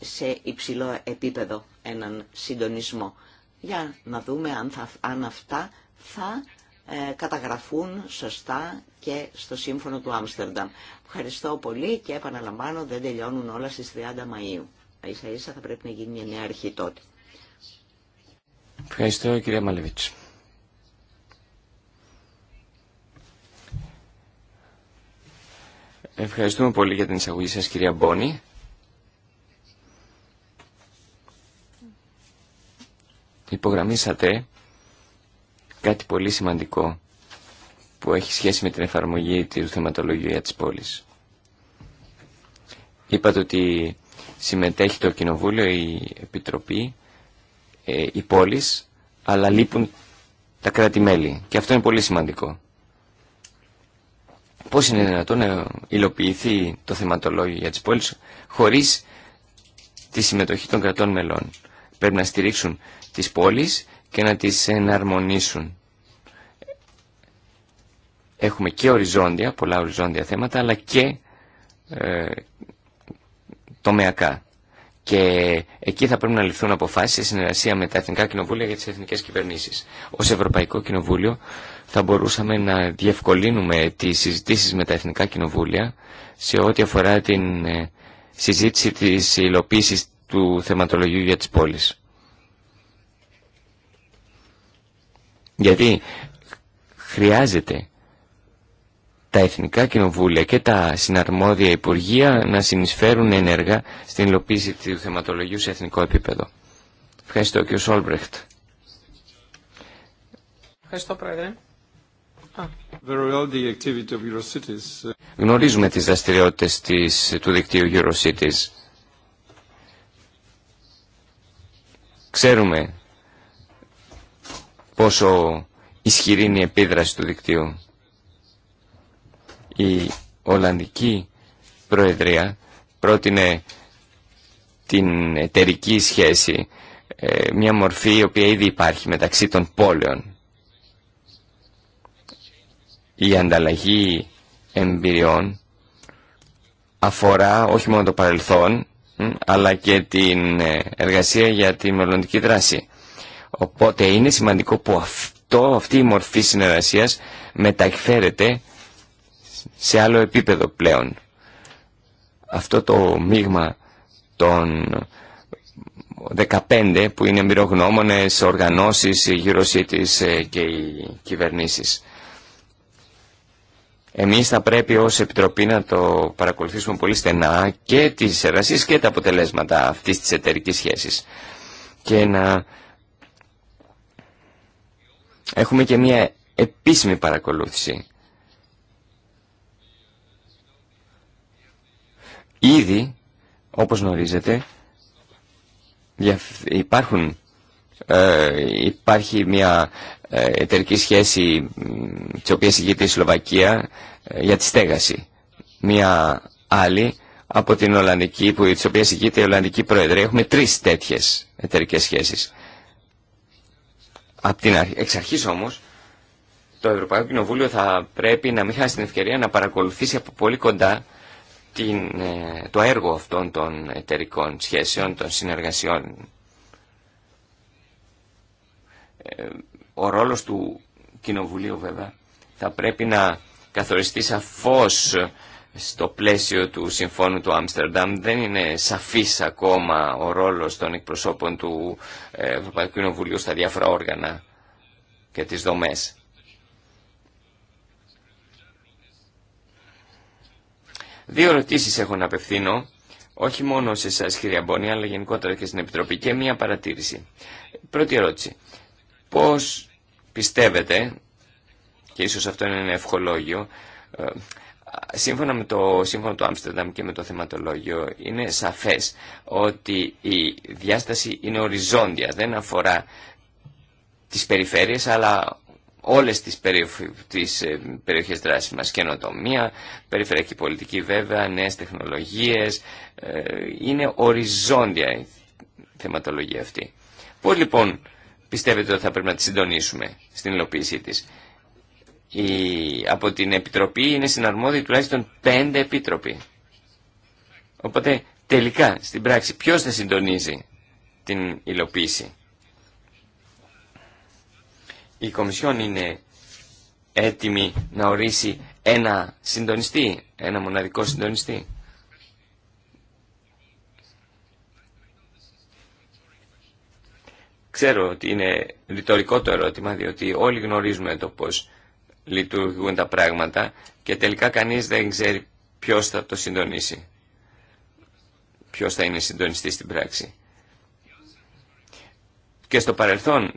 σε υψηλό επίπεδο έναν συντονισμό. Για να δούμε αν, θα, αν αυτά θα ε, καταγραφούν σωστά και στο σύμφωνο του Άμστερνταμ. Ευχαριστώ πολύ και επαναλαμβάνω δεν τελειώνουν όλα στις 30 Μαΐου. Ίσα ίσα θα πρέπει να γίνει μια νέα αρχή τότε. Ευχαριστώ κυρία Μαλεβίτς. Ευχαριστούμε πολύ για την εισαγωγή σας κυρία Μπόνη. Υπογραμμίσατε κάτι πολύ σημαντικό που έχει σχέση με την εφαρμογή του θεματολογίου για τις πόλεις. Είπατε ότι συμμετέχει το Κοινοβούλιο, η Επιτροπή, ε, οι πόλεις, αλλά λείπουν τα κράτη-μέλη. Και αυτό είναι πολύ σημαντικό. Πώς είναι δυνατόν να υλοποιηθεί το θεματολόγιο για τις πόλεις χωρίς τη συμμετοχή των κρατών μελών. Πρέπει να στηρίξουν τις πόλεις και να τις εναρμονίσουν έχουμε και οριζόντια, πολλά οριζόντια θέματα, αλλά και ε, τομεακά. Και εκεί θα πρέπει να ληφθούν αποφάσεις σε συνεργασία με τα Εθνικά Κοινοβούλια για τις Εθνικές Κυβερνήσεις. Ως Ευρωπαϊκό Κοινοβούλιο θα μπορούσαμε να διευκολύνουμε τις συζητήσεις με τα Εθνικά Κοινοβούλια σε ό,τι αφορά την ε, συζήτηση της υλοποίηση του θεματολογίου για τις πόλεις. Γιατί χρειάζεται τα Εθνικά Κοινοβούλια και τα συναρμόδια Υπουργεία να συνεισφέρουν ενεργά στην υλοποίηση του θεματολογίου σε εθνικό επίπεδο. Ευχαριστώ και ο Σόλμπρεχτ. Ευχαριστώ Πρόεδρε. Γνωρίζουμε τις δραστηριότητες του δικτύου EuroCities. Ξέρουμε πόσο ισχυρή είναι η επίδραση του δικτύου η Ολλανδική Προεδρία πρότεινε την εταιρική σχέση, ε, μια μορφή η οποία ήδη υπάρχει μεταξύ των πόλεων. Η ανταλλαγή εμπειριών αφορά όχι μόνο το παρελθόν, αλλά και την ε, εργασία για τη μελλοντική δράση. Οπότε είναι σημαντικό που αυτό, αυτή η μορφή συνεργασίας μετακφέρεται σε άλλο επίπεδο πλέον. Αυτό το μείγμα των 15 που είναι μυρογνώμονες, οργανώσεις, η ε, και οι κυβερνήσεις. Εμείς θα πρέπει ως Επιτροπή να το παρακολουθήσουμε πολύ στενά και τις εργασίες και τα αποτελέσματα αυτής της εταιρικής σχέσης. Και να έχουμε και μια επίσημη παρακολούθηση Ήδη, όπως γνωρίζετε, υπάρχουν, ε, υπάρχει μια ε, εταιρική σχέση της οποίας ηγείται η Σλοβακία ε, για τη στέγαση. Μια άλλη από την Ολλανδική, που, της οποίας ηγείται η Ολλανδική Προεδρία. Έχουμε τρεις τέτοιες εταιρικέ σχέσεις. από την αρχή, εξ αρχής όμως, το Ευρωπαϊκό Κοινοβούλιο θα πρέπει να μην χάσει την ευκαιρία να παρακολουθήσει από πολύ κοντά την, ε, το έργο αυτών των εταιρικών σχέσεων, των συνεργασιών. Ε, ο ρόλος του Κοινοβουλίου βέβαια θα πρέπει να καθοριστεί σαφώς στο πλαίσιο του Συμφώνου του Άμστερνταμ. Δεν είναι σαφής ακόμα ο ρόλος των εκπροσώπων του ε, Ευρωπαϊκού Κοινοβουλίου στα διάφορα όργανα και τις δομές. Δύο ερωτήσει έχω να απευθύνω, όχι μόνο σε εσάς κυρία αλλά γενικότερα και στην Επιτροπή και μία παρατήρηση. Πρώτη ερώτηση. Πώς πιστεύετε, και ίσως αυτό είναι ένα ευχολόγιο, ε, σύμφωνα με το σύμφωνο του Άμστερνταμ και με το θεματολόγιο είναι σαφές ότι η διάσταση είναι οριζόντια, δεν αφορά τις περιφέρειες αλλά όλες τις, τις ε, περιοχές δράσης μας, καινοτομία, περιφερειακή πολιτική βέβαια, νέες τεχνολογίες, ε, είναι οριζόντια η θεματολογία αυτή. Πώς λοιπόν πιστεύετε ότι θα πρέπει να τη συντονίσουμε στην υλοποίησή της. Η, από την Επιτροπή είναι συναρμόδιοι τουλάχιστον πέντε επίτροποι. Οπότε τελικά στην πράξη ποιος θα συντονίζει την υλοποίηση η Κομισιόν είναι έτοιμη να ορίσει ένα συντονιστή, ένα μοναδικό συντονιστή. Ξέρω ότι είναι ρητορικό το ερώτημα, διότι όλοι γνωρίζουμε το πώς λειτουργούν τα πράγματα και τελικά κανείς δεν ξέρει ποιος θα το συντονίσει. Ποιος θα είναι συντονιστή στην πράξη. Και στο παρελθόν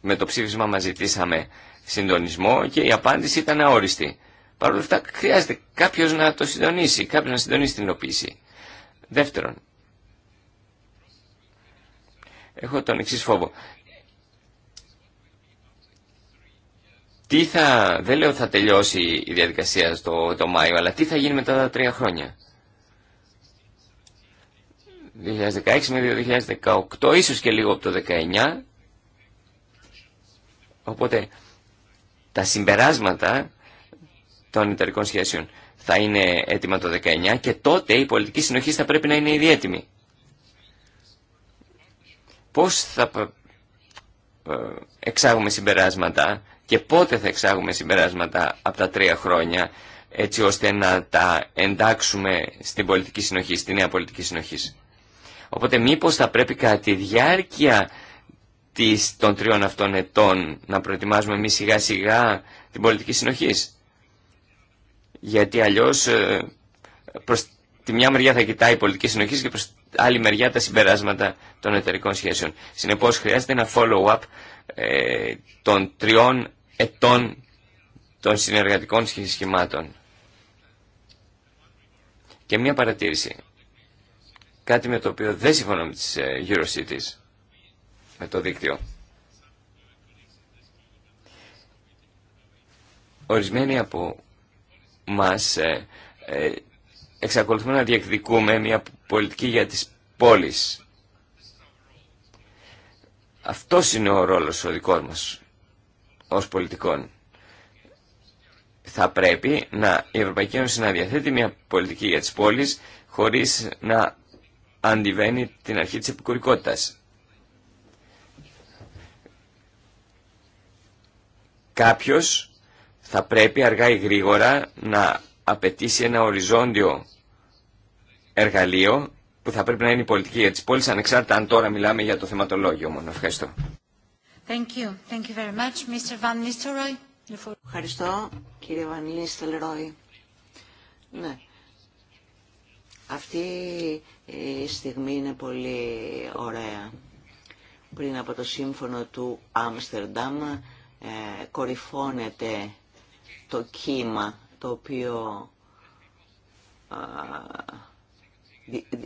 με το ψήφισμα μας ζητήσαμε συντονισμό και η απάντηση ήταν αόριστη. Παρ' όλα αυτά χρειάζεται κάποιος να το συντονίσει, κάποιος να συντονίσει την υλοποίηση. Δεύτερον, έχω τον εξή φόβο. Τι θα, δεν λέω θα τελειώσει η διαδικασία στο, το Μάιο, αλλά τι θα γίνει μετά τα τρία χρόνια. 2016 με 2018, ίσως και λίγο από το 19, Οπότε τα συμπεράσματα των εταιρικών σχέσεων θα είναι έτοιμα το 19 και τότε η πολιτική συνοχή θα πρέπει να είναι ήδη έτοιμη. Πώς θα ε, εξάγουμε συμπεράσματα και πότε θα εξάγουμε συμπεράσματα από τα τρία χρόνια έτσι ώστε να τα εντάξουμε στην πολιτική συνοχή, στη νέα πολιτική συνοχή. Οπότε μήπως θα πρέπει κατά τη διάρκεια των τριών αυτών ετών να προετοιμάζουμε εμεί σιγά σιγά την πολιτική συνοχής. Γιατί αλλιώς ε, προς τη μια μεριά θα κοιτάει η πολιτική συνοχής και προς άλλη μεριά τα συμπεράσματα των εταιρικών σχέσεων. Συνεπώς χρειάζεται ένα follow-up ε, των τριών ετών των συνεργατικών σχημάτων. Και μια παρατήρηση. Κάτι με το οποίο δεν συμφωνώ με τις ε, Eurocities με το δίκτυο. Ορισμένοι από μας ε, ε, εξακολουθούμε να διεκδικούμε μια πολιτική για τις πόλεις. Αυτό είναι ο ρόλος ο δικός μας ως πολιτικών. Θα πρέπει να, η Ευρωπαϊκή Ένωση να διαθέτει μια πολιτική για τις πόλεις χωρίς να αντιβαίνει την αρχή της επικουρικότητας. Κάποιος θα πρέπει αργά ή γρήγορα να απαιτήσει ένα οριζόντιο εργαλείο που θα πρέπει να είναι η πολιτική για τις πόλεις, ανεξάρτητα αν τώρα μιλάμε για το θεματολόγιο μόνο. Ευχαριστώ. Thank you. Thank you very much, Mr. Van Ευχαριστώ, κύριε Βαν Νίστελρόι. Ναι. Αυτή η στιγμή είναι πολύ ωραία. Πριν από το σύμφωνο του Άμστερνταμ ε, κορυφώνεται το κύμα το οποίο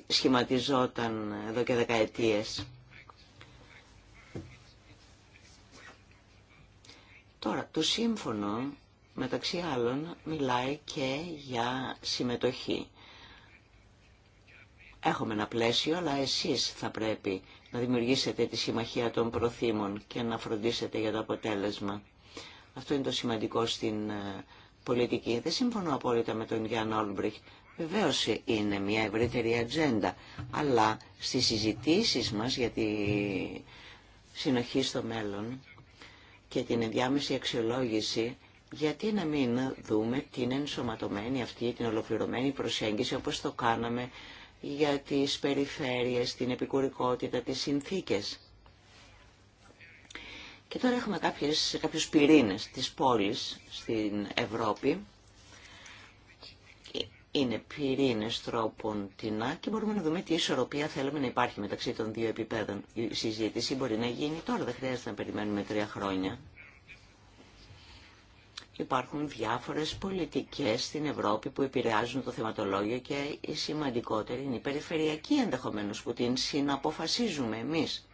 σχηματιζόταν εδώ και δεκαετίες. Τώρα, το σύμφωνο μεταξύ άλλων μιλάει και για συμμετοχή. Έχουμε ένα πλαίσιο, αλλά εσείς θα πρέπει να δημιουργήσετε τη Συμμαχία των Προθήμων και να φροντίσετε για το αποτέλεσμα. Αυτό είναι το σημαντικό στην ε, πολιτική. Δεν συμφωνώ απόλυτα με τον Γιάνν Όλμπριχ. Βεβαίω είναι μια ευρύτερη ατζέντα, αλλά στι συζητήσει μα για τη συνοχή στο μέλλον και την ενδιάμεση αξιολόγηση, γιατί να μην δούμε την ενσωματωμένη αυτή, την ολοκληρωμένη προσέγγιση όπως το κάναμε για τις περιφέρειες, την επικουρικότητα, τις συνθήκες. Και τώρα έχουμε κάποιες, κάποιους πυρήνες της πόλης στην Ευρώπη. Είναι πυρήνες τρόπων τεινά και μπορούμε να δούμε τι ισορροπία θέλουμε να υπάρχει μεταξύ των δύο επιπέδων. Η συζήτηση μπορεί να γίνει τώρα, δεν χρειάζεται να περιμένουμε τρία χρόνια. Υπάρχουν διάφορες πολιτικές στην Ευρώπη που επηρεάζουν το θεματολόγιο και η σημαντικότερη είναι η περιφερειακή ενδεχομένως που την συναποφασίζουμε εμείς.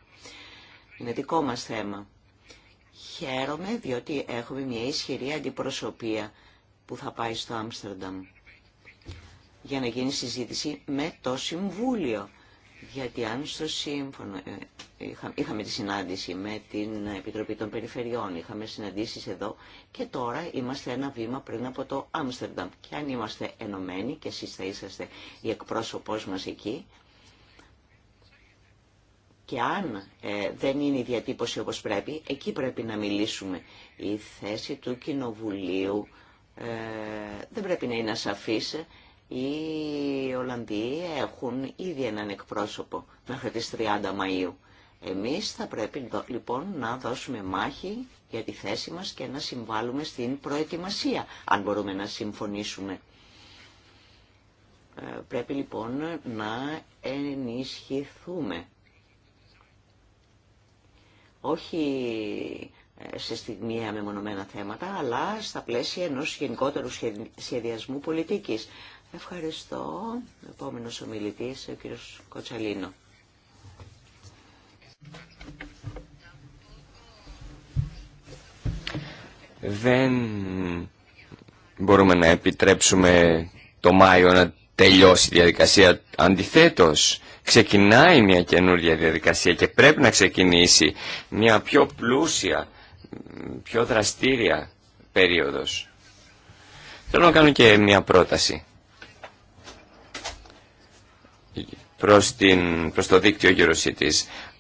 Είναι δικό μας θέμα. Χαίρομαι διότι έχουμε μια ισχυρή αντιπροσωπεία που θα πάει στο Άμστερνταμ για να γίνει συζήτηση με το Συμβούλιο γιατί αν στο σύμφωνο ε, είχα, είχαμε τη συνάντηση με την Επιτροπή των Περιφερειών, είχαμε συναντήσεις εδώ και τώρα είμαστε ένα βήμα πριν από το Άμστερνταμ. Και αν είμαστε ενωμένοι και εσείς θα είσαστε η εκπρόσωπός μας εκεί, και αν ε, δεν είναι η διατύπωση όπως πρέπει, εκεί πρέπει να μιλήσουμε. Η θέση του Κοινοβουλίου ε, δεν πρέπει να είναι ασαφής οι Ολλανδοί έχουν ήδη έναν εκπρόσωπο μέχρι τις 30 Μαΐου. Εμείς θα πρέπει λοιπόν να δώσουμε μάχη για τη θέση μας και να συμβάλλουμε στην προετοιμασία, αν μπορούμε να συμφωνήσουμε. Ε, πρέπει λοιπόν να ενισχυθούμε. Όχι ε, σε στιγμιαία μεμονωμένα θέματα, αλλά στα πλαίσια ενός γενικότερου σχεδιασμού πολιτικής. Ευχαριστώ. Επόμενος ομιλητής, ο κύριος Κοτσαλίνο. Δεν μπορούμε να επιτρέψουμε το Μάιο να τελειώσει η διαδικασία. Αντιθέτως, ξεκινάει μια καινούργια διαδικασία και πρέπει να ξεκινήσει μια πιο πλούσια, πιο δραστήρια περίοδος. Θέλω να κάνω και μια πρόταση προς, προς το δίκτυο τη,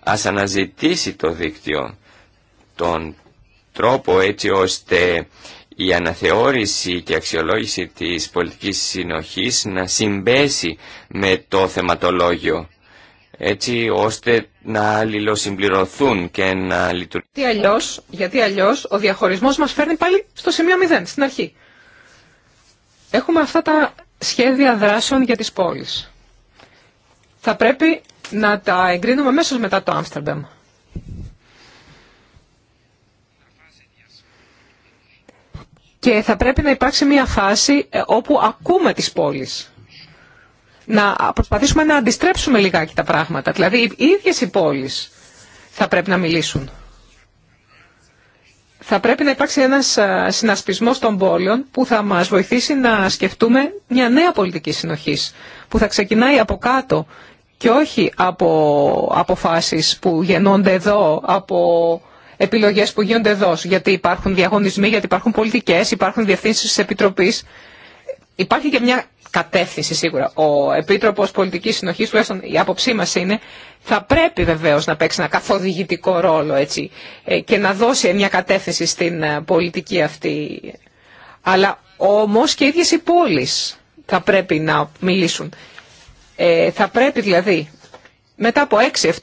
Ας αναζητήσει το δίκτυο τον τρόπο έτσι ώστε η αναθεώρηση και αξιολόγηση της πολιτικής συνοχής να συμπέσει με το θεματολόγιο έτσι ώστε να αλληλοσυμπληρωθούν και να λειτουργούν. Γιατί αλλιώς, ο διαχωρισμός μας φέρνει πάλι στο σημείο 0, στην αρχή. Έχουμε αυτά τα σχέδια δράσεων για τις πόλεις θα πρέπει να τα εγκρίνουμε αμέσω μετά το Άμστερνταμ. Και θα πρέπει να υπάρξει μια φάση ε, όπου ακούμε τις πόλεις. Να προσπαθήσουμε να αντιστρέψουμε λιγάκι τα πράγματα. Δηλαδή οι ίδιες οι πόλεις θα πρέπει να μιλήσουν. Θα πρέπει να υπάρξει ένας ε, συνασπισμός των πόλεων που θα μας βοηθήσει να σκεφτούμε μια νέα πολιτική συνοχής που θα ξεκινάει από κάτω και όχι από αποφάσεις που γεννώνται εδώ, από επιλογές που γίνονται εδώ, γιατί υπάρχουν διαγωνισμοί, γιατί υπάρχουν πολιτικές, υπάρχουν διευθύνσεις της Επιτροπής. Υπάρχει και μια κατεύθυνση σίγουρα. Ο Επίτροπος Πολιτικής Συνοχής, τουλάχιστον η άποψή μας είναι, θα πρέπει βεβαίως να παίξει ένα καθοδηγητικό ρόλο έτσι, ε, και να δώσει μια κατεύθυνση στην ε, πολιτική αυτή. Αλλά όμως και οι ίδιες οι πόλεις θα πρέπει να μιλήσουν. Ε, θα πρέπει δηλαδή μετά από 6, 7, 8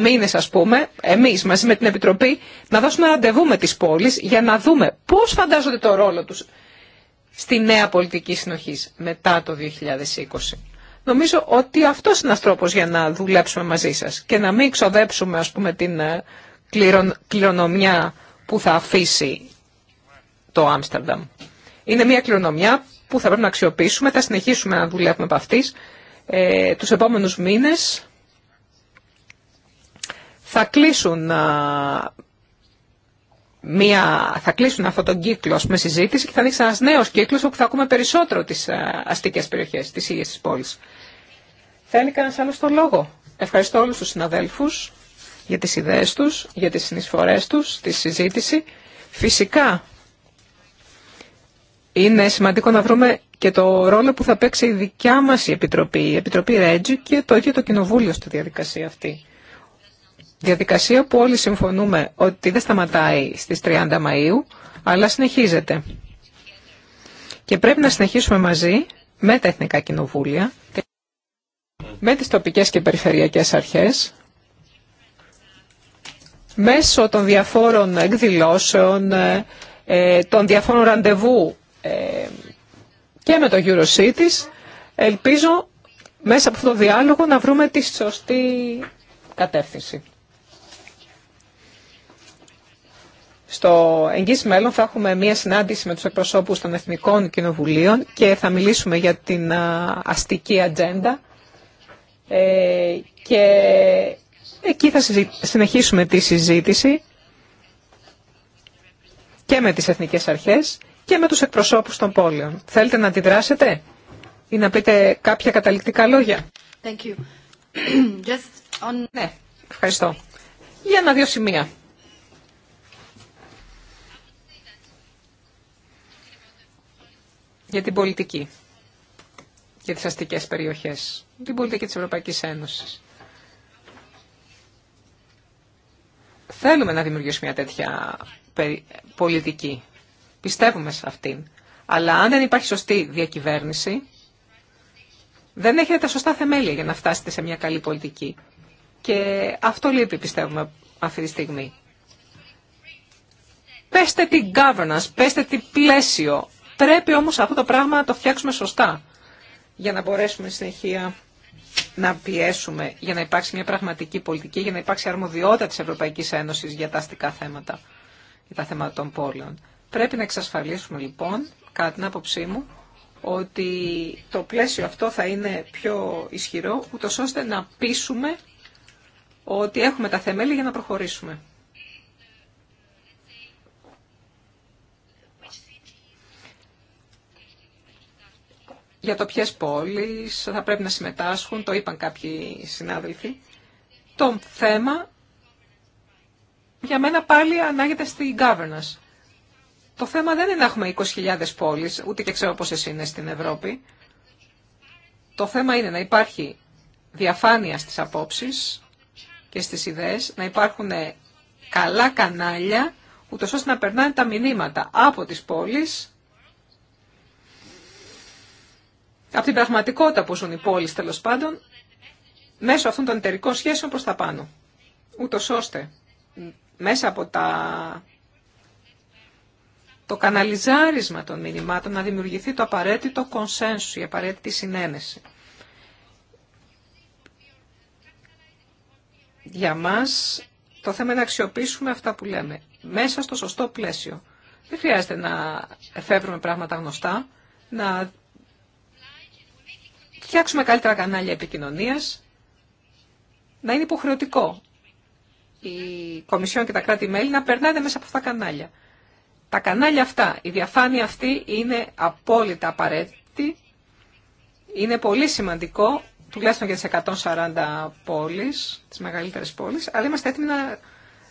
μήνε, ας πούμε, εμείς μαζί με την Επιτροπή, να δώσουμε ραντεβού με τι πόλεις για να δούμε πώ φαντάζονται το ρόλο του στη νέα πολιτική συνοχή μετά το 2020. Νομίζω ότι αυτό είναι ένας τρόπος για να δουλέψουμε μαζί σας και να μην ξοδέψουμε ας πούμε την ε, κληρονομιά που θα αφήσει το Άμστερνταμ. Είναι μια κληρονομιά που θα πρέπει να αξιοποιήσουμε, θα συνεχίσουμε να δουλεύουμε από αυτής ε, τους επόμενους μήνες θα κλείσουν, μία, θα κλείσουν αυτόν τον κύκλο με συζήτηση και θα ανοίξει ένας νέος κύκλος όπου θα ακούμε περισσότερο τις α, αστικές περιοχές, τις ίδιες της πόλης. Θέλει κανένας άλλο τον λόγο. Ευχαριστώ όλους τους συναδέλφους για τις ιδέες τους, για τις συνεισφορές τους, τη συζήτηση. Φυσικά είναι σημαντικό να βρούμε και το ρόλο που θα παίξει η δικιά μα η Επιτροπή, η Επιτροπή Ρέτζι και το ίδιο το Κοινοβούλιο στη διαδικασία αυτή. Διαδικασία που όλοι συμφωνούμε ότι δεν σταματάει στις 30 Μαΐου, αλλά συνεχίζεται. Και πρέπει να συνεχίσουμε μαζί με τα Εθνικά Κοινοβούλια, με τις τοπικές και περιφερειακές αρχές, μέσω των διαφόρων εκδηλώσεων, ε, ε, των διαφόρων ραντεβού ε, και με το EuroCities. Ελπίζω μέσα από αυτό το διάλογο να βρούμε τη σωστή κατεύθυνση. Στο εγγύς μέλλον θα έχουμε μία συνάντηση με τους εκπροσώπους των Εθνικών Κοινοβουλίων και θα μιλήσουμε για την αστική ατζέντα ε, και εκεί θα συνεχίσουμε τη συζήτηση και με τις Εθνικές Αρχές και με τους εκπροσώπους των πόλεων. Θέλετε να αντιδράσετε ή να πείτε κάποια καταληκτικά λόγια. Thank you. Just on... Ναι, ευχαριστώ. Για ένα-δύο σημεία. Για την πολιτική. Για τις αστικές περιοχές. Την πολιτική της Ευρωπαϊκής Ένωσης. Θέλουμε να δημιουργήσουμε μια τέτοια πολιτική. Πιστεύουμε σε αυτήν. Αλλά αν δεν υπάρχει σωστή διακυβέρνηση, δεν έχετε τα σωστά θεμέλια για να φτάσετε σε μια καλή πολιτική. Και αυτό λείπει, πιστεύουμε, αυτή τη στιγμή. Πέστε την governance, πέστε την πλαίσιο. Πρέπει όμως αυτό το πράγμα να το φτιάξουμε σωστά για να μπορέσουμε συνεχεία να πιέσουμε για να υπάρξει μια πραγματική πολιτική, για να υπάρξει αρμοδιότητα της Ευρωπαϊκής Ένωσης για τα αστικά θέματα, για τα θέματα των πόλεων. Πρέπει να εξασφαλίσουμε λοιπόν, κατά την άποψή μου, ότι το πλαίσιο αυτό θα είναι πιο ισχυρό, ούτω ώστε να πείσουμε ότι έχουμε τα θεμέλια για να προχωρήσουμε. Για το ποιες πόλεις θα πρέπει να συμμετάσχουν, το είπαν κάποιοι συνάδελφοι. Το θέμα για μένα πάλι ανάγεται στη governance. Το θέμα δεν είναι να έχουμε 20.000 πόλεις, ούτε και ξέρω πόσες είναι στην Ευρώπη. Το θέμα είναι να υπάρχει διαφάνεια στις απόψεις και στις ιδέες, να υπάρχουν καλά κανάλια, ούτως ώστε να περνάνε τα μηνύματα από τις πόλεις, από την πραγματικότητα που ζουν οι πόλεις τέλος πάντων, μέσω αυτών των εταιρικών σχέσεων προς τα πάνω. Ούτως ώστε μέσα από τα το καναλιζάρισμα των μηνυμάτων, να δημιουργηθεί το απαραίτητο κονσένσου, η απαραίτητη συνένεση. Για μας το θέμα είναι να αξιοποιήσουμε αυτά που λέμε μέσα στο σωστό πλαίσιο. Δεν χρειάζεται να εφεύρουμε πράγματα γνωστά, να φτιάξουμε καλύτερα κανάλια επικοινωνίας, να είναι υποχρεωτικό η Κομισιόν και τα κράτη-μέλη να περνάνε μέσα από αυτά τα κανάλια. Τα κανάλια αυτά, η διαφάνεια αυτή είναι απόλυτα απαραίτητη. Είναι πολύ σημαντικό, τουλάχιστον για τις 140 πόλεις, τις μεγαλύτερες πόλεις, αλλά είμαστε έτοιμοι να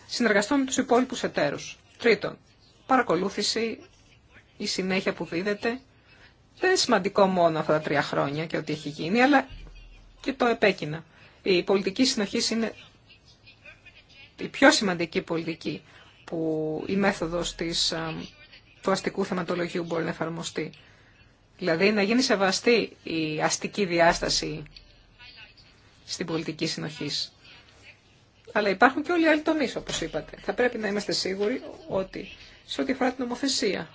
συνεργαστούμε με τους υπόλοιπους εταίρους. Τρίτον, παρακολούθηση, η συνέχεια που δίδεται. Δεν είναι σημαντικό μόνο αυτά τα τρία χρόνια και ό,τι έχει γίνει, αλλά και το επέκεινα. Η πολιτική συνοχή είναι η πιο σημαντική πολιτική που η μέθοδος της, ε, του αστικού θεματολογίου μπορεί να εφαρμοστεί. Δηλαδή να γίνει σεβαστή η αστική διάσταση στην πολιτική συνοχή. Αλλά υπάρχουν και όλοι οι άλλοι τομεί, όπω είπατε. Θα πρέπει να είμαστε σίγουροι ότι σε ό,τι αφορά την νομοθεσία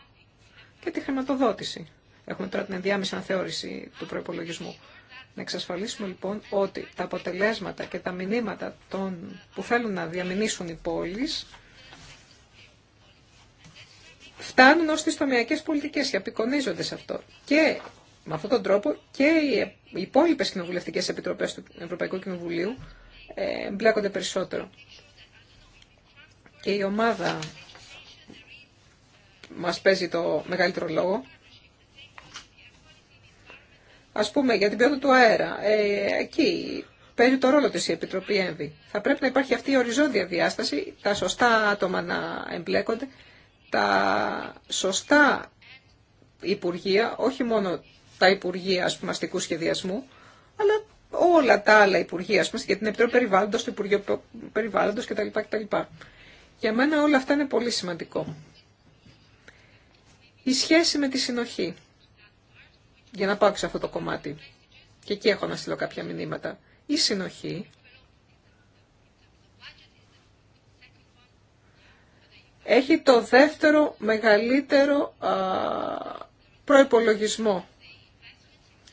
και τη χρηματοδότηση, έχουμε τώρα την ενδιάμεση αναθεώρηση του προπολογισμού. Να εξασφαλίσουμε λοιπόν ότι τα αποτελέσματα και τα μηνύματα των, που θέλουν να διαμηνήσουν οι πόλεις φτάνουν ως τις τομιακές πολιτικές και απεικονίζονται σε αυτό. Και με αυτόν τον τρόπο και οι υπόλοιπε κοινοβουλευτικέ επιτροπές του Ευρωπαϊκού Κοινοβουλίου ε, μπλέκονται περισσότερο. Και η ομάδα μας παίζει το μεγαλύτερο λόγο. Ας πούμε για την ποιότητα του αέρα, ε, εκεί παίζει το ρόλο της η Επιτροπή ΕΜΒΗ. Θα πρέπει να υπάρχει αυτή η οριζόντια διάσταση, τα σωστά άτομα να εμπλέκονται τα σωστά υπουργεία, όχι μόνο τα υπουργεία ας πούμε, αστικού σχεδιασμού, αλλά όλα τα άλλα υπουργεία, ας πούμε, για την Επιτροπή Περιβάλλοντος, το Υπουργείο Περιβάλλοντος κτλ. κτλ. Για μένα όλα αυτά είναι πολύ σημαντικό. Η σχέση με τη συνοχή, για να πάω σε αυτό το κομμάτι, και εκεί έχω να στείλω κάποια μηνύματα. Η συνοχή έχει το δεύτερο μεγαλύτερο προϋπολογισμό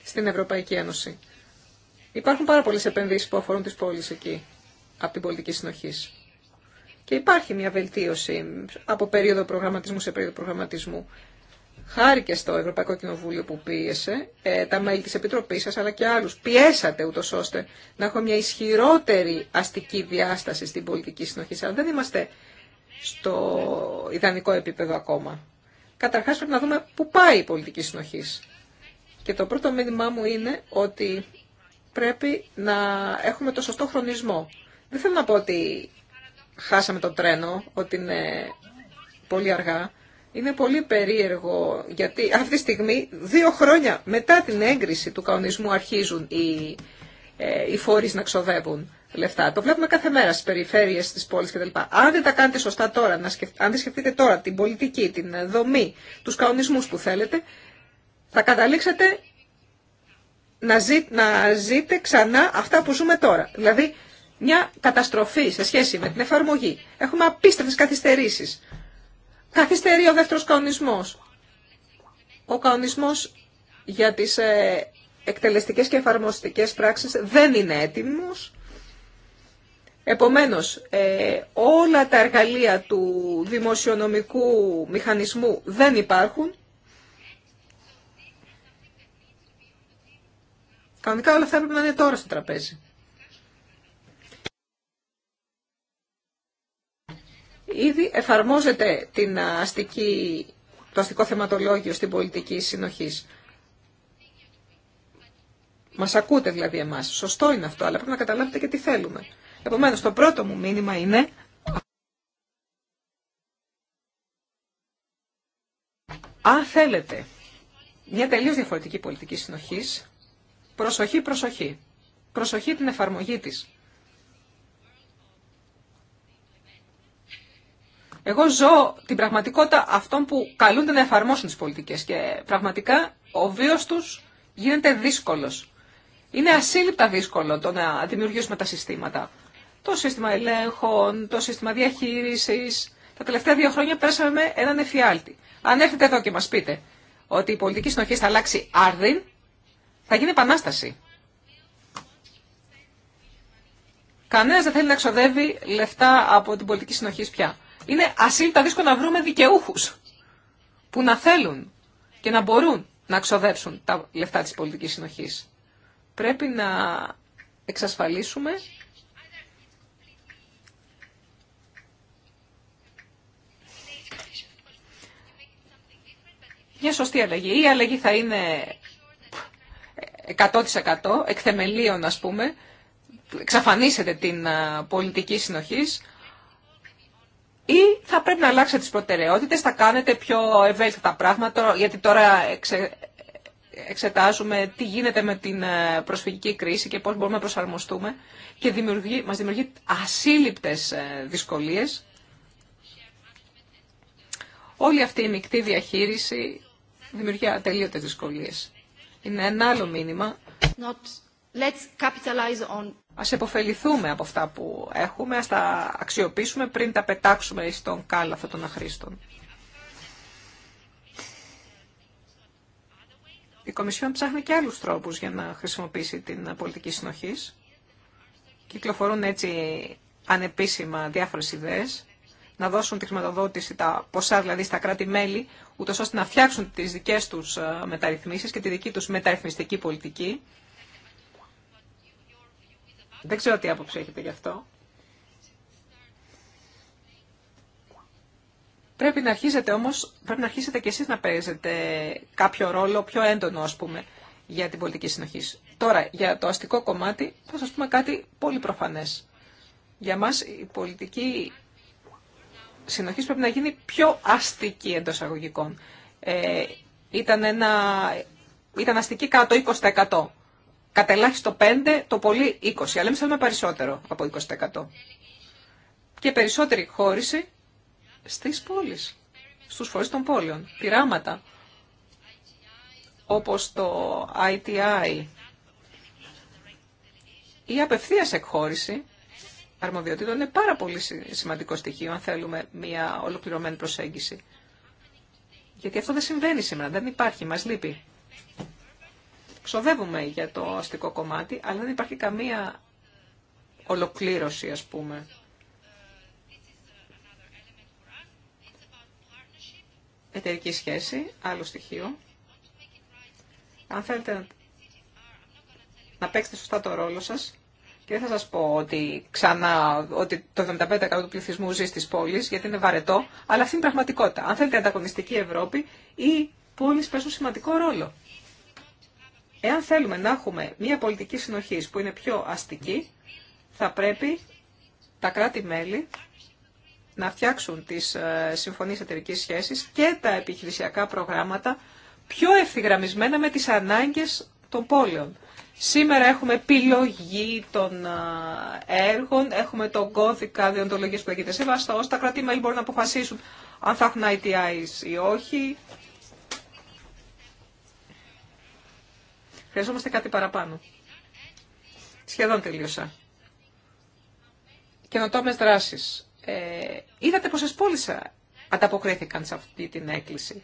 στην Ευρωπαϊκή Ένωση. Υπάρχουν πάρα πολλές επενδύσεις που αφορούν τις πόλεις εκεί, από την πολιτική συνοχή. Και υπάρχει μια βελτίωση από περίοδο προγραμματισμού σε περίοδο προγραμματισμού. Χάρη και στο Ευρωπαϊκό Κοινοβούλιο που πίεσε, ε, τα μέλη της Επιτροπής σας αλλά και άλλους πιέσατε ούτω ώστε να έχουμε μια ισχυρότερη αστική διάσταση στην πολιτική συνοχή. Αλλά δεν είμαστε στο ιδανικό επίπεδο ακόμα. Καταρχάς πρέπει να δούμε πού πάει η πολιτική συνοχή. Και το πρώτο μήνυμά μου είναι ότι πρέπει να έχουμε το σωστό χρονισμό. Δεν θέλω να πω ότι χάσαμε το τρένο, ότι είναι πολύ αργά. Είναι πολύ περίεργο γιατί αυτή τη στιγμή, δύο χρόνια μετά την έγκριση του καονισμού, αρχίζουν οι, ε, οι να ξοδεύουν λεφτά. Το βλέπουμε κάθε μέρα στι περιφέρειε στι πόλει κτλ. Αν δεν τα κάνετε σωστά τώρα, να σκεφ... αν δεν σκεφτείτε τώρα την πολιτική, την δομή, του κανονισμού που θέλετε, θα καταλήξετε να, ζει... να ζείτε ξανά αυτά που ζούμε τώρα. Δηλαδή, μια καταστροφή σε σχέση με την εφαρμογή. Έχουμε απίστευτε καθυστερήσει. Καθυστερεί ο δεύτερο κανονισμό. Ο κανονισμό για τι ε, εκτελεστικέ και εφαρμοστικέ πράξει δεν είναι έτοιμος. Επομένως, ε, όλα τα εργαλεία του δημοσιονομικού μηχανισμού δεν υπάρχουν. Κανονικά όλα θα έπρεπε να είναι τώρα στο τραπέζι. Ήδη εφαρμόζεται την αστική, το αστικό θεματολόγιο στην πολιτική συνοχής. Μας ακούτε δηλαδή εμάς. Σωστό είναι αυτό, αλλά πρέπει να καταλάβετε και τι θέλουμε. Επομένως, το πρώτο μου μήνυμα είναι αν θέλετε μια τελείως διαφορετική πολιτική συνοχής, προσοχή, προσοχή. Προσοχή την εφαρμογή της. Εγώ ζω την πραγματικότητα αυτών που καλούνται να εφαρμόσουν τις πολιτικές και πραγματικά ο βίος τους γίνεται δύσκολος. Είναι ασύλληπτα δύσκολο το να δημιουργήσουμε τα συστήματα το σύστημα ελέγχων, το σύστημα διαχείρισης. Τα τελευταία δύο χρόνια πέρασαμε με έναν εφιάλτη. Αν έρθετε εδώ και μας πείτε ότι η πολιτική συνοχή θα αλλάξει άρδιν, θα γίνει επανάσταση. Κανένα δεν θέλει να ξοδεύει λεφτά από την πολιτική συνοχή πια. Είναι ασύλληπτα δύσκολο να βρούμε δικαιούχου που να θέλουν και να μπορούν να ξοδέψουν τα λεφτά τη πολιτική συνοχή. Πρέπει να εξασφαλίσουμε μια σωστή αλλαγή. Η αλλαγή θα είναι 100% εκθεμελίων ας πούμε, εξαφανίσετε την πολιτική συνοχής ή θα πρέπει να αλλάξετε τις προτεραιότητες, θα κάνετε πιο ευέλικτα πράγματα, γιατί τώρα εξετάζουμε τι γίνεται με την προσφυγική κρίση και πώς μπορούμε να προσαρμοστούμε και δημιουργεί, μας δημιουργεί ασύλληπτες δυσκολίες. Όλη αυτή η μεικτή διαχείριση δημιουργεί ατελείωτες δυσκολίες. Είναι ένα άλλο μήνυμα. Not... Ας επωφεληθούμε από αυτά που έχουμε, ας τα αξιοποιήσουμε πριν τα πετάξουμε στον κάλαθο των αχρήστων. Η Κομισιόν ψάχνει και άλλους τρόπους για να χρησιμοποιήσει την πολιτική συνοχής. Κυκλοφορούν έτσι ανεπίσημα διάφορες ιδέες να δώσουν τη χρηματοδότηση, τα ποσά δηλαδή στα κράτη-μέλη, ούτω ώστε να φτιάξουν τι δικέ του ε, μεταρρυθμίσει και τη δική του μεταρρυθμιστική πολιτική. Δεν ξέρω τι άποψη έχετε γι' αυτό. Πρέπει να αρχίσετε όμως, πρέπει να αρχίσετε κι εσείς να παίζετε κάποιο ρόλο πιο έντονο ας πούμε για την πολιτική συνοχή. Τώρα για το αστικό κομμάτι θα σας πούμε κάτι πολύ προφανές. Για μας η πολιτική συνοχής πρέπει να γίνει πιο αστική εντό αγωγικών. Ε, ήταν, ένα, ήταν αστική κάτω το 20%. ελάχιστο 5, το πολύ 20, αλλά εμείς θέλουμε περισσότερο από 20%. Και περισσότερη χώριση στις πόλεις, στους φορείς των πόλεων, πειράματα, όπως το ITI, η απευθείας εκχώρηση αρμοδιοτήτων είναι πάρα πολύ σημαντικό στοιχείο αν θέλουμε μια ολοκληρωμένη προσέγγιση. Γιατί αυτό δεν συμβαίνει σήμερα, δεν υπάρχει, μας λείπει. Ξοδεύουμε για το αστικό κομμάτι, αλλά δεν υπάρχει καμία ολοκλήρωση, ας πούμε. Εταιρική σχέση, άλλο στοιχείο. Αν θέλετε να παίξετε σωστά το ρόλο σας, και δεν θα σας πω ότι ξανά ότι το 75% του πληθυσμού ζει στις πόλεις, γιατί είναι βαρετό, αλλά αυτή είναι η πραγματικότητα. Αν θέλετε ανταγωνιστική Ευρώπη, οι πόλεις παίζουν σημαντικό ρόλο. Εάν θέλουμε να έχουμε μια πολιτική συνοχή που είναι πιο αστική, θα πρέπει τα κράτη-μέλη να φτιάξουν τις ε, συμφωνίες εταιρικής σχέσης και τα επιχειρησιακά προγράμματα πιο ευθυγραμμισμένα με τις ανάγκες των πόλεων. Σήμερα έχουμε επιλογή των έργων, έχουμε τον κώδικα διοντολογίας που έγινε στα τα κρατήματα μπορούν να αποφασίσουν αν θα έχουν ITIs ή όχι. Χρειαζόμαστε κάτι παραπάνω. Σχεδόν τελείωσα. Καινοτόμε δράσει. Ε, είδατε πόσε πόλει ε, ανταποκρίθηκαν σε αυτή την έκκληση.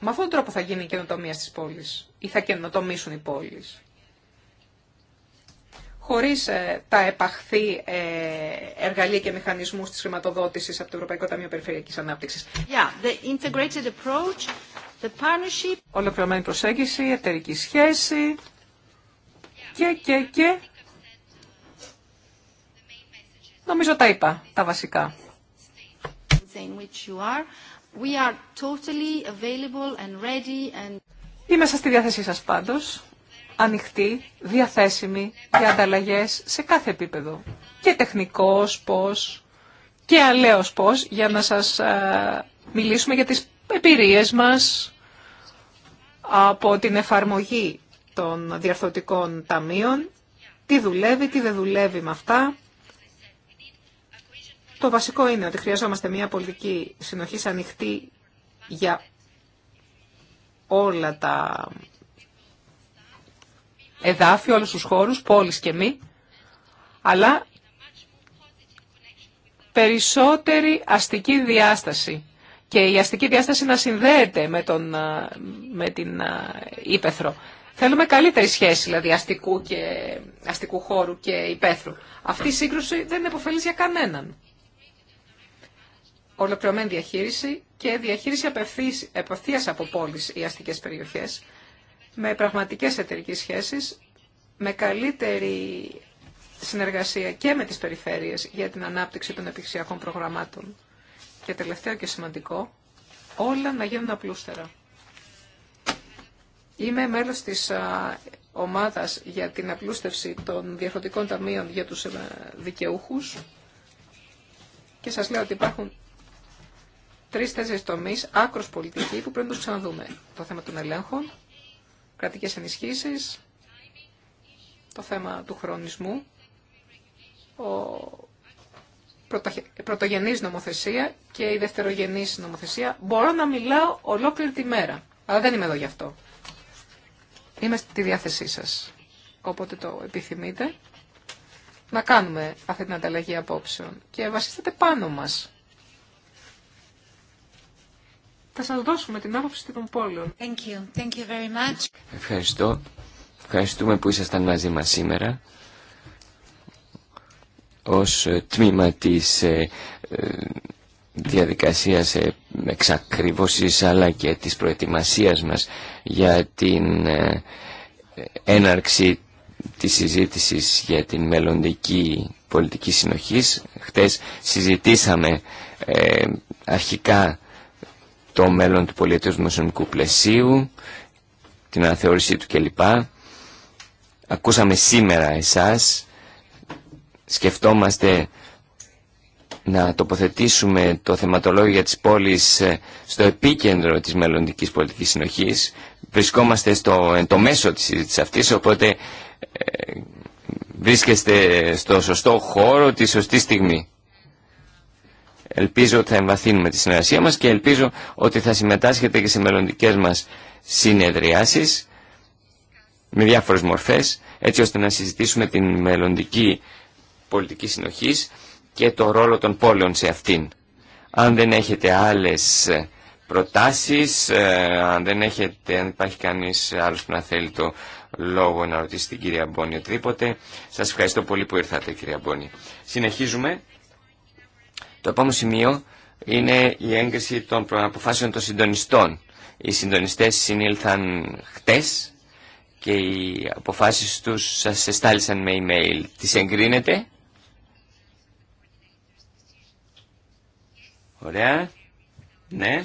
Με αυτόν τον τρόπο θα γίνει η καινοτομία στις πόλεις ή θα καινοτομήσουν οι πόλεις. Χωρίς ε, τα επαχθή ε, εργαλεία και μηχανισμούς της χρηματοδότησης από το Ευρωπαϊκό Ταμείο Περιφερειακής Ανάπτυξης. Yeah, Ολοκληρωμένη προσέγγιση, εταιρική σχέση και, και, και... Νομίζω τα είπα, τα βασικά. We are totally available and Είμαστε στη διάθεσή σας πάντως, ανοιχτή, διαθέσιμη για ανταλλαγές σε κάθε επίπεδο. Και τεχνικός πώς και αλέος πώς για να σας ε, μιλήσουμε για τις εμπειρίες μας από την εφαρμογή των διαρθωτικών ταμείων, τι δουλεύει, τι δεν δουλεύει με αυτά, το βασικό είναι ότι χρειαζόμαστε μια πολιτική συνοχής ανοιχτή για όλα τα εδάφη, όλους τους χώρους, πόλεις και μη, αλλά περισσότερη αστική διάσταση. Και η αστική διάσταση να συνδέεται με, τον, με την ύπεθρο. Θέλουμε καλύτερη σχέση δηλαδή αστικού, και, αστικού χώρου και υπαίθρου. Αυτή η σύγκρουση δεν είναι για κανέναν ολοκληρωμένη διαχείριση και διαχείριση απευθείας από πόλεις οι αστικές περιοχές, με πραγματικές εταιρικέ σχέσεις, με καλύτερη συνεργασία και με τις περιφέρειες για την ανάπτυξη των επιχειρησιακών προγραμμάτων. Και τελευταίο και σημαντικό, όλα να γίνουν απλούστερα. Είμαι μέλος της ομάδας για την απλούστευση των διαφορετικών ταμείων για τους ε, δικαιούχους και σας λέω ότι υπάρχουν τρει-τέσσερι τομεί άκρο πολιτική που πρέπει να του ξαναδούμε. Το θέμα των ελέγχων, κρατικέ ενισχύσει, το θέμα του χρονισμού, ο πρωτογενή νομοθεσία και η δεύτερογενή νομοθεσία. Μπορώ να μιλάω ολόκληρη τη μέρα, αλλά δεν είμαι εδώ γι' αυτό. Είμαι στη διάθεσή σας, όποτε το επιθυμείτε, να κάνουμε αυτή την ανταλλαγή απόψεων και βασίστετε πάνω μας θα σας δώσουμε την άποψη των πόλεων. Thank you. Thank you very much. Ευχαριστώ. Ευχαριστούμε που ήσασταν μαζί μας σήμερα ως ε, τμήμα της ε, ε, διαδικασίας εξακρίβωσης αλλά και της προετοιμασίας μας για την έναρξη της συζήτησης για την μελλοντική πολιτική συνοχής. Χτες συζητήσαμε αρχικά το μέλλον του πολιτισμού δημοσιονομικού πλαισίου, την αναθεώρησή του κλπ. Ακούσαμε σήμερα εσάς, σκεφτόμαστε να τοποθετήσουμε το θεματολόγιο για τις πόλεις ε, στο επίκεντρο της μελλοντικής πολιτικής συνοχής. Βρισκόμαστε στο, το μέσο της συζήτησης αυτής, οπότε ε, βρίσκεστε στο σωστό χώρο τη σωστή στιγμή. Ελπίζω ότι θα εμβαθύνουμε τη συνεργασία μας και ελπίζω ότι θα συμμετάσχετε και σε μελλοντικέ μας συνεδριάσεις με διάφορες μορφές έτσι ώστε να συζητήσουμε την μελλοντική πολιτική συνοχής και το ρόλο των πόλεων σε αυτήν. Αν δεν έχετε άλλες προτάσεις, ε, αν δεν έχετε, αν υπάρχει κανείς άλλος που να θέλει το λόγο να ρωτήσει την κυρία Μπόνη οτιδήποτε, σας ευχαριστώ πολύ που ήρθατε κυρία Μπόνη. Συνεχίζουμε. Το επόμενο σημείο είναι η έγκριση των προαποφάσεων των συντονιστών. Οι συντονιστές συνήλθαν χτες και οι αποφάσεις τους σας εστάλησαν με email. Τις εγκρίνετε. Ωραία. Ναι.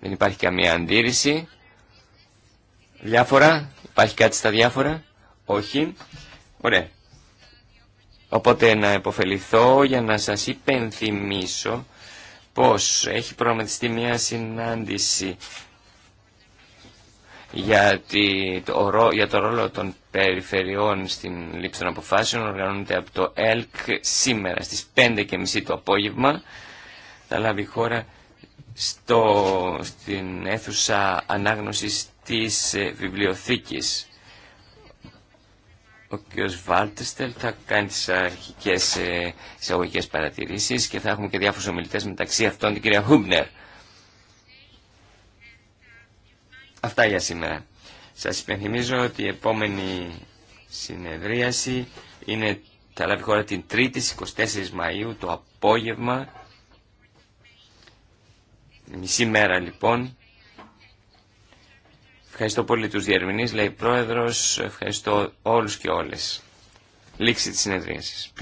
Δεν υπάρχει καμία αντίρρηση. Διάφορα. Υπάρχει κάτι στα διάφορα. Όχι. Ωραία. Οπότε να επωφεληθώ για να σας υπενθυμίσω πως έχει προγραμματιστεί μια συνάντηση για, το, για το ρόλο των περιφερειών στην λήψη των αποφάσεων οργανώνεται από το ΕΛΚ σήμερα στις 5.30 το απόγευμα θα λάβει χώρα στο, στην αίθουσα ανάγνωσης της ε, βιβλιοθήκης ο κ. Βάλτεστελ θα κάνει τις αρχικές ε, εισαγωγικές παρατηρήσεις και θα έχουμε και διάφορους ομιλητές μεταξύ αυτών την κυρία Χούμπνερ. Αυτά για σήμερα. Σας υπενθυμίζω ότι η επόμενη συνεδρίαση είναι, θα λάβει χώρα την 3η 24 Μαΐου το απόγευμα. Μισή μέρα λοιπόν Ευχαριστώ πολύ τους διερμηνείς, λέει πρόεδρος. Ευχαριστώ όλους και όλες. Λήξη της συνεδρίασης.